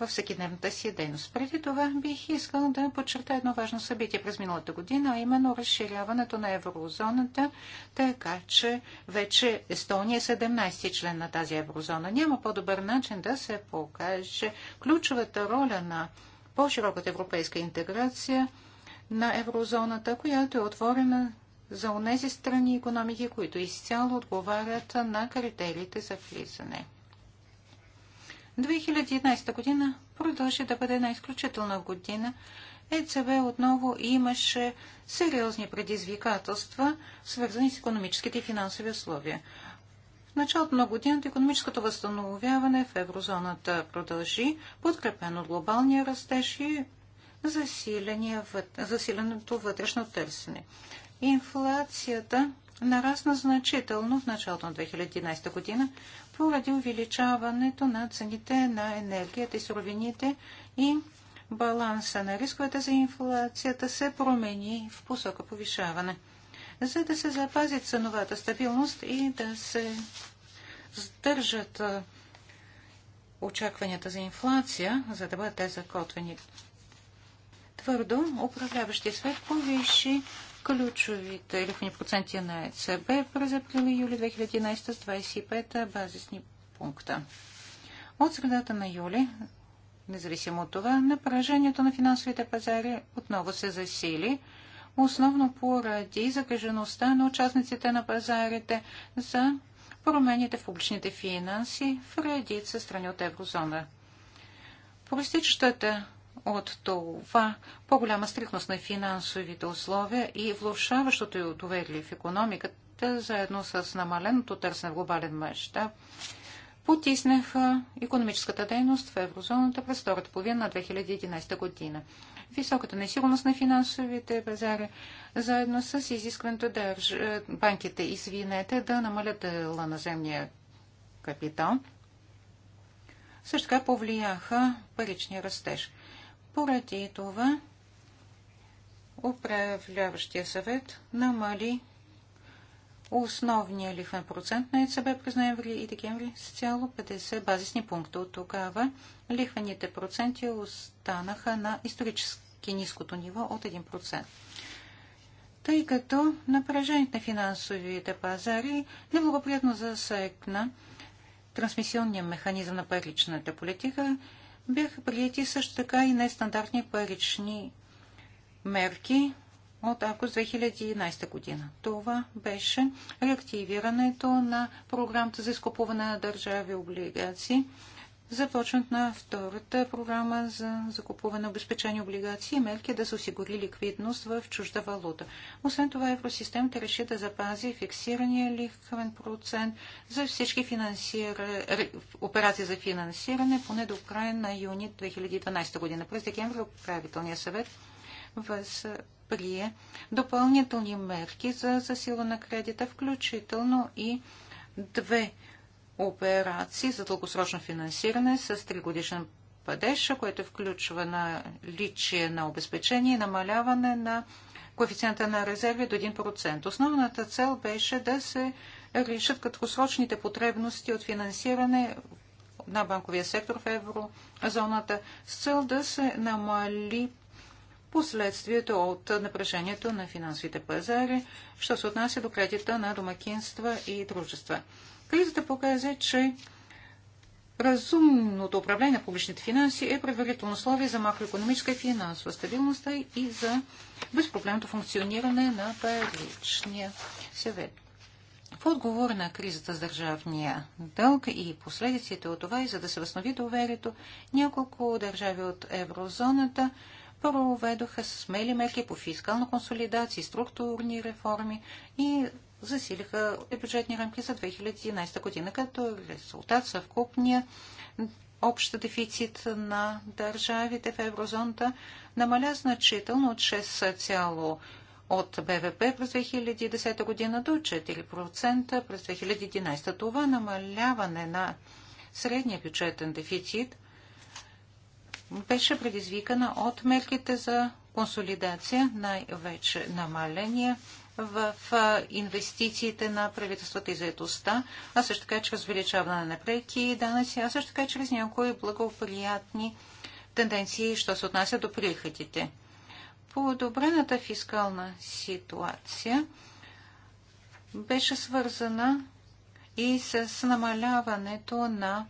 във всекидневната си дейност. Преди това бих искал да подчерта едно важно събитие през миналата година, а именно разширяването на еврозоната, така че вече Естония е 17 член на тази еврозона. Няма по-добър начин да се покаже ключовата роля на по-широката европейска интеграция на еврозоната, която е отворена за онези страни и економики, които изцяло отговарят на критериите за влизане. 2011 година продължи да бъде една изключителна година. ЕЦБ отново имаше сериозни предизвикателства, свързани с економическите и финансови условия. В началото на годината економическото възстановяване в еврозоната продължи, подкрепено от глобалния растеж и засиленото вътрешно търсене. Инфлацията нарасна значително в началото на 2011 година, поради увеличаването на цените на енергията и суровините и баланса на рисковете за инфлацията се промени в посока повишаване. За да се запази ценовата стабилност и да се сдържат очакванията за инфлация, за да бъдат те закотвени твърдо, управляващия свет повиши Ключовите лихвени проценти на ЕЦБ през април и юли 2011 с 25 базисни пункта. От средата на юли, независимо от това, напрежението на финансовите пазари отново се засили, основно поради загрежеността на участниците на пазарите за промените в публичните финанси в редица страни от еврозона. Проистичащата от това по-голяма стрикност на финансовите условия и влушаващото доверие в економиката, заедно с намаленото търсене в глобален мащаб, потиснаха економическата дейност в еврозоната през втората половина на 2011 година. Високата несигурност на финансовите пазари, заедно с изискването държ... Е, банките, извинете, да намалят дела на земния капитал, също така повлияха паричния растеж. Поради това управляващия съвет намали основния лихвен процент на ЕЦБ през ноември и декември с цяло 50 базисни пункта. От тогава лихвените проценти останаха на исторически ниското ниво от 1%. Тъй като напрежението на финансовите пазари неблагоприятно засекна трансмисионния механизъм на паричната политика, бяха прияти също така и нестандартни парични мерки от август 2011 година. Това беше реактивирането на програмата за изкупуване на държави облигации – започнат на втората програма за закупуване на обезпечени облигации и мерки е да се осигури ликвидност в чужда валута. Освен това, евросистемата реши да запази фиксирания лихвен процент за всички финансира... операции за финансиране поне до края на юни 2012 година. През декември управителният съвет възприе допълнителни мерки за засила на кредита, включително и две операции за дългосрочно финансиране с 3-годишен падеж, което включва на личие на обезпечение и намаляване на коефициента на резерви до 1%. Основната цел беше да се решат краткосрочните потребности от финансиране на банковия сектор в еврозоната с цел да се намали последствието от напрежението на финансовите пазари, що се отнася до кредита на домакинства и дружества. Кризата показа, че разумното управление на публичните финанси е предварително условие за макроекономическа и финансова стабилност и за безпроблемното функциониране на паричния съвет. В отговор на кризата с държавния дълг и последиците от това и за да се възстанови доверието, няколко държави от еврозоната проведоха смели мерки по фискална консолидация, структурни реформи и засилиха бюджетни рамки за 2011 година, като резултат съвкупния общ дефицит на държавите в еврозоната намаля значително от 6, от БВП през 2010 година до 4% през 2011. Това намаляване на средния бюджетен дефицит беше предизвикана от мерките за консолидация, най-вече намаление в инвестициите на правителствата и заедостта, а също така чрез увеличаване на преки данъци, а също така чрез някои благоприятни тенденции, що се отнася до приходите. Подобрената фискална ситуация беше свързана и с намаляването на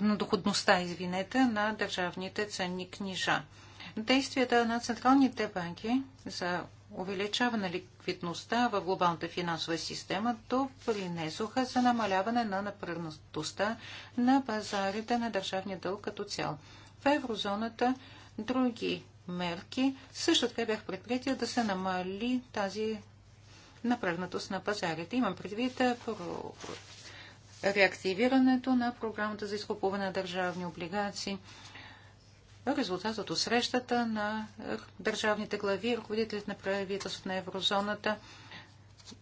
на доходността, извинете, на държавните ценни книжа. Действията на централните банки за увеличаване ликвидността в глобалната финансова система допринесоха за намаляване на напрегнатостта на пазарите на държавния дълг като цял. В еврозоната други мерки също така бях предприяти да се намали тази напрегнатост на пазарите. Имам предвид про... реактивирането на програмата за изкупуване на държавни облигации – резултатът от срещата на е, държавните глави, ръководителите на правителството на еврозоната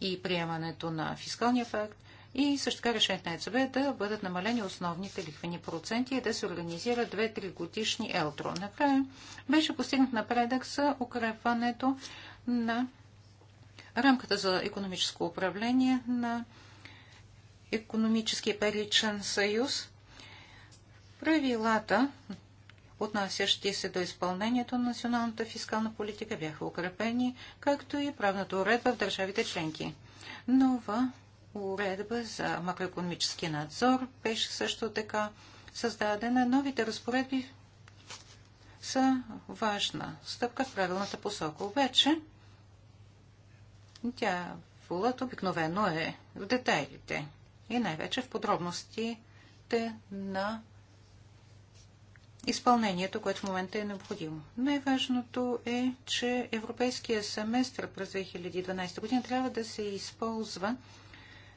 и приемането на фискалния факт и също така решението на ЕЦБ да бъдат намалени основните лихвени проценти и да се организират 2-3 годишни елтро. Накрая беше постигнат напредък с укрепването на рамката за економическо управление на економическия паричен съюз. Правилата отнасящи се до изпълнението на националната фискална политика, бяха укрепени, както и правната уредба в държавите членки. Нова уредба за макроекономически надзор беше също така създадена. Новите разпоредби са важна стъпка в правилната посока. Обаче, тя фулът обикновено е в детайлите и най-вече в подробностите на изпълнението, което в момента е необходимо. Най-важното е, че европейския семестър през 2012 година трябва да се използва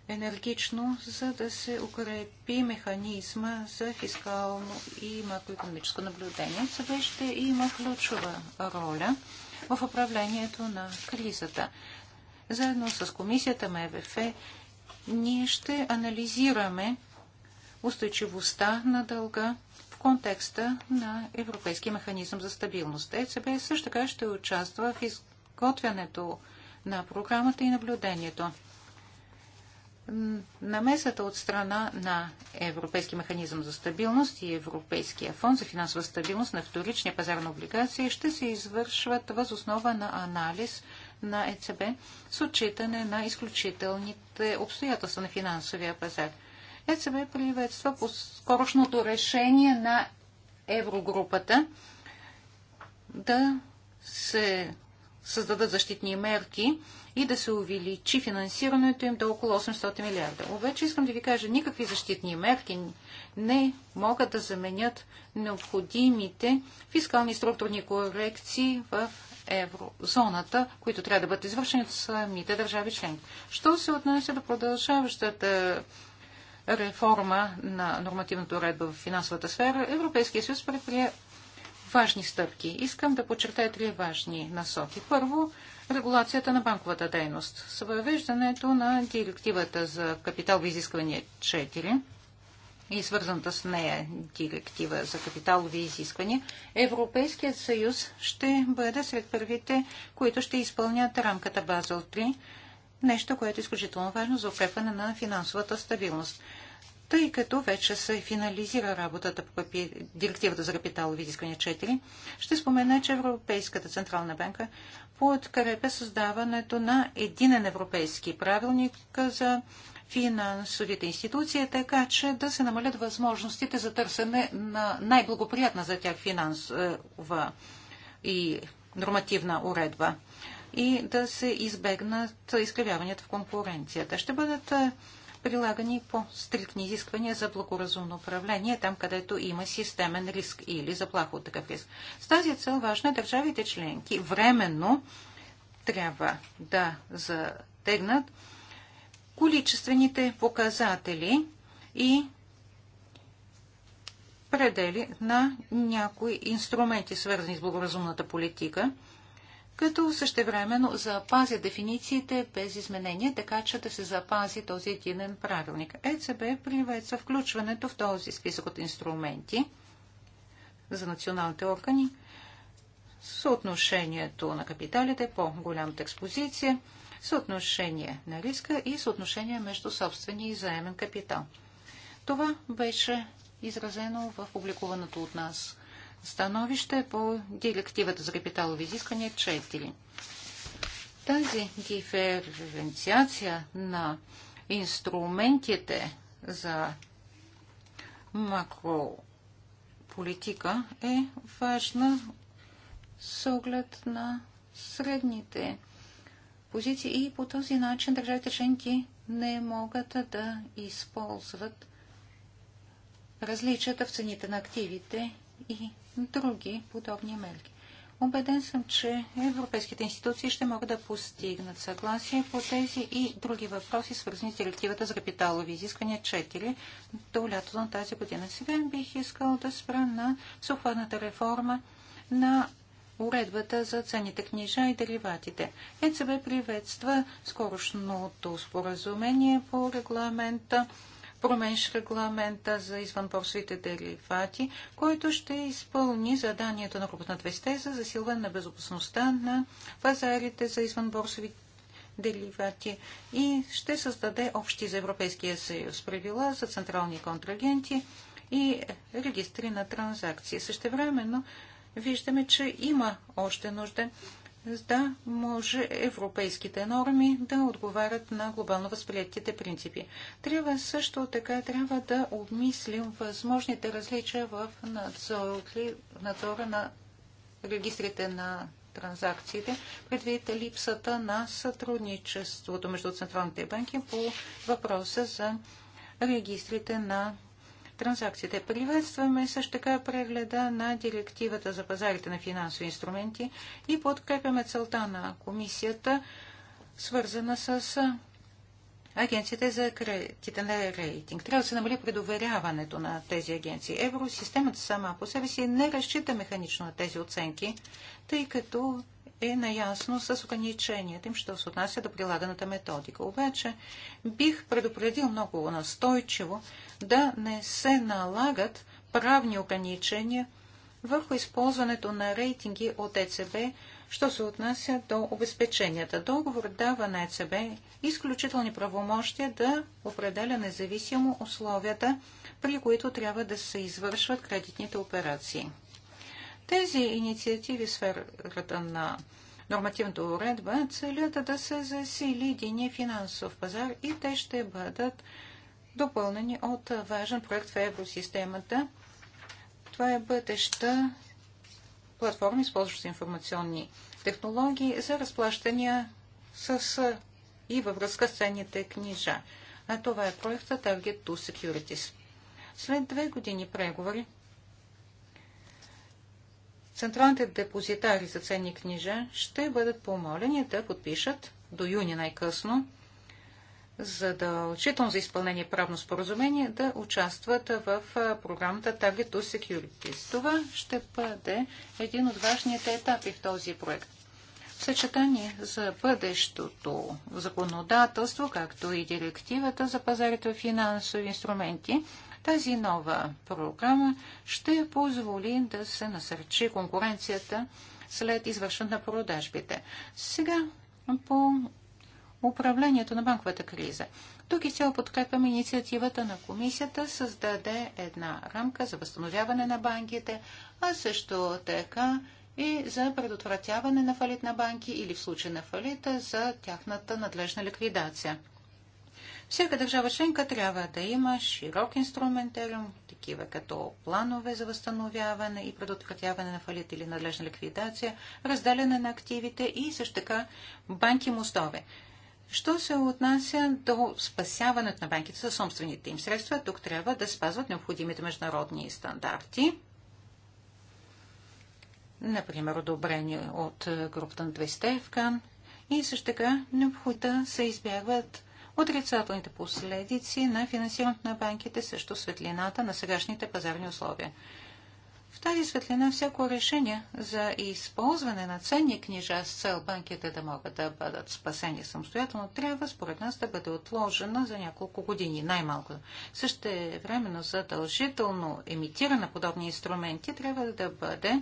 енергично, за да се укрепи механизма за фискално и макроекономическо наблюдение. ЦБ ще има ключова роля в управлението на кризата. Заедно с комисията МВФ ние ще анализираме устойчивостта на дълга, контекста на Европейския механизъм за стабилност. ЕЦБ също така ще участва в изготвянето на програмата и наблюдението. Намесата от страна на Европейския механизъм за стабилност и Европейския фонд за финансова стабилност на вторичния пазар на облигации ще се извършват въз основа на анализ на ЕЦБ с отчитане на изключителните обстоятелства на финансовия пазар. ЕЦБ приветства по скорошното решение на Еврогрупата да се създадат защитни мерки и да се увеличи финансирането им до около 800 милиарда. Обаче искам да ви кажа, никакви защитни мерки не могат да заменят необходимите фискални структурни корекции в еврозоната, които трябва да бъдат извършени от самите държави членки. Що се отнася до продължаващата реформа на нормативната уредба в финансовата сфера, Европейския съюз предприе важни стъпки. Искам да подчертая три важни насоки. Първо, регулацията на банковата дейност. С въвеждането на директивата за капиталови изисквания 4 и свързаната с нея директива за капиталови изисквания, Европейският съюз ще бъде сред първите, които ще изпълнят рамката Базел 3 нещо, което е изключително важно за укрепване на финансовата стабилност. Тъй като вече се финализира работата по директивата за капиталови изисквания 4, ще спомена, че Европейската централна банка подкрепя създаването на единен европейски правилник за финансовите институции, така че да се намалят възможностите за търсене на най-благоприятна за тях финансова и нормативна уредба и да се избегнат изкривяванията в конкуренцията. Ще бъдат е, прилагани по-стрикни изисквания за благоразумно управление, там където има системен риск или заплаха от такъв риск. С тази цел важно е държавите членки временно трябва да затегнат количествените показатели и предели на някои инструменти, свързани с благоразумната политика – като същевременно запазя дефинициите без изменения, така че да се запази този единен правилник. ЕЦБ приветства включването в този списък от инструменти за националните органи, съотношението на капиталите, е по-голямата експозиция, съотношение на риска и съотношение между собствения и заемен капитал. Това беше изразено в публикуваното от нас становище по директивата за капиталови изисквания 4. Тази диференциация на инструментите за макрополитика е важна с оглед на средните позиции и по този начин държавите членки не могат да използват различията в цените на активите и други подобни мерки. Обеден съм, че европейските институции ще могат да постигнат съгласие по тези и други въпроси, свързани с директивата за капиталови изисквания 4 до лятото на тази година. Сега бих искал да спра на съхватната реформа на уредбата за ценните книжа и дериватите. ЕЦБ приветства скорошното споразумение по регламента промениш регламента за извънборсовите деривати, който ще изпълни заданието на групата на за засилване на безопасността на пазарите за извънпорсови деривати и ще създаде общи за Европейския съюз правила за централни контрагенти и регистри на транзакции. Същевременно виждаме, че има още нужда да може европейските норми да отговарят на глобално възприятите принципи. Трябва също така трябва да обмислим възможните различия в надзора на регистрите на транзакциите, предвид липсата на сътрудничеството между централните банки по въпроса за регистрите на транзакциите. Приветстваме също така прегледа на директивата за пазарите на финансови инструменти и подкрепяме целта на комисията, свързана с агенциите за кредитен рейтинг. Трябва да се намали предоверяването на тези агенции. Евросистемата сама по себе си не разчита механично на тези оценки, тъй като е наясно с ограниченията им, що се отнася до прилаганата методика. Обаче бих предупредил много настойчиво да не се налагат правни ограничения върху използването на рейтинги от ЕЦБ, що се отнася до обезпеченията. Договор дава на ЕЦБ изключителни правомощия да определя независимо условията, при които трябва да се извършват кредитните операции. Тези инициативи в сферата на нормативната уредба целят да се засили единия финансов пазар и те ще бъдат допълнени от важен проект в евросистемата. Това е бъдеща платформа, използваща информационни технологии за разплащания с и във връзка с ценните книжа. А това е проекта Target to Securities. След две години преговори централните депозитари за ценни книжа ще бъдат помолени да подпишат до юни най-късно задължително за изпълнение правно споразумение да участват в програмата Target to Securities. Това ще бъде един от важните етапи в този проект. В съчетание за бъдещото законодателство, както и директивата за пазарите в финансови инструменти, тази нова програма ще позволи да се насърчи конкуренцията след извършване на продажбите. Сега по управлението на банковата криза. Тук изцяло подкрепяме инициативата на комисията създаде една рамка за възстановяване на банките, а също така и за предотвратяване на фалит на банки или в случай на фалита за тяхната надлежна ликвидация. Всяка държава членка трябва да има широк инструментариум, такива като планове за възстановяване и предотвратяване на фалит или надлежна ликвидация, разделяне на активите и също така банки мостове. Що се отнася до спасяването на банките със собствените им средства, тук трябва да спазват необходимите международни стандарти. Например, одобрение от групата на 200 в Кан. И също така необходимо да се избягват отрицателните последици на финансирането на банките също светлината на сегашните пазарни условия. В тази светлина всяко решение за използване на ценни книжа с цел банките да могат да бъдат спасени самостоятелно трябва според нас да бъде отложена за няколко години, най-малко. Също времено задължително емитиране на подобни инструменти трябва да бъде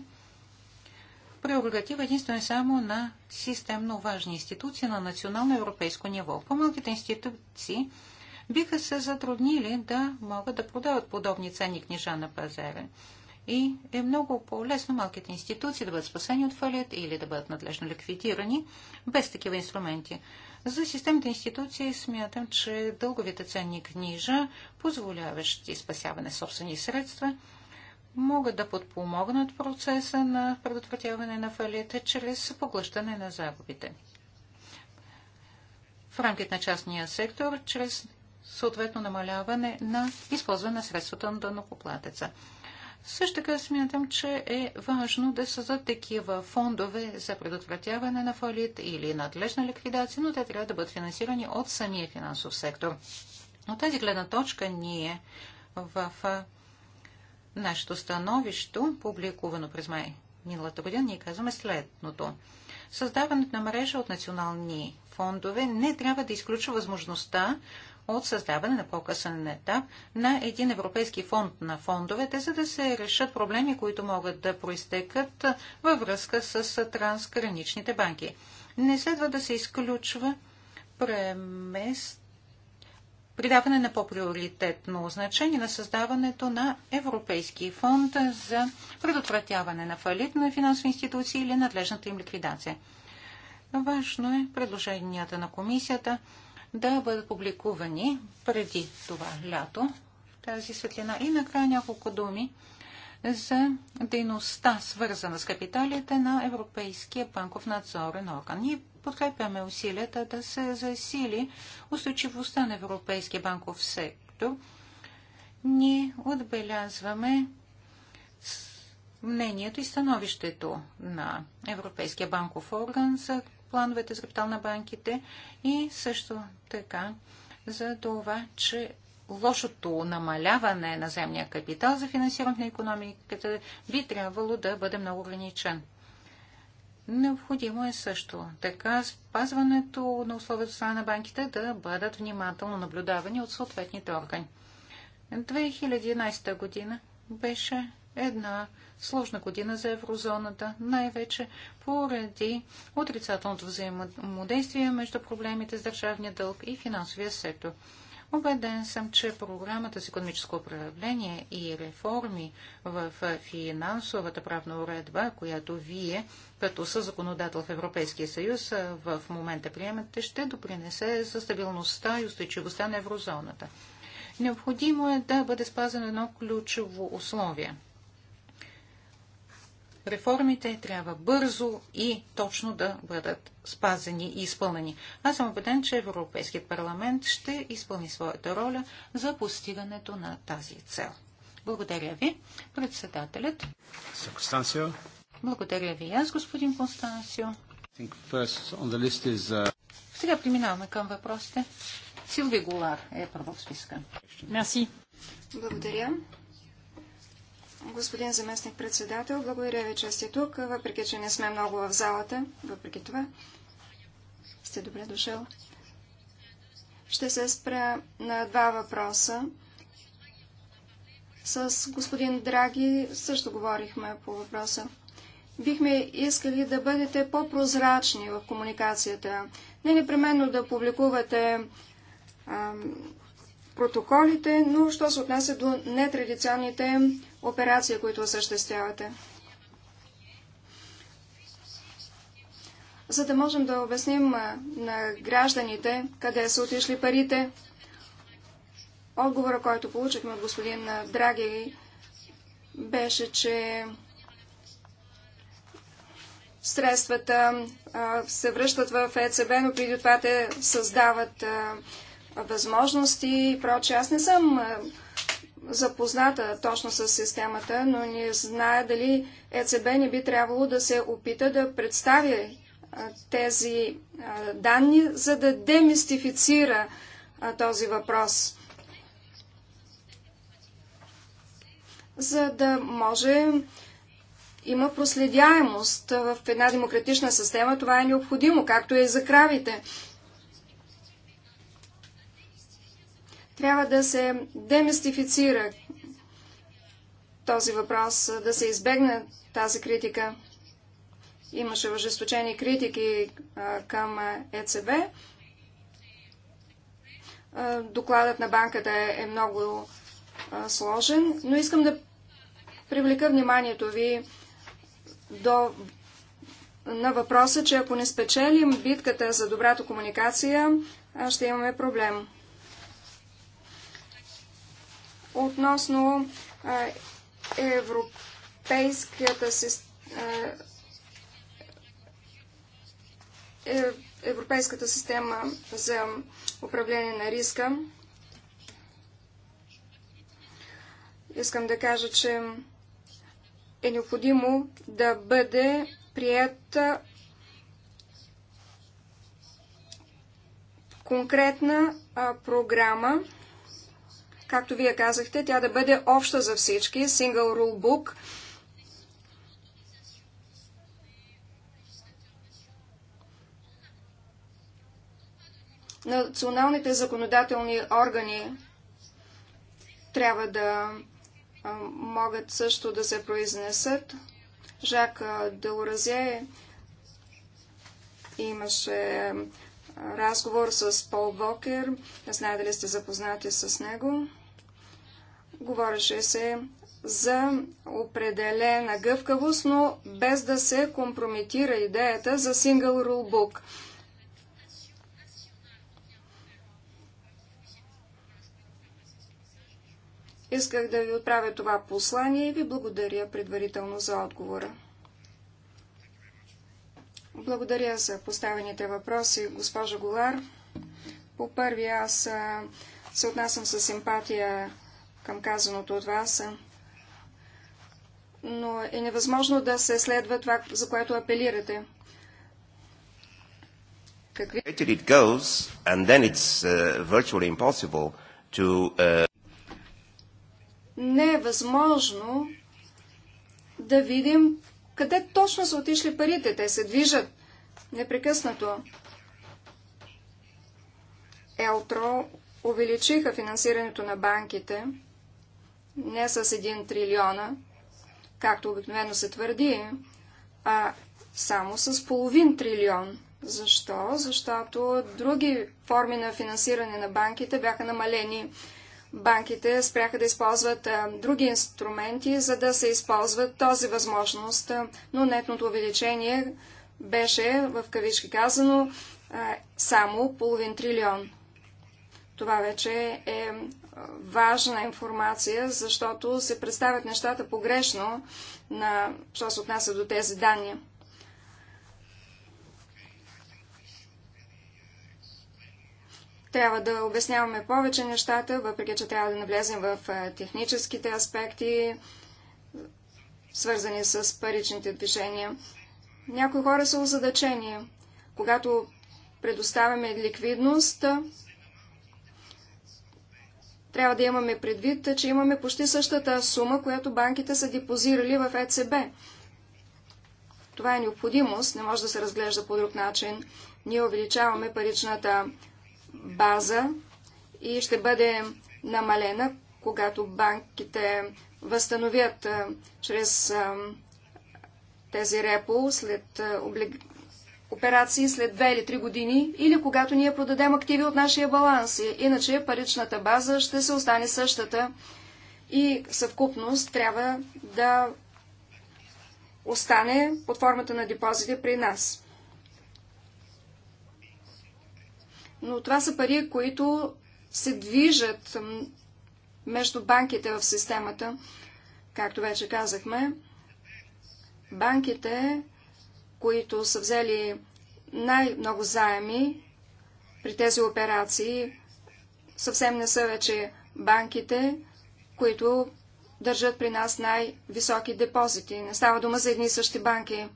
прерогатив единствено и само на системно важни институции на национално европейско ниво. По-малките институции биха се затруднили да могат да продават подобни ценни книжа на пазара и е много по-лесно малките институции да бъдат спасени от фалит или да бъдат надлежно ликвидирани без такива инструменти. За системните институции смятам, че дълговите ценни книжа, позволяващи спасяване собствени средства, могат да подпомогнат процеса на предотвратяване на фалита чрез поглъщане на загубите. В рамките на частния сектор, чрез съответно намаляване на използване на средствата на дънокоплатеца. Също така смятам, че е важно да създадат такива фондове за предотвратяване на фалит или надлежна ликвидация, но те трябва да бъдат финансирани от самия финансов сектор. От тази гледна точка ние в нашето становище, публикувано през май миналата година, ние казваме следното. Създаването на мрежа от национални фондове не трябва да изключва възможността от създаване на по-късен етап на един европейски фонд на фондовете, за да се решат проблеми, които могат да проистекат във връзка с трансграничните банки. Не следва да се изключва премест придаване на по-приоритетно значение на създаването на Европейски фонд за предотвратяване на фалит на финансови институции или надлежната им ликвидация. Важно е предложенията на комисията да бъдат публикувани преди това лято тази светлина. И накрая няколко думи за дейността, свързана с капиталите на Европейския банков надзорен орган. Ние подкрепяме усилията да се засили устойчивостта на Европейския банков сектор. Ние отбелязваме мнението и становището на Европейския банков орган за плановете за капитал на банките и също така за това, че лошото намаляване на земния капитал за финансиране на економиката би трябвало да бъде много ограничен. Необходимо е също така спазването на условията страна на банките да бъдат внимателно наблюдавани от съответните органи. 2011 година беше една сложна година за еврозоната, най-вече поради отрицателното взаимодействие между проблемите с държавния дълг и финансовия сектор. Обеден съм, че програмата с економическо управление и реформи в финансовата правна уредба, която вие, като са законодател в Европейския съюз, в момента приемате, ще допринесе за стабилността и устойчивостта на еврозоната. Необходимо е да бъде спазено едно ключово условие – реформите трябва бързо и точно да бъдат спазени и изпълнени. Аз съм убеден, че Европейският парламент ще изпълни своята роля за постигането на тази цел. Благодаря ви, председателят. Констанцио. Благодаря ви аз, господин Констанцио. Uh, Сега преминаваме към въпросите. Силви Голар е първо в списка. Merci. Благодаря господин заместник председател. Благодаря ви, че сте тук, въпреки че не сме много в залата. Въпреки това, сте добре дошъл. Ще се спра на два въпроса. С господин Драги също говорихме по въпроса. Бихме искали да бъдете по-прозрачни в комуникацията. Не непременно да публикувате протоколите, но що се отнася до нетрадиционните операции, които осъществявате. За да можем да обясним на гражданите къде са отишли парите, отговора, който получихме от господин Драги, беше, че средствата се връщат в ЕЦБ, но преди това те създават възможности и прочее. Аз не съм запозната точно с системата, но не зная дали ЕЦБ не би трябвало да се опита да представи тези данни, за да демистифицира този въпрос. За да може има проследяемост в една демократична система, това е необходимо, както е и за кравите. трябва да се демистифицира този въпрос, да се избегне тази критика. Имаше въжесточени критики към ЕЦБ. докладът на банката е, е много сложен, но искам да привлека вниманието ви до, на въпроса, че ако не спечелим битката за добрата комуникация, ще имаме проблем относно европейската система е, Европейската система за управление на риска. Искам да кажа, че е необходимо да бъде приета конкретна програма както вие казахте, тя да бъде обща за всички, single rule book. Националните законодателни органи трябва да могат също да се произнесат. Жак Делоразе имаше разговор с Пол Вокер. Не знае дали сте запознати с него. Говореше се за определена гъвкавост, но без да се компрометира идеята за сингъл рулбук. Исках да ви отправя това послание и ви благодаря предварително за отговора. Благодаря за поставените въпроси, госпожа Голар. По първи аз се отнасям с симпатия към казаното от вас, но е невъзможно да се следва това, за което апелирате. Какви... Uh, uh, Не е възможно да видим къде точно са отишли парите. Те се движат непрекъснато. Елтро увеличиха финансирането на банките не с 1 трилиона, както обикновено се твърди, а само с половин трилион. Защо? Защото други форми на финансиране на банките бяха намалени. Банките спряха да използват а, други инструменти, за да се използват този възможност, а, но нетното увеличение беше, в кавички казано, а, само половин трилион. Това вече е важна информация, защото се представят нещата погрешно, на, що се отнася до тези данни. Трябва да обясняваме повече нещата, въпреки че трябва да навлезем в техническите аспекти, свързани с паричните движения. Някои хора са озадачени. Когато предоставяме ликвидност, трябва да имаме предвид, че имаме почти същата сума, която банките са депозирали в ЕЦБ. Това е необходимост, не може да се разглежда по друг начин. Ние увеличаваме паричната база и ще бъде намалена, когато банките възстановят чрез тези репо след облиг операции след 2 или 3 години или когато ние продадем активи от нашия баланс. Иначе паричната база ще се остане същата и съвкупност трябва да остане под формата на депозити при нас. Но това са пари, които се движат между банките в системата. Както вече казахме, банките които са взели най-много заеми при тези операции, съвсем не са вече банките, които държат при нас най-високи депозити. Не става дума за едни и същи банки.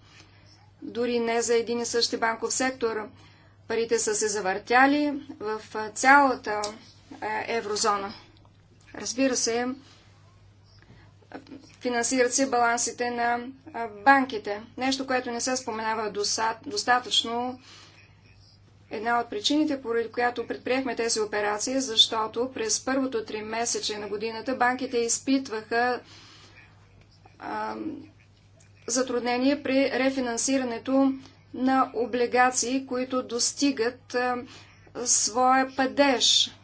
Дори не за един и същи банков сектор. Парите са се завъртяли в цялата еврозона. Разбира се, Финансират се балансите на банките. Нещо, което не се споменава достатъчно. Една от причините, поради която предприехме тези операции, е защото през първото три месече на годината банките изпитваха затруднение при рефинансирането на облигации, които достигат своя падеж.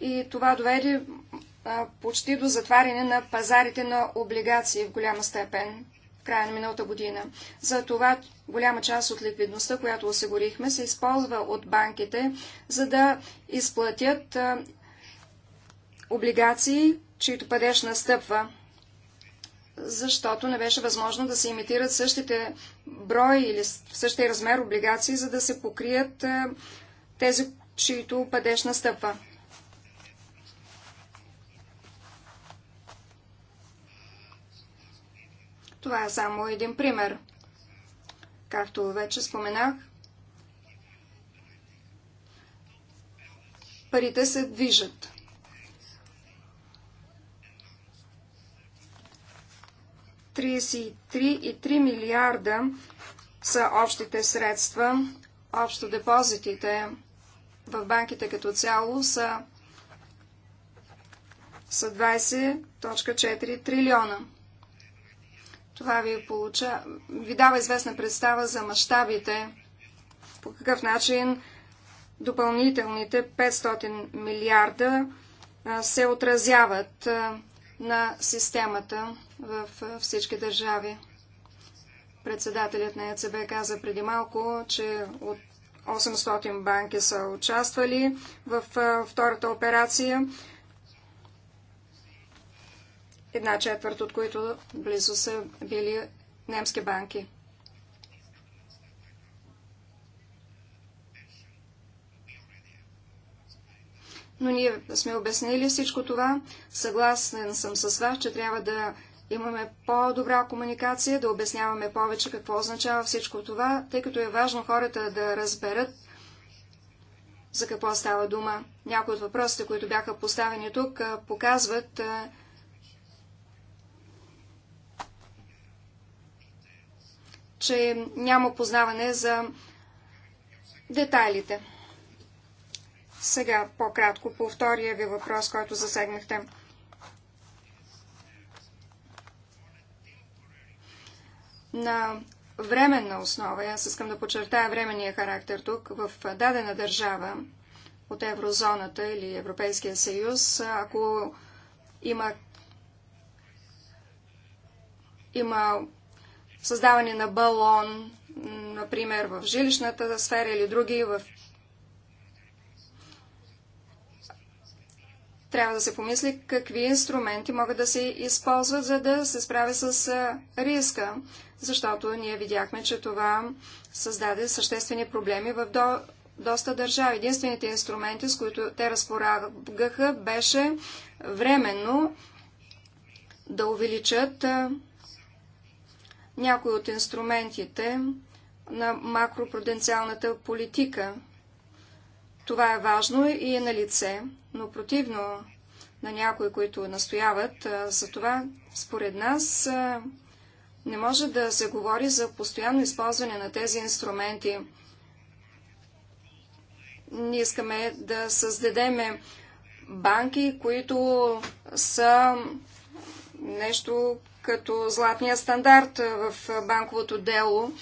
И това доведе почти до затваряне на пазарите на облигации в голяма степен в края на миналата година. За това голяма част от ликвидността, която осигурихме, се използва от банките, за да изплатят облигации, чието падеж настъпва защото не беше възможно да се имитират същите брой или същия размер облигации, за да се покрият тези, чието падеж настъпва. Това е само един пример. Както вече споменах, парите се движат. и 3 милиарда са общите средства, общо депозитите в банките като цяло са, са 20.4 трилиона. Това ви, получа... ви дава известна представа за мащабите, по какъв начин допълнителните 500 милиарда се отразяват на системата в всички държави. Председателят на ЕЦБ каза преди малко, че от 800 банки са участвали в втората операция една четвърт от които близо са били немски банки. Но ние сме обяснили всичко това. Съгласен съм с вас, че трябва да имаме по-добра комуникация, да обясняваме повече какво означава всичко това, тъй като е важно хората да разберат за какво става дума. Някои от въпросите, които бяха поставени тук, показват, че няма познаване за детайлите. Сега по-кратко по втория ви въпрос, който засегнахте. На временна основа, аз искам да подчертая временния характер тук, в дадена държава от еврозоната или Европейския съюз, ако има, има създаване на балон, например в жилищната сфера или други. В... Трябва да се помисли какви инструменти могат да се използват, за да се справи с риска, защото ние видяхме, че това създаде съществени проблеми в до... доста държави. Единствените инструменти, с които те разполагаха, беше временно да увеличат някои от инструментите на макропруденциалната политика. Това е важно и е на лице, но противно на някои, които настояват за това, според нас не може да се говори за постоянно използване на тези инструменти. Ние искаме да създадем банки, които са нещо, като златния стандарт в банковото дело.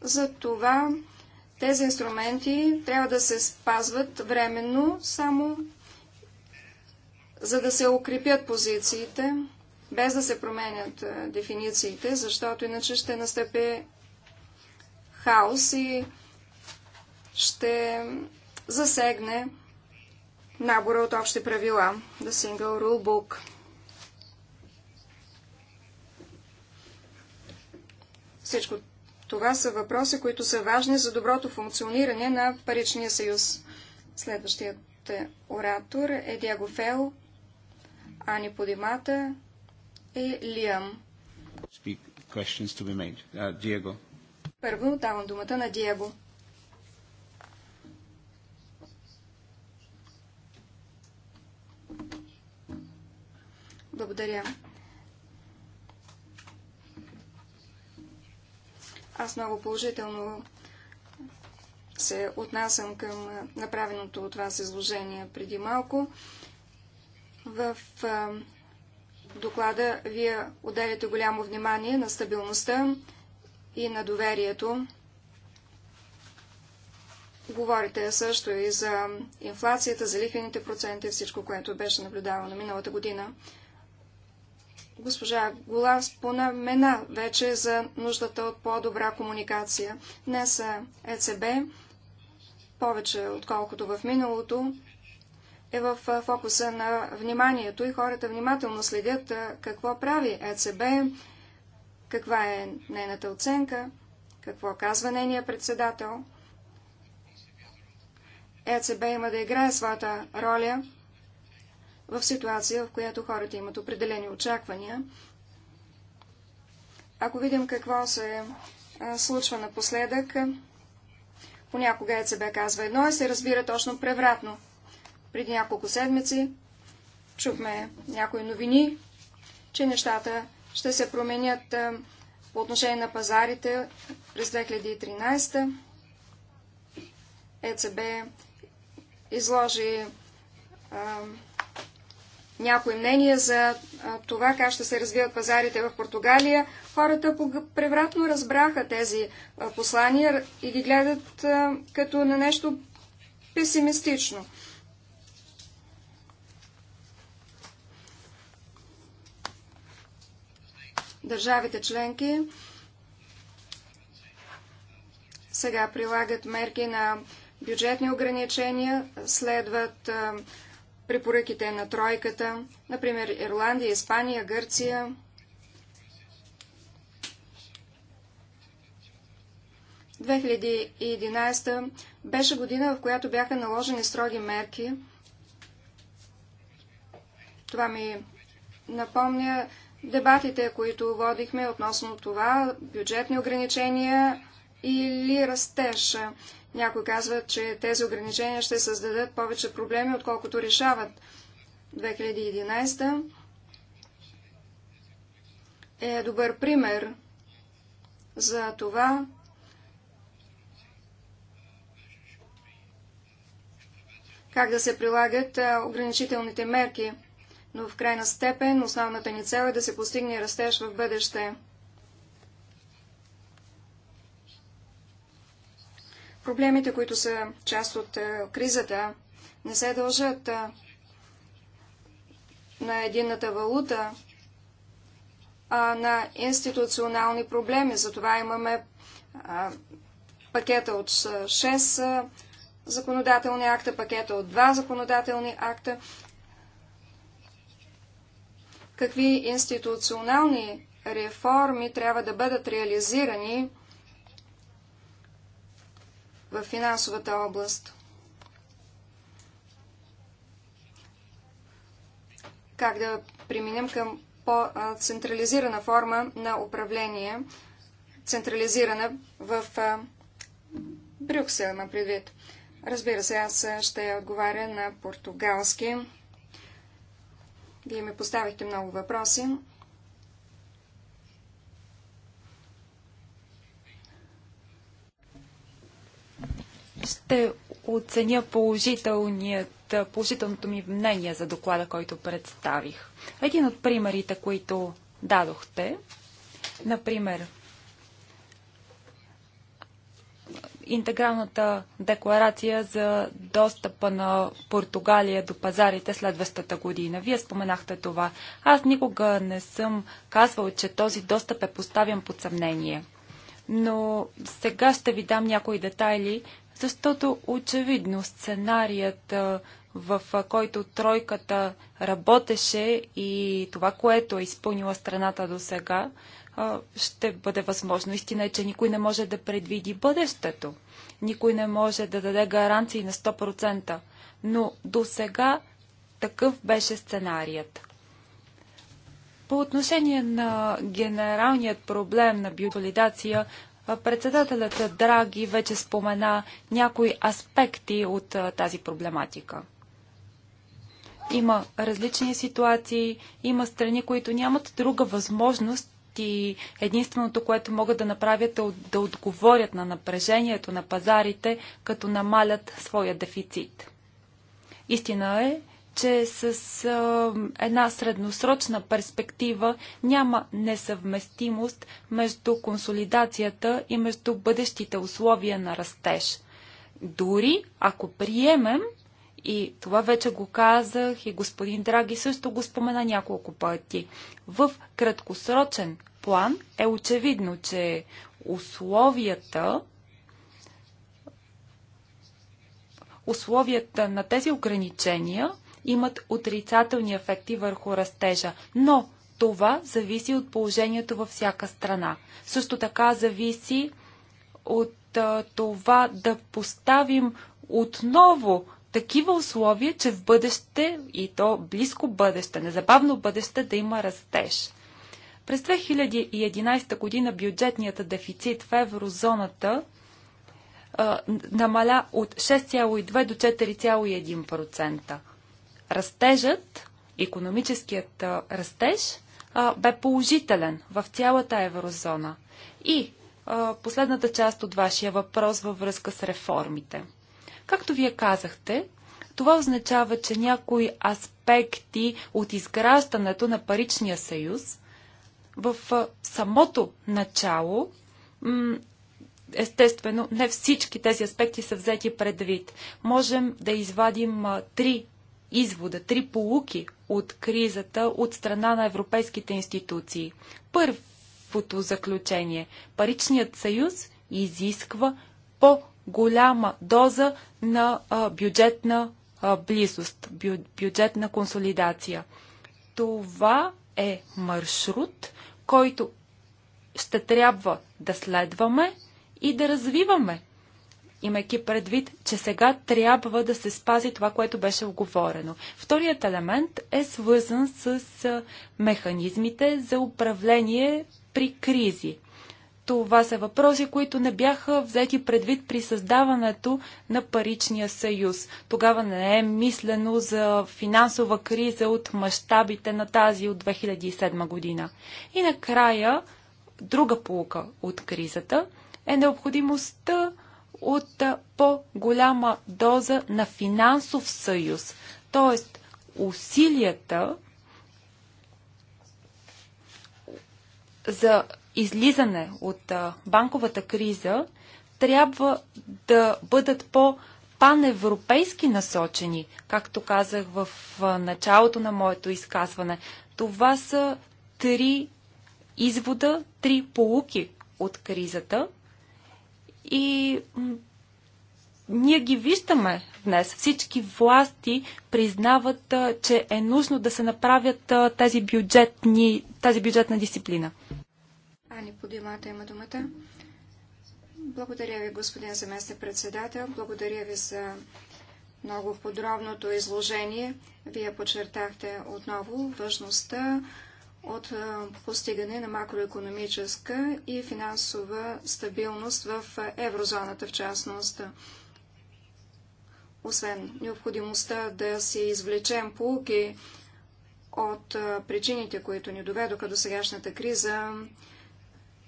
Затова тези инструменти трябва да се спазват временно, само за да се укрепят позициите, без да се променят дефинициите, защото иначе ще настъпи хаос и ще засегне набора от общи правила, The Single Rule Book. Всичко това са въпроси, които са важни за доброто функциониране на паричния съюз. Следващият е оратор е Диаго Фел, Ани Подимата и Лиам. Uh, Първо давам думата на Диаго. Благодаря. Аз много положително се отнасям към направеното от вас изложение преди малко. В а, доклада вие отделяте голямо внимание на стабилността и на доверието. Говорите също и за инфлацията, за лихвените проценти, всичко, което беше наблюдавано миналата година. Госпожа Гола спомена вече за нуждата от по-добра комуникация. Днес ЕЦБ, повече отколкото в миналото, е в фокуса на вниманието и хората внимателно следят какво прави ЕЦБ, каква е нейната оценка, какво казва нейния председател. ЕЦБ има да играе своята роля в ситуация, в която хората имат определени очаквания. Ако видим какво се случва напоследък, понякога ЕЦБ казва едно и е се разбира точно превратно. Преди няколко седмици чухме някои новини, че нещата ще се променят по отношение на пазарите през 2013. ЕЦБ изложи някои мнения за това как ще се развият пазарите в Португалия. Хората превратно разбраха тези послания и ги гледат като на нещо песимистично. Държавите членки сега прилагат мерки на бюджетни ограничения, следват препоръките на тройката, например Ирландия, Испания, Гърция. В 2011 беше година, в която бяха наложени строги мерки. Това ми напомня дебатите, които водихме относно това бюджетни ограничения или растеж. Някой казва, че тези ограничения ще създадат повече проблеми, отколкото решават. 2011 е добър пример за това, как да се прилагат ограничителните мерки, но в крайна степен основната ни цел е да се постигне растеж в бъдеще. Проблемите, които са част от е, кризата, не се дължат е, на единната валута, а на институционални проблеми. Затова имаме пакета от 6 е, законодателни акта, пакета от 2 законодателни акта. Какви институционални реформи трябва да бъдат реализирани – в финансовата област. Как да преминем към по-централизирана форма на управление, централизирана в Брюксел, на предвид. Разбира се, аз ще отговаря на португалски. Вие ми поставихте много въпроси. Ще оценя положителният, положителното ми мнение за доклада, който представих. Един от примерите, които дадохте, например, интегралната декларация за достъпа на Португалия до пазарите следващата година. Вие споменахте това. Аз никога не съм казвал, че този достъп е поставен под съмнение. Но сега ще ви дам някои детайли, защото очевидно сценарият, в който тройката работеше и това, което е изпълнила страната до сега, ще бъде възможно. Истина е, че никой не може да предвиди бъдещето. Никой не може да даде гаранции на 100%. Но до сега такъв беше сценарият. По отношение на генералният проблем на биотолидация. Председателят Драги вече спомена някои аспекти от тази проблематика. Има различни ситуации, има страни, които нямат друга възможност и единственото, което могат да направят е да отговорят на напрежението на пазарите, като намалят своя дефицит. Истина е, че с а, една средносрочна перспектива няма несъвместимост между консолидацията и между бъдещите условия на растеж. Дори ако приемем, и това вече го казах и господин Драги също го спомена няколко пъти, в краткосрочен план е очевидно, че условията условията на тези ограничения имат отрицателни ефекти върху растежа, но това зависи от положението във всяка страна. Също така зависи от а, това да поставим отново такива условия, че в бъдеще и то близко бъдеще, незабавно бъдеще да има растеж. През 2011 година бюджетният дефицит в еврозоната а, намаля от 6,2 до 4,1%. Растежът, економическият растеж, бе положителен в цялата еврозона. И последната част от вашия въпрос във връзка с реформите. Както вие казахте, това означава, че някои аспекти от изграждането на паричния съюз в самото начало, естествено, не всички тези аспекти са взети предвид. Можем да извадим три извода, три полуки от кризата от страна на европейските институции. Първото заключение – паричният съюз изисква по-голяма доза на а, бюджетна а, близост, бю, бюджетна консолидация. Това е маршрут, който ще трябва да следваме и да развиваме имайки предвид, че сега трябва да се спази това, което беше оговорено. Вторият елемент е свързан с механизмите за управление при кризи. Това са въпроси, които не бяха взети предвид при създаването на паричния съюз. Тогава не е мислено за финансова криза от мащабите на тази от 2007 година. И накрая, друга полука от кризата е необходимостта от по-голяма доза на финансов съюз. Тоест, усилията за излизане от банковата криза трябва да бъдат по- паневропейски насочени, както казах в началото на моето изказване. Това са три извода, три полуки от кризата – и ние ги виждаме днес. Всички власти признават, че е нужно да се направят тази, бюджетни, тази бюджетна дисциплина. Ани подимата има думата. Благодаря ви, господин заместник председател. Благодаря ви за много подробното изложение. Вие подчертахте отново важността от постигане на макроекономическа и финансова стабилност в еврозоната в частност. Освен необходимостта да си извлечем полуки от причините, които ни доведоха до сегашната криза,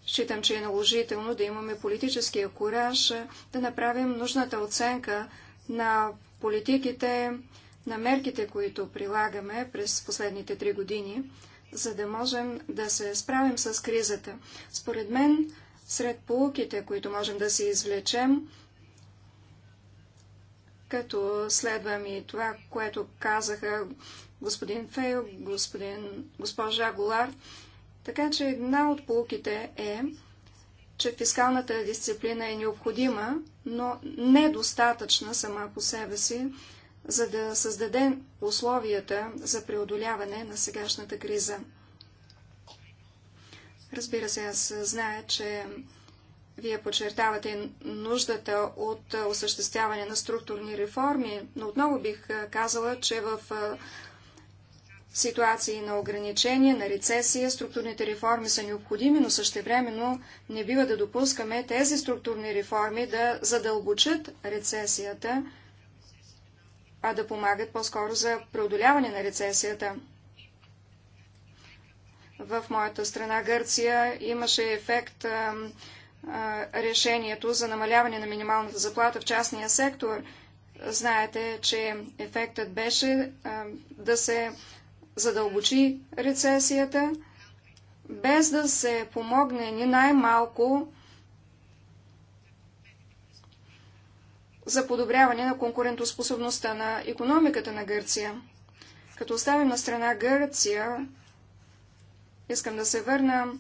считам, че е наложително да имаме политическия кураж да направим нужната оценка на политиките, на мерките, които прилагаме през последните три години, за да можем да се справим с кризата. Според мен, сред полуките, които можем да се извлечем, като следвам и това, което казаха господин Фейл, господин, госпожа Голар. Така че една от полуките е, че фискалната дисциплина е необходима, но недостатъчна сама по себе си, за да създаде условията за преодоляване на сегашната криза. Разбира се, аз зная, че вие подчертавате нуждата от осъществяване на структурни реформи, но отново бих казала, че в ситуации на ограничения, на рецесия, структурните реформи са необходими, но същевременно не бива да допускаме тези структурни реформи да задълбочат рецесията а да помагат по-скоро за преодоляване на рецесията. В моята страна Гърция имаше ефект а, а, решението за намаляване на минималната заплата в частния сектор. Знаете, че ефектът беше а, да се задълбочи рецесията, без да се помогне ни най-малко за подобряване на конкурентоспособността на економиката на Гърция. Като оставим на страна Гърция, искам да се върна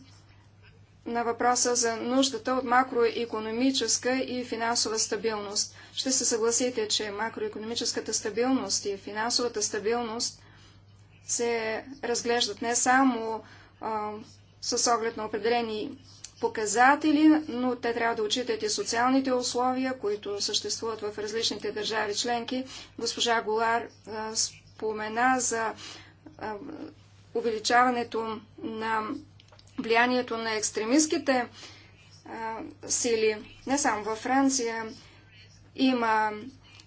на въпроса за нуждата от макроекономическа и финансова стабилност. Ще се съгласите, че макроекономическата стабилност и финансовата стабилност се разглеждат не само а, с оглед на определени показатели, но те трябва да отчитат и социалните условия, които съществуват в различните държави членки. Госпожа Голар спомена за увеличаването на влиянието на екстремистските сили. Не само във Франция има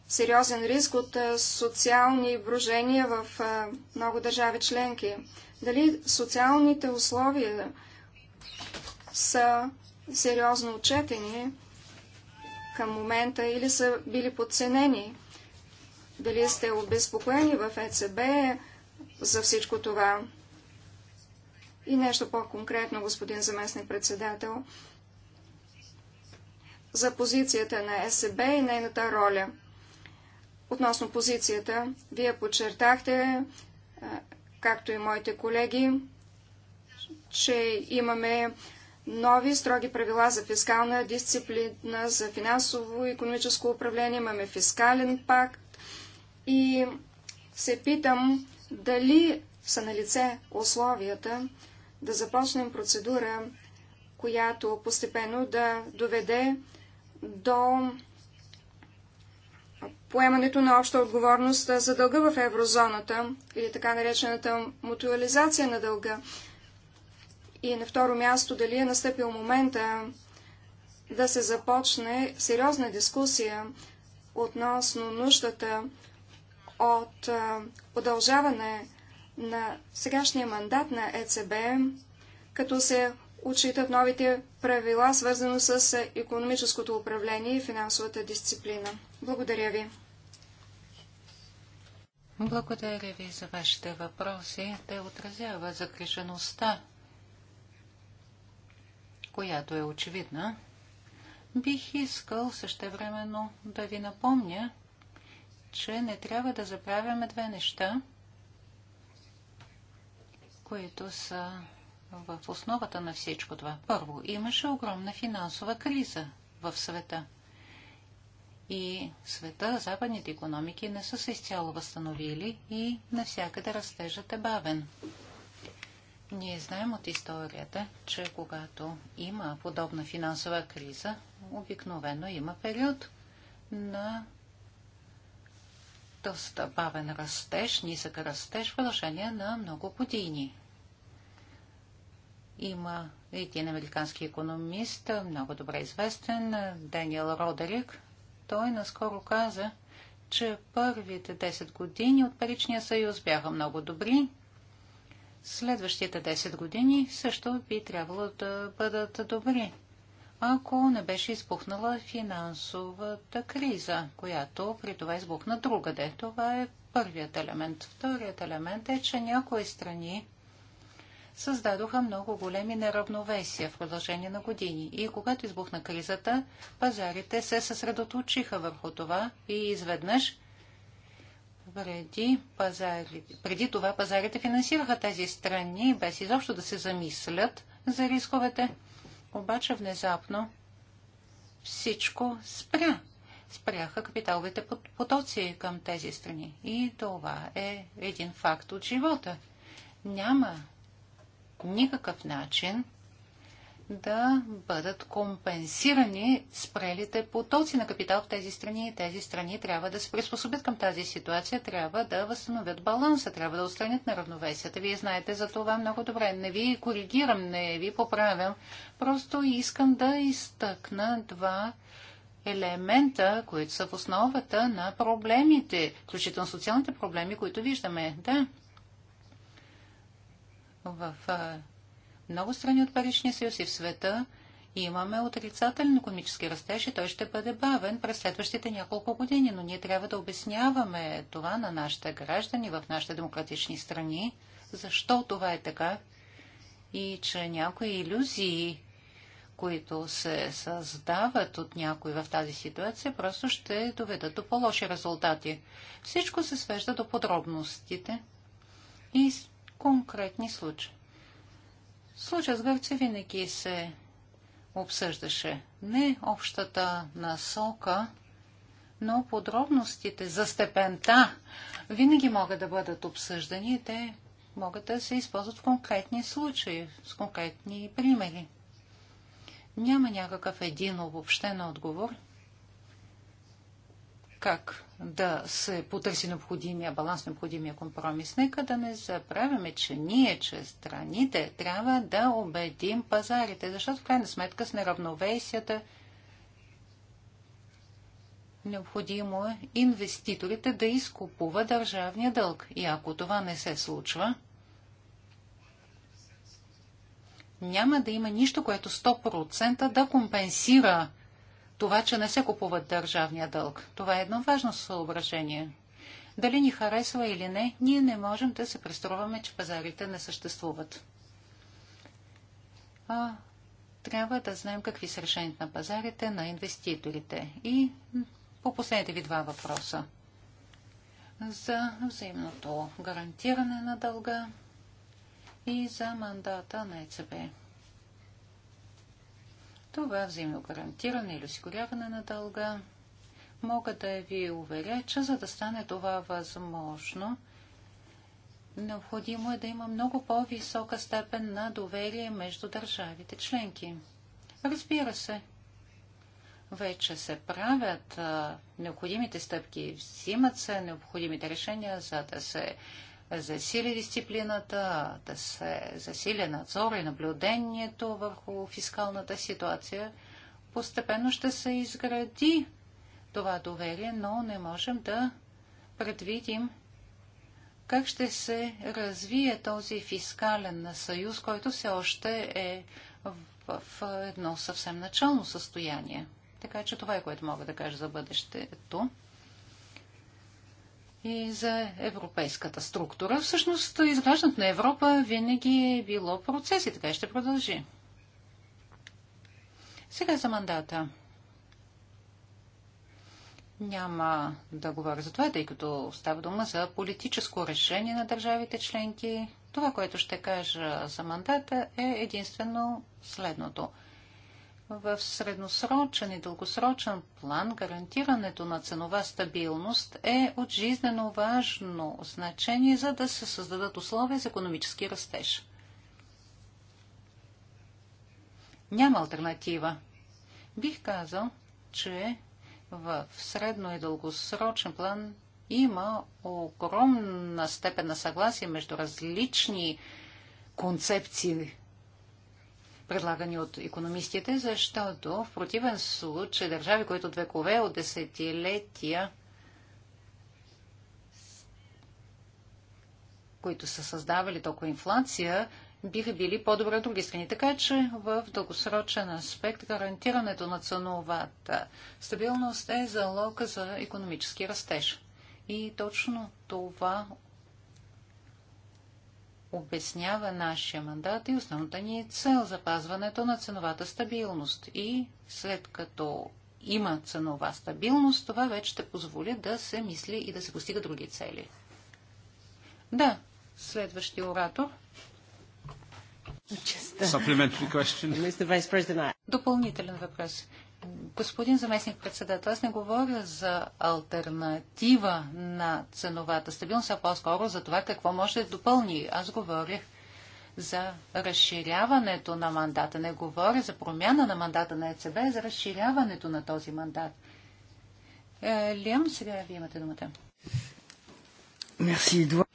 сериозен риск от социални брожения в много държави членки. Дали социалните условия са сериозно отчетени към момента или са били подценени. Дали сте обезпокоени в ЕЦБ за всичко това? И нещо по-конкретно, господин заместник председател, за позицията на ЕСБ и нейната роля. Относно позицията, вие подчертахте, както и моите колеги, че имаме нови строги правила за фискална дисциплина, за финансово и економическо управление, имаме фискален пакт и се питам дали са на лице условията да започнем процедура, която постепенно да доведе до поемането на обща отговорност за дълга в еврозоната или така наречената мутуализация на дълга. И на второ място, дали е настъпил момента да се започне сериозна дискусия относно нуждата от удължаване на сегашния мандат на ЕЦБ, като се отчитат новите правила, свързано с економическото управление и финансовата дисциплина. Благодаря ви. Благодаря ви за вашите въпроси. Те отразяват загрижеността която е очевидна, бих искал същевременно да ви напомня, че не трябва да забравяме две неща, които са в основата на всичко това. Първо, имаше огромна финансова криза в света. И света, западните економики не са се изцяло възстановили и навсякъде растежът е бавен. Ние знаем от историята, че когато има подобна финансова криза, обикновено има период на доста бавен растеж, нисък растеж в продължение на много години. Има един американски економист, много добре известен, Даниел Родерик. Той наскоро каза, че първите 10 години от Паричния съюз бяха много добри, следващите 10 години също би трябвало да бъдат добри, ако не беше изпухнала финансовата криза, която при това избухна другаде. Това е първият елемент. Вторият елемент е, че някои страни създадоха много големи неравновесия в продължение на години. И когато избухна кризата, пазарите се съсредоточиха върху това и изведнъж – преди, пазари, преди това пазарите финансираха тези страни, без изобщо да се замислят за рисковете. Обаче внезапно всичко спря. Спряха капиталовите потоци към тези страни. И това е един факт от живота. Няма никакъв начин да бъдат компенсирани спрелите потоци на капитал в тези страни и тези страни трябва да се приспособят към тази ситуация, трябва да възстановят баланса, трябва да устранят неравновесията. Вие знаете за това много добре. Не ви коригирам, не ви поправям. Просто искам да изтъкна два елемента, които са в основата на проблемите, включително социалните проблеми, които виждаме. Да. В много страни от Паричния съюз и в света имаме отрицателен економически растеж и той ще бъде бавен през следващите няколко години, но ние трябва да обясняваме това на нашите граждани в нашите демократични страни, защо това е така и че някои иллюзии, които се създават от някой в тази ситуация, просто ще доведат до по-лоши резултати. Всичко се свежда до подробностите и конкретни случаи. Случай с Гърция винаги се обсъждаше не общата насока, но подробностите за степента винаги могат да бъдат обсъждани и те могат да се използват в конкретни случаи, с конкретни примери. Няма някакъв един обобщен отговор – как да се потърси необходимия баланс, необходимия компромис. Нека да не забравяме, че ние, че страните, трябва да убедим пазарите, защото в крайна сметка с неравновесията необходимо е инвеститорите да изкупува държавния дълг. И ако това не се случва, няма да има нищо, което 100% да компенсира това, че не се купуват държавния дълг. Това е едно важно съображение. Дали ни харесва или не, ние не можем да се преструваме, че пазарите не съществуват. А, трябва да знаем какви са решенията на пазарите, на инвеститорите. И по последните ви два въпроса. За взаимното гарантиране на дълга и за мандата на ЕЦБ. Това взаимно гарантиране или осигуряване на дълга. Мога да ви уверя, че за да стане това възможно, необходимо е да има много по-висока степен на доверие между държавите членки. Разбира се, вече се правят а, необходимите стъпки, взимат се необходимите решения, за да се засили дисциплината, да се засили надзор и наблюдението върху фискалната ситуация, постепенно ще се изгради това доверие, но не можем да предвидим как ще се развие този фискален съюз, който все още е в, в едно съвсем начално състояние. Така че това е което мога да кажа за бъдещето и за европейската структура. Всъщност, изграждането на Европа винаги е било процес и така ще продължи. Сега за мандата. Няма да говоря за това, тъй като става дума за политическо решение на държавите членки. Това, което ще кажа за мандата е единствено следното – в средносрочен и дългосрочен план гарантирането на ценова стабилност е от жизнено важно значение, за да се създадат условия за економически растеж. Няма альтернатива. Бих казал, че в средно и дългосрочен план има огромна степен на съгласие между различни концепции предлагани от економистите, защото в противен случай държави, които от векове, от десетилетия, които са създавали толкова инфлация, биха били по-добре от други страни. Така че в дългосрочен аспект гарантирането на ценовата стабилност е залог за економически растеж. И точно това обяснява нашия мандат и основната ни е цел запазването на ценовата стабилност. И след като има ценова стабилност, това вече ще позволи да се мисли и да се постига други цели. Да, следващия оратор. Допълнителен въпрос. Господин заместник председател, аз не говоря за альтернатива на ценовата стабилност, а по-скоро за това какво може да допълни. Аз говорих за разширяването на мандата. Не говоря за промяна на мандата на ЕЦБ, а за разширяването на този мандат. Е, Лиам, сега вие имате думата. Мерси, Едуар.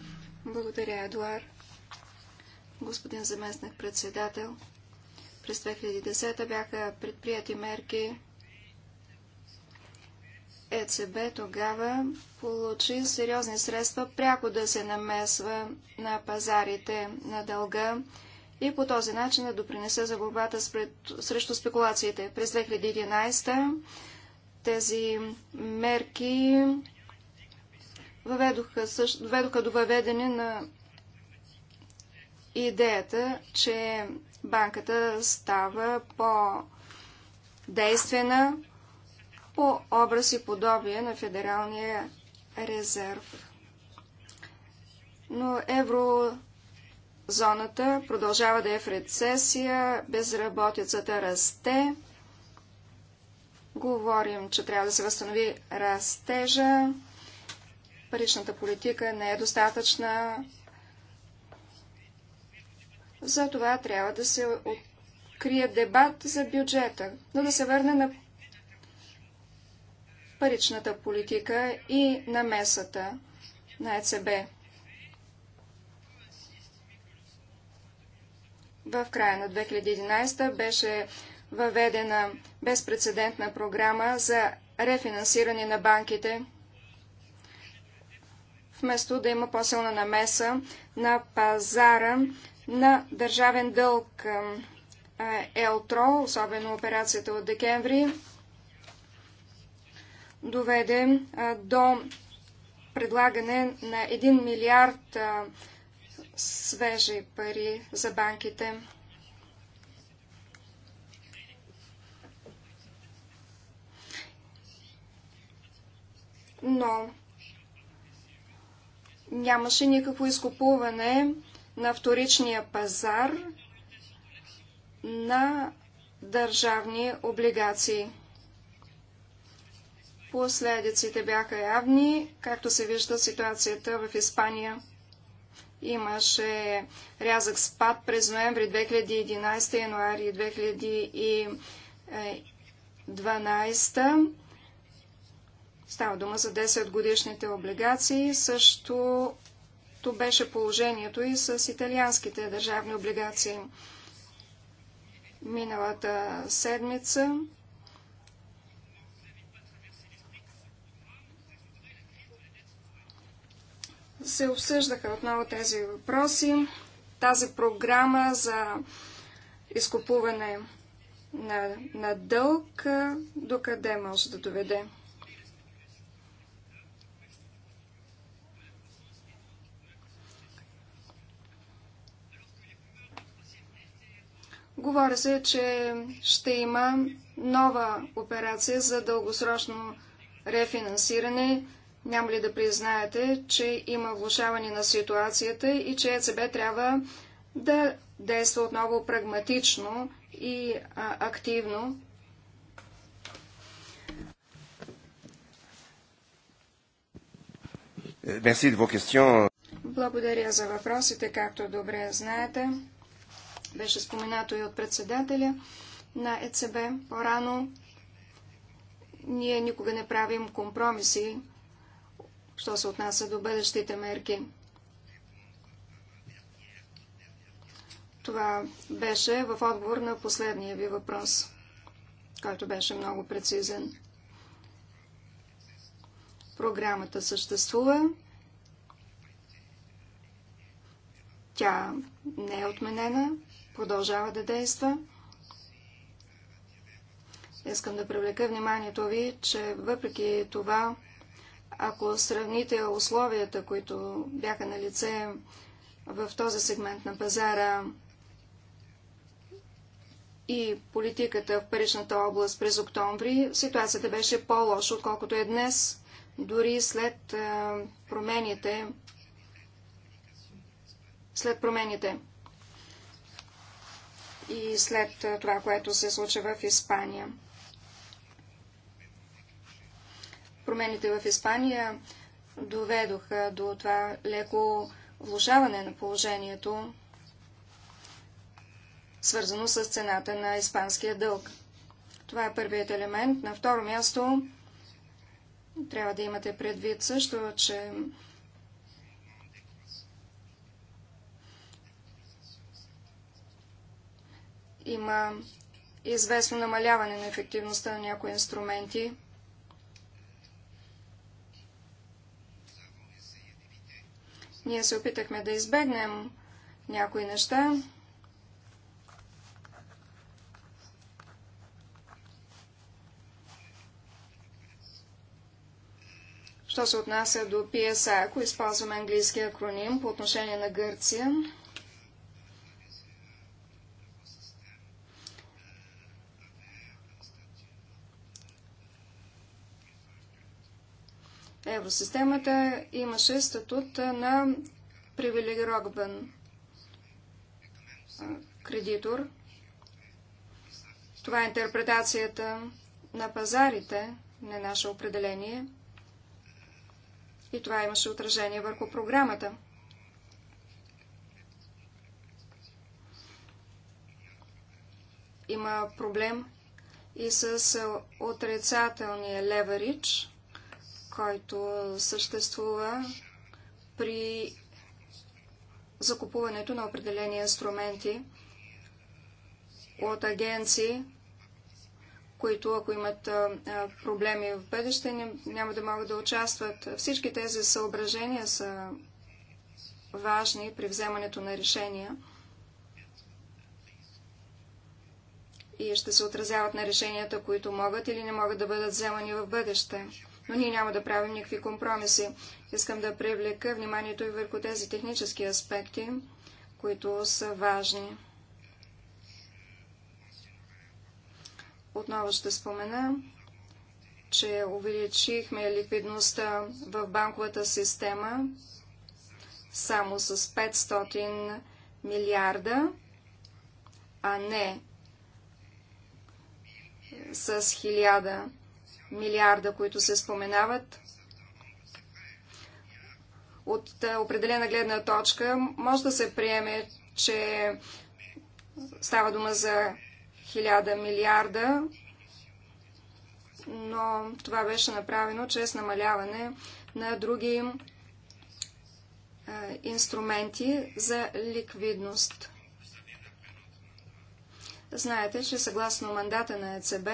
Благодаря, Едуар. Господин заместник председател, през 2010 бяха предприяти мерки ЕЦБ тогава получи сериозни средства пряко да се намесва на пазарите на дълга и по този начин да допринесе за борбата срещу спекулациите. През 2011 тези мерки въведоха, също, доведоха до въведене на идеята, че банката става по-действена, по образ и подобие на Федералния резерв. Но еврозоната продължава да е в рецесия, безработицата расте. Говорим, че трябва да се възстанови растежа. Паричната политика не е достатъчна. За това трябва да се открие дебат за бюджета. Но да се върне на паричната политика и намесата на ЕЦБ. В края на 2011 беше въведена безпредседентна програма за рефинансиране на банките, вместо да има по-силна намеса на пазара на държавен дълг. Елтро, особено операцията от декември, доведе до предлагане на 1 милиард свежи пари за банките. Но нямаше никакво изкупуване на вторичния пазар на държавни облигации. Последиците бяха явни, както се вижда ситуацията в Испания. Имаше рязък спад през ноември 2011, януари 2012. Става дума за 10 годишните облигации. Също то беше положението и с италианските държавни облигации. Миналата седмица се обсъждаха отново тези въпроси. Тази програма за изкупуване на, на дълг, докъде може да доведе? Говори се, че ще има нова операция за дългосрочно рефинансиране няма ли да признаете, че има влушаване на ситуацията и че ЕЦБ трябва да действа отново прагматично и а, активно? Благодаря за въпросите, както добре знаете. Беше споменато и от председателя на ЕЦБ по-рано. Ние никога не правим компромиси що се отнася до бъдещите мерки. Това беше в отговор на последния ви въпрос, който беше много прецизен. Програмата съществува. Тя не е отменена, продължава да действа. Искам да привлека вниманието ви, че въпреки това ако сравните условията, които бяха на лице в този сегмент на пазара и политиката в паричната област през октомври, ситуацията беше по-лоша, отколкото е днес, дори след промените. След промените и след това, което се случва в Испания. промените в Испания доведоха до това леко влушаване на положението, свързано с цената на испанския дълг. Това е първият елемент. На второ място трябва да имате предвид също, че има известно намаляване на ефективността на някои инструменти. Ние се опитахме да избегнем някои неща. Що се отнася до PSA, ако използваме английския акроним по отношение на Гърция, евросистемата имаше статут на привилегирован кредитор. Това е интерпретацията на пазарите, не наше определение. И това имаше отражение върху програмата. Има проблем и с отрицателния леверидж – който съществува при закупуването на определени инструменти от агенции, които ако имат проблеми в бъдеще, няма да могат да участват. Всички тези съображения са важни при вземането на решения и ще се отразяват на решенията, които могат или не могат да бъдат вземани в бъдеще но ние няма да правим никакви компромиси. Искам да привлека вниманието и върху тези технически аспекти, които са важни. Отново ще спомена, че увеличихме ликвидността в банковата система само с 500 милиарда, а не с 1000 милиарда, които се споменават, от е, определена гледна точка може да се приеме, че става дума за хиляда милиарда, но това беше направено чрез намаляване на други е, инструменти за ликвидност. Знаете, че съгласно мандата на ЕЦБ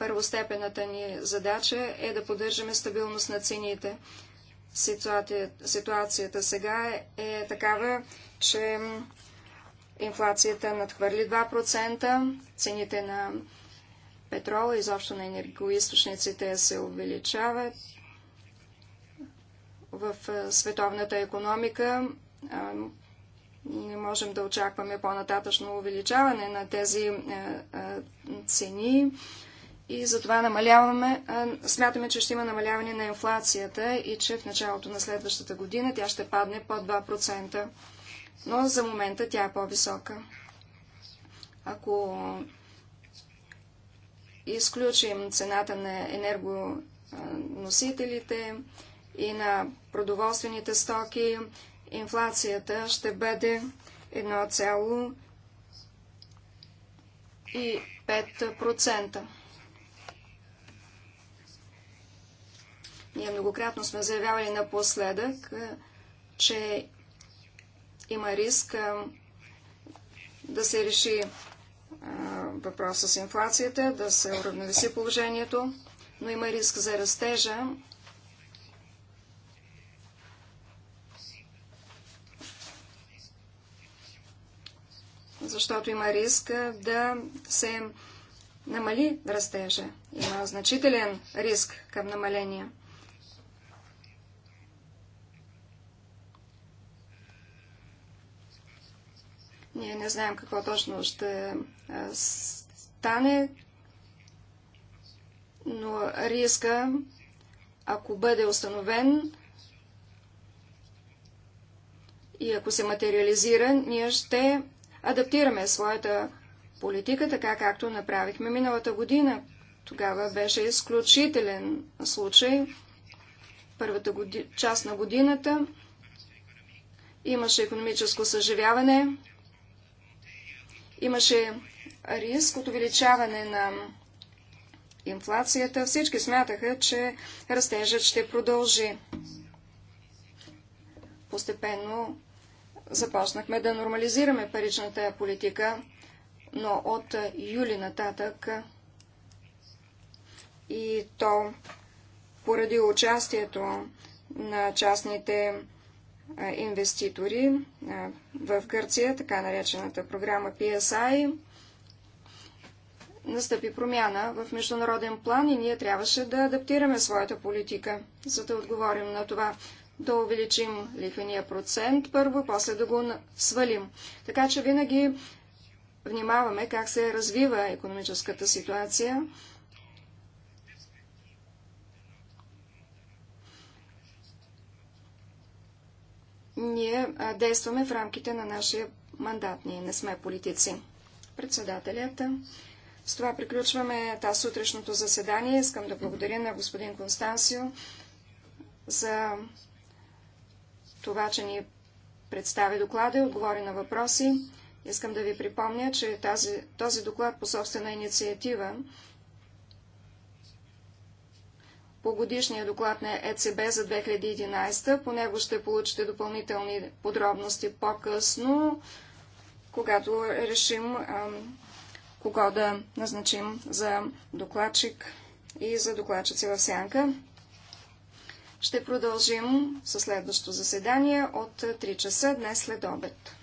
Първостепената ни задача е да поддържаме стабилност на цените. Ситуацията, ситуацията сега е такава, че инфлацията надхвърли 2%, цените на петрола, изобщо на енергоисточниците се увеличават. В световната економика не можем да очакваме по-нататъчно увеличаване на тези цени и затова намаляваме, смятаме, че ще има намаляване на инфлацията и че в началото на следващата година тя ще падне по 2%, но за момента тя е по-висока. Ако изключим цената на енергоносителите и на продоволствените стоки, инфлацията ще бъде 1,5%. Ние многократно сме заявявали напоследък, че има риск да се реши въпроса с инфлацията, да се уравновеси положението, но има риск за растежа. Защото има риск да се намали растежа. Има значителен риск към намаление. Ние не знаем какво точно ще стане, но риска, ако бъде установен и ако се материализира, ние ще адаптираме своята политика, така както направихме миналата година. Тогава беше изключителен случай. Първата годи... част на годината имаше економическо съживяване, Имаше риск от увеличаване на инфлацията. Всички смятаха, че растежът ще продължи. Постепенно започнахме да нормализираме паричната политика, но от юли нататък и то поради участието на частните инвеститори в Гърция, така наречената програма PSI, настъпи промяна в международен план и ние трябваше да адаптираме своята политика, за да отговорим на това. Да увеличим лихвения процент първо, после да го свалим. Така че винаги внимаваме как се развива економическата ситуация ние действаме в рамките на нашия мандат. Ние не сме политици. Председателят. С това приключваме тази сутрешното заседание. Искам да благодаря на господин Констансио за това, че ни представи доклада и отговори на въпроси. Искам да ви припомня, че тази, този доклад по собствена инициатива по годишния доклад на ЕЦБ за 2011. По него ще получите допълнителни подробности по-късно, когато решим кого да назначим за докладчик и за докладчици в сянка. Ще продължим със следващото заседание от 3 часа днес след обед.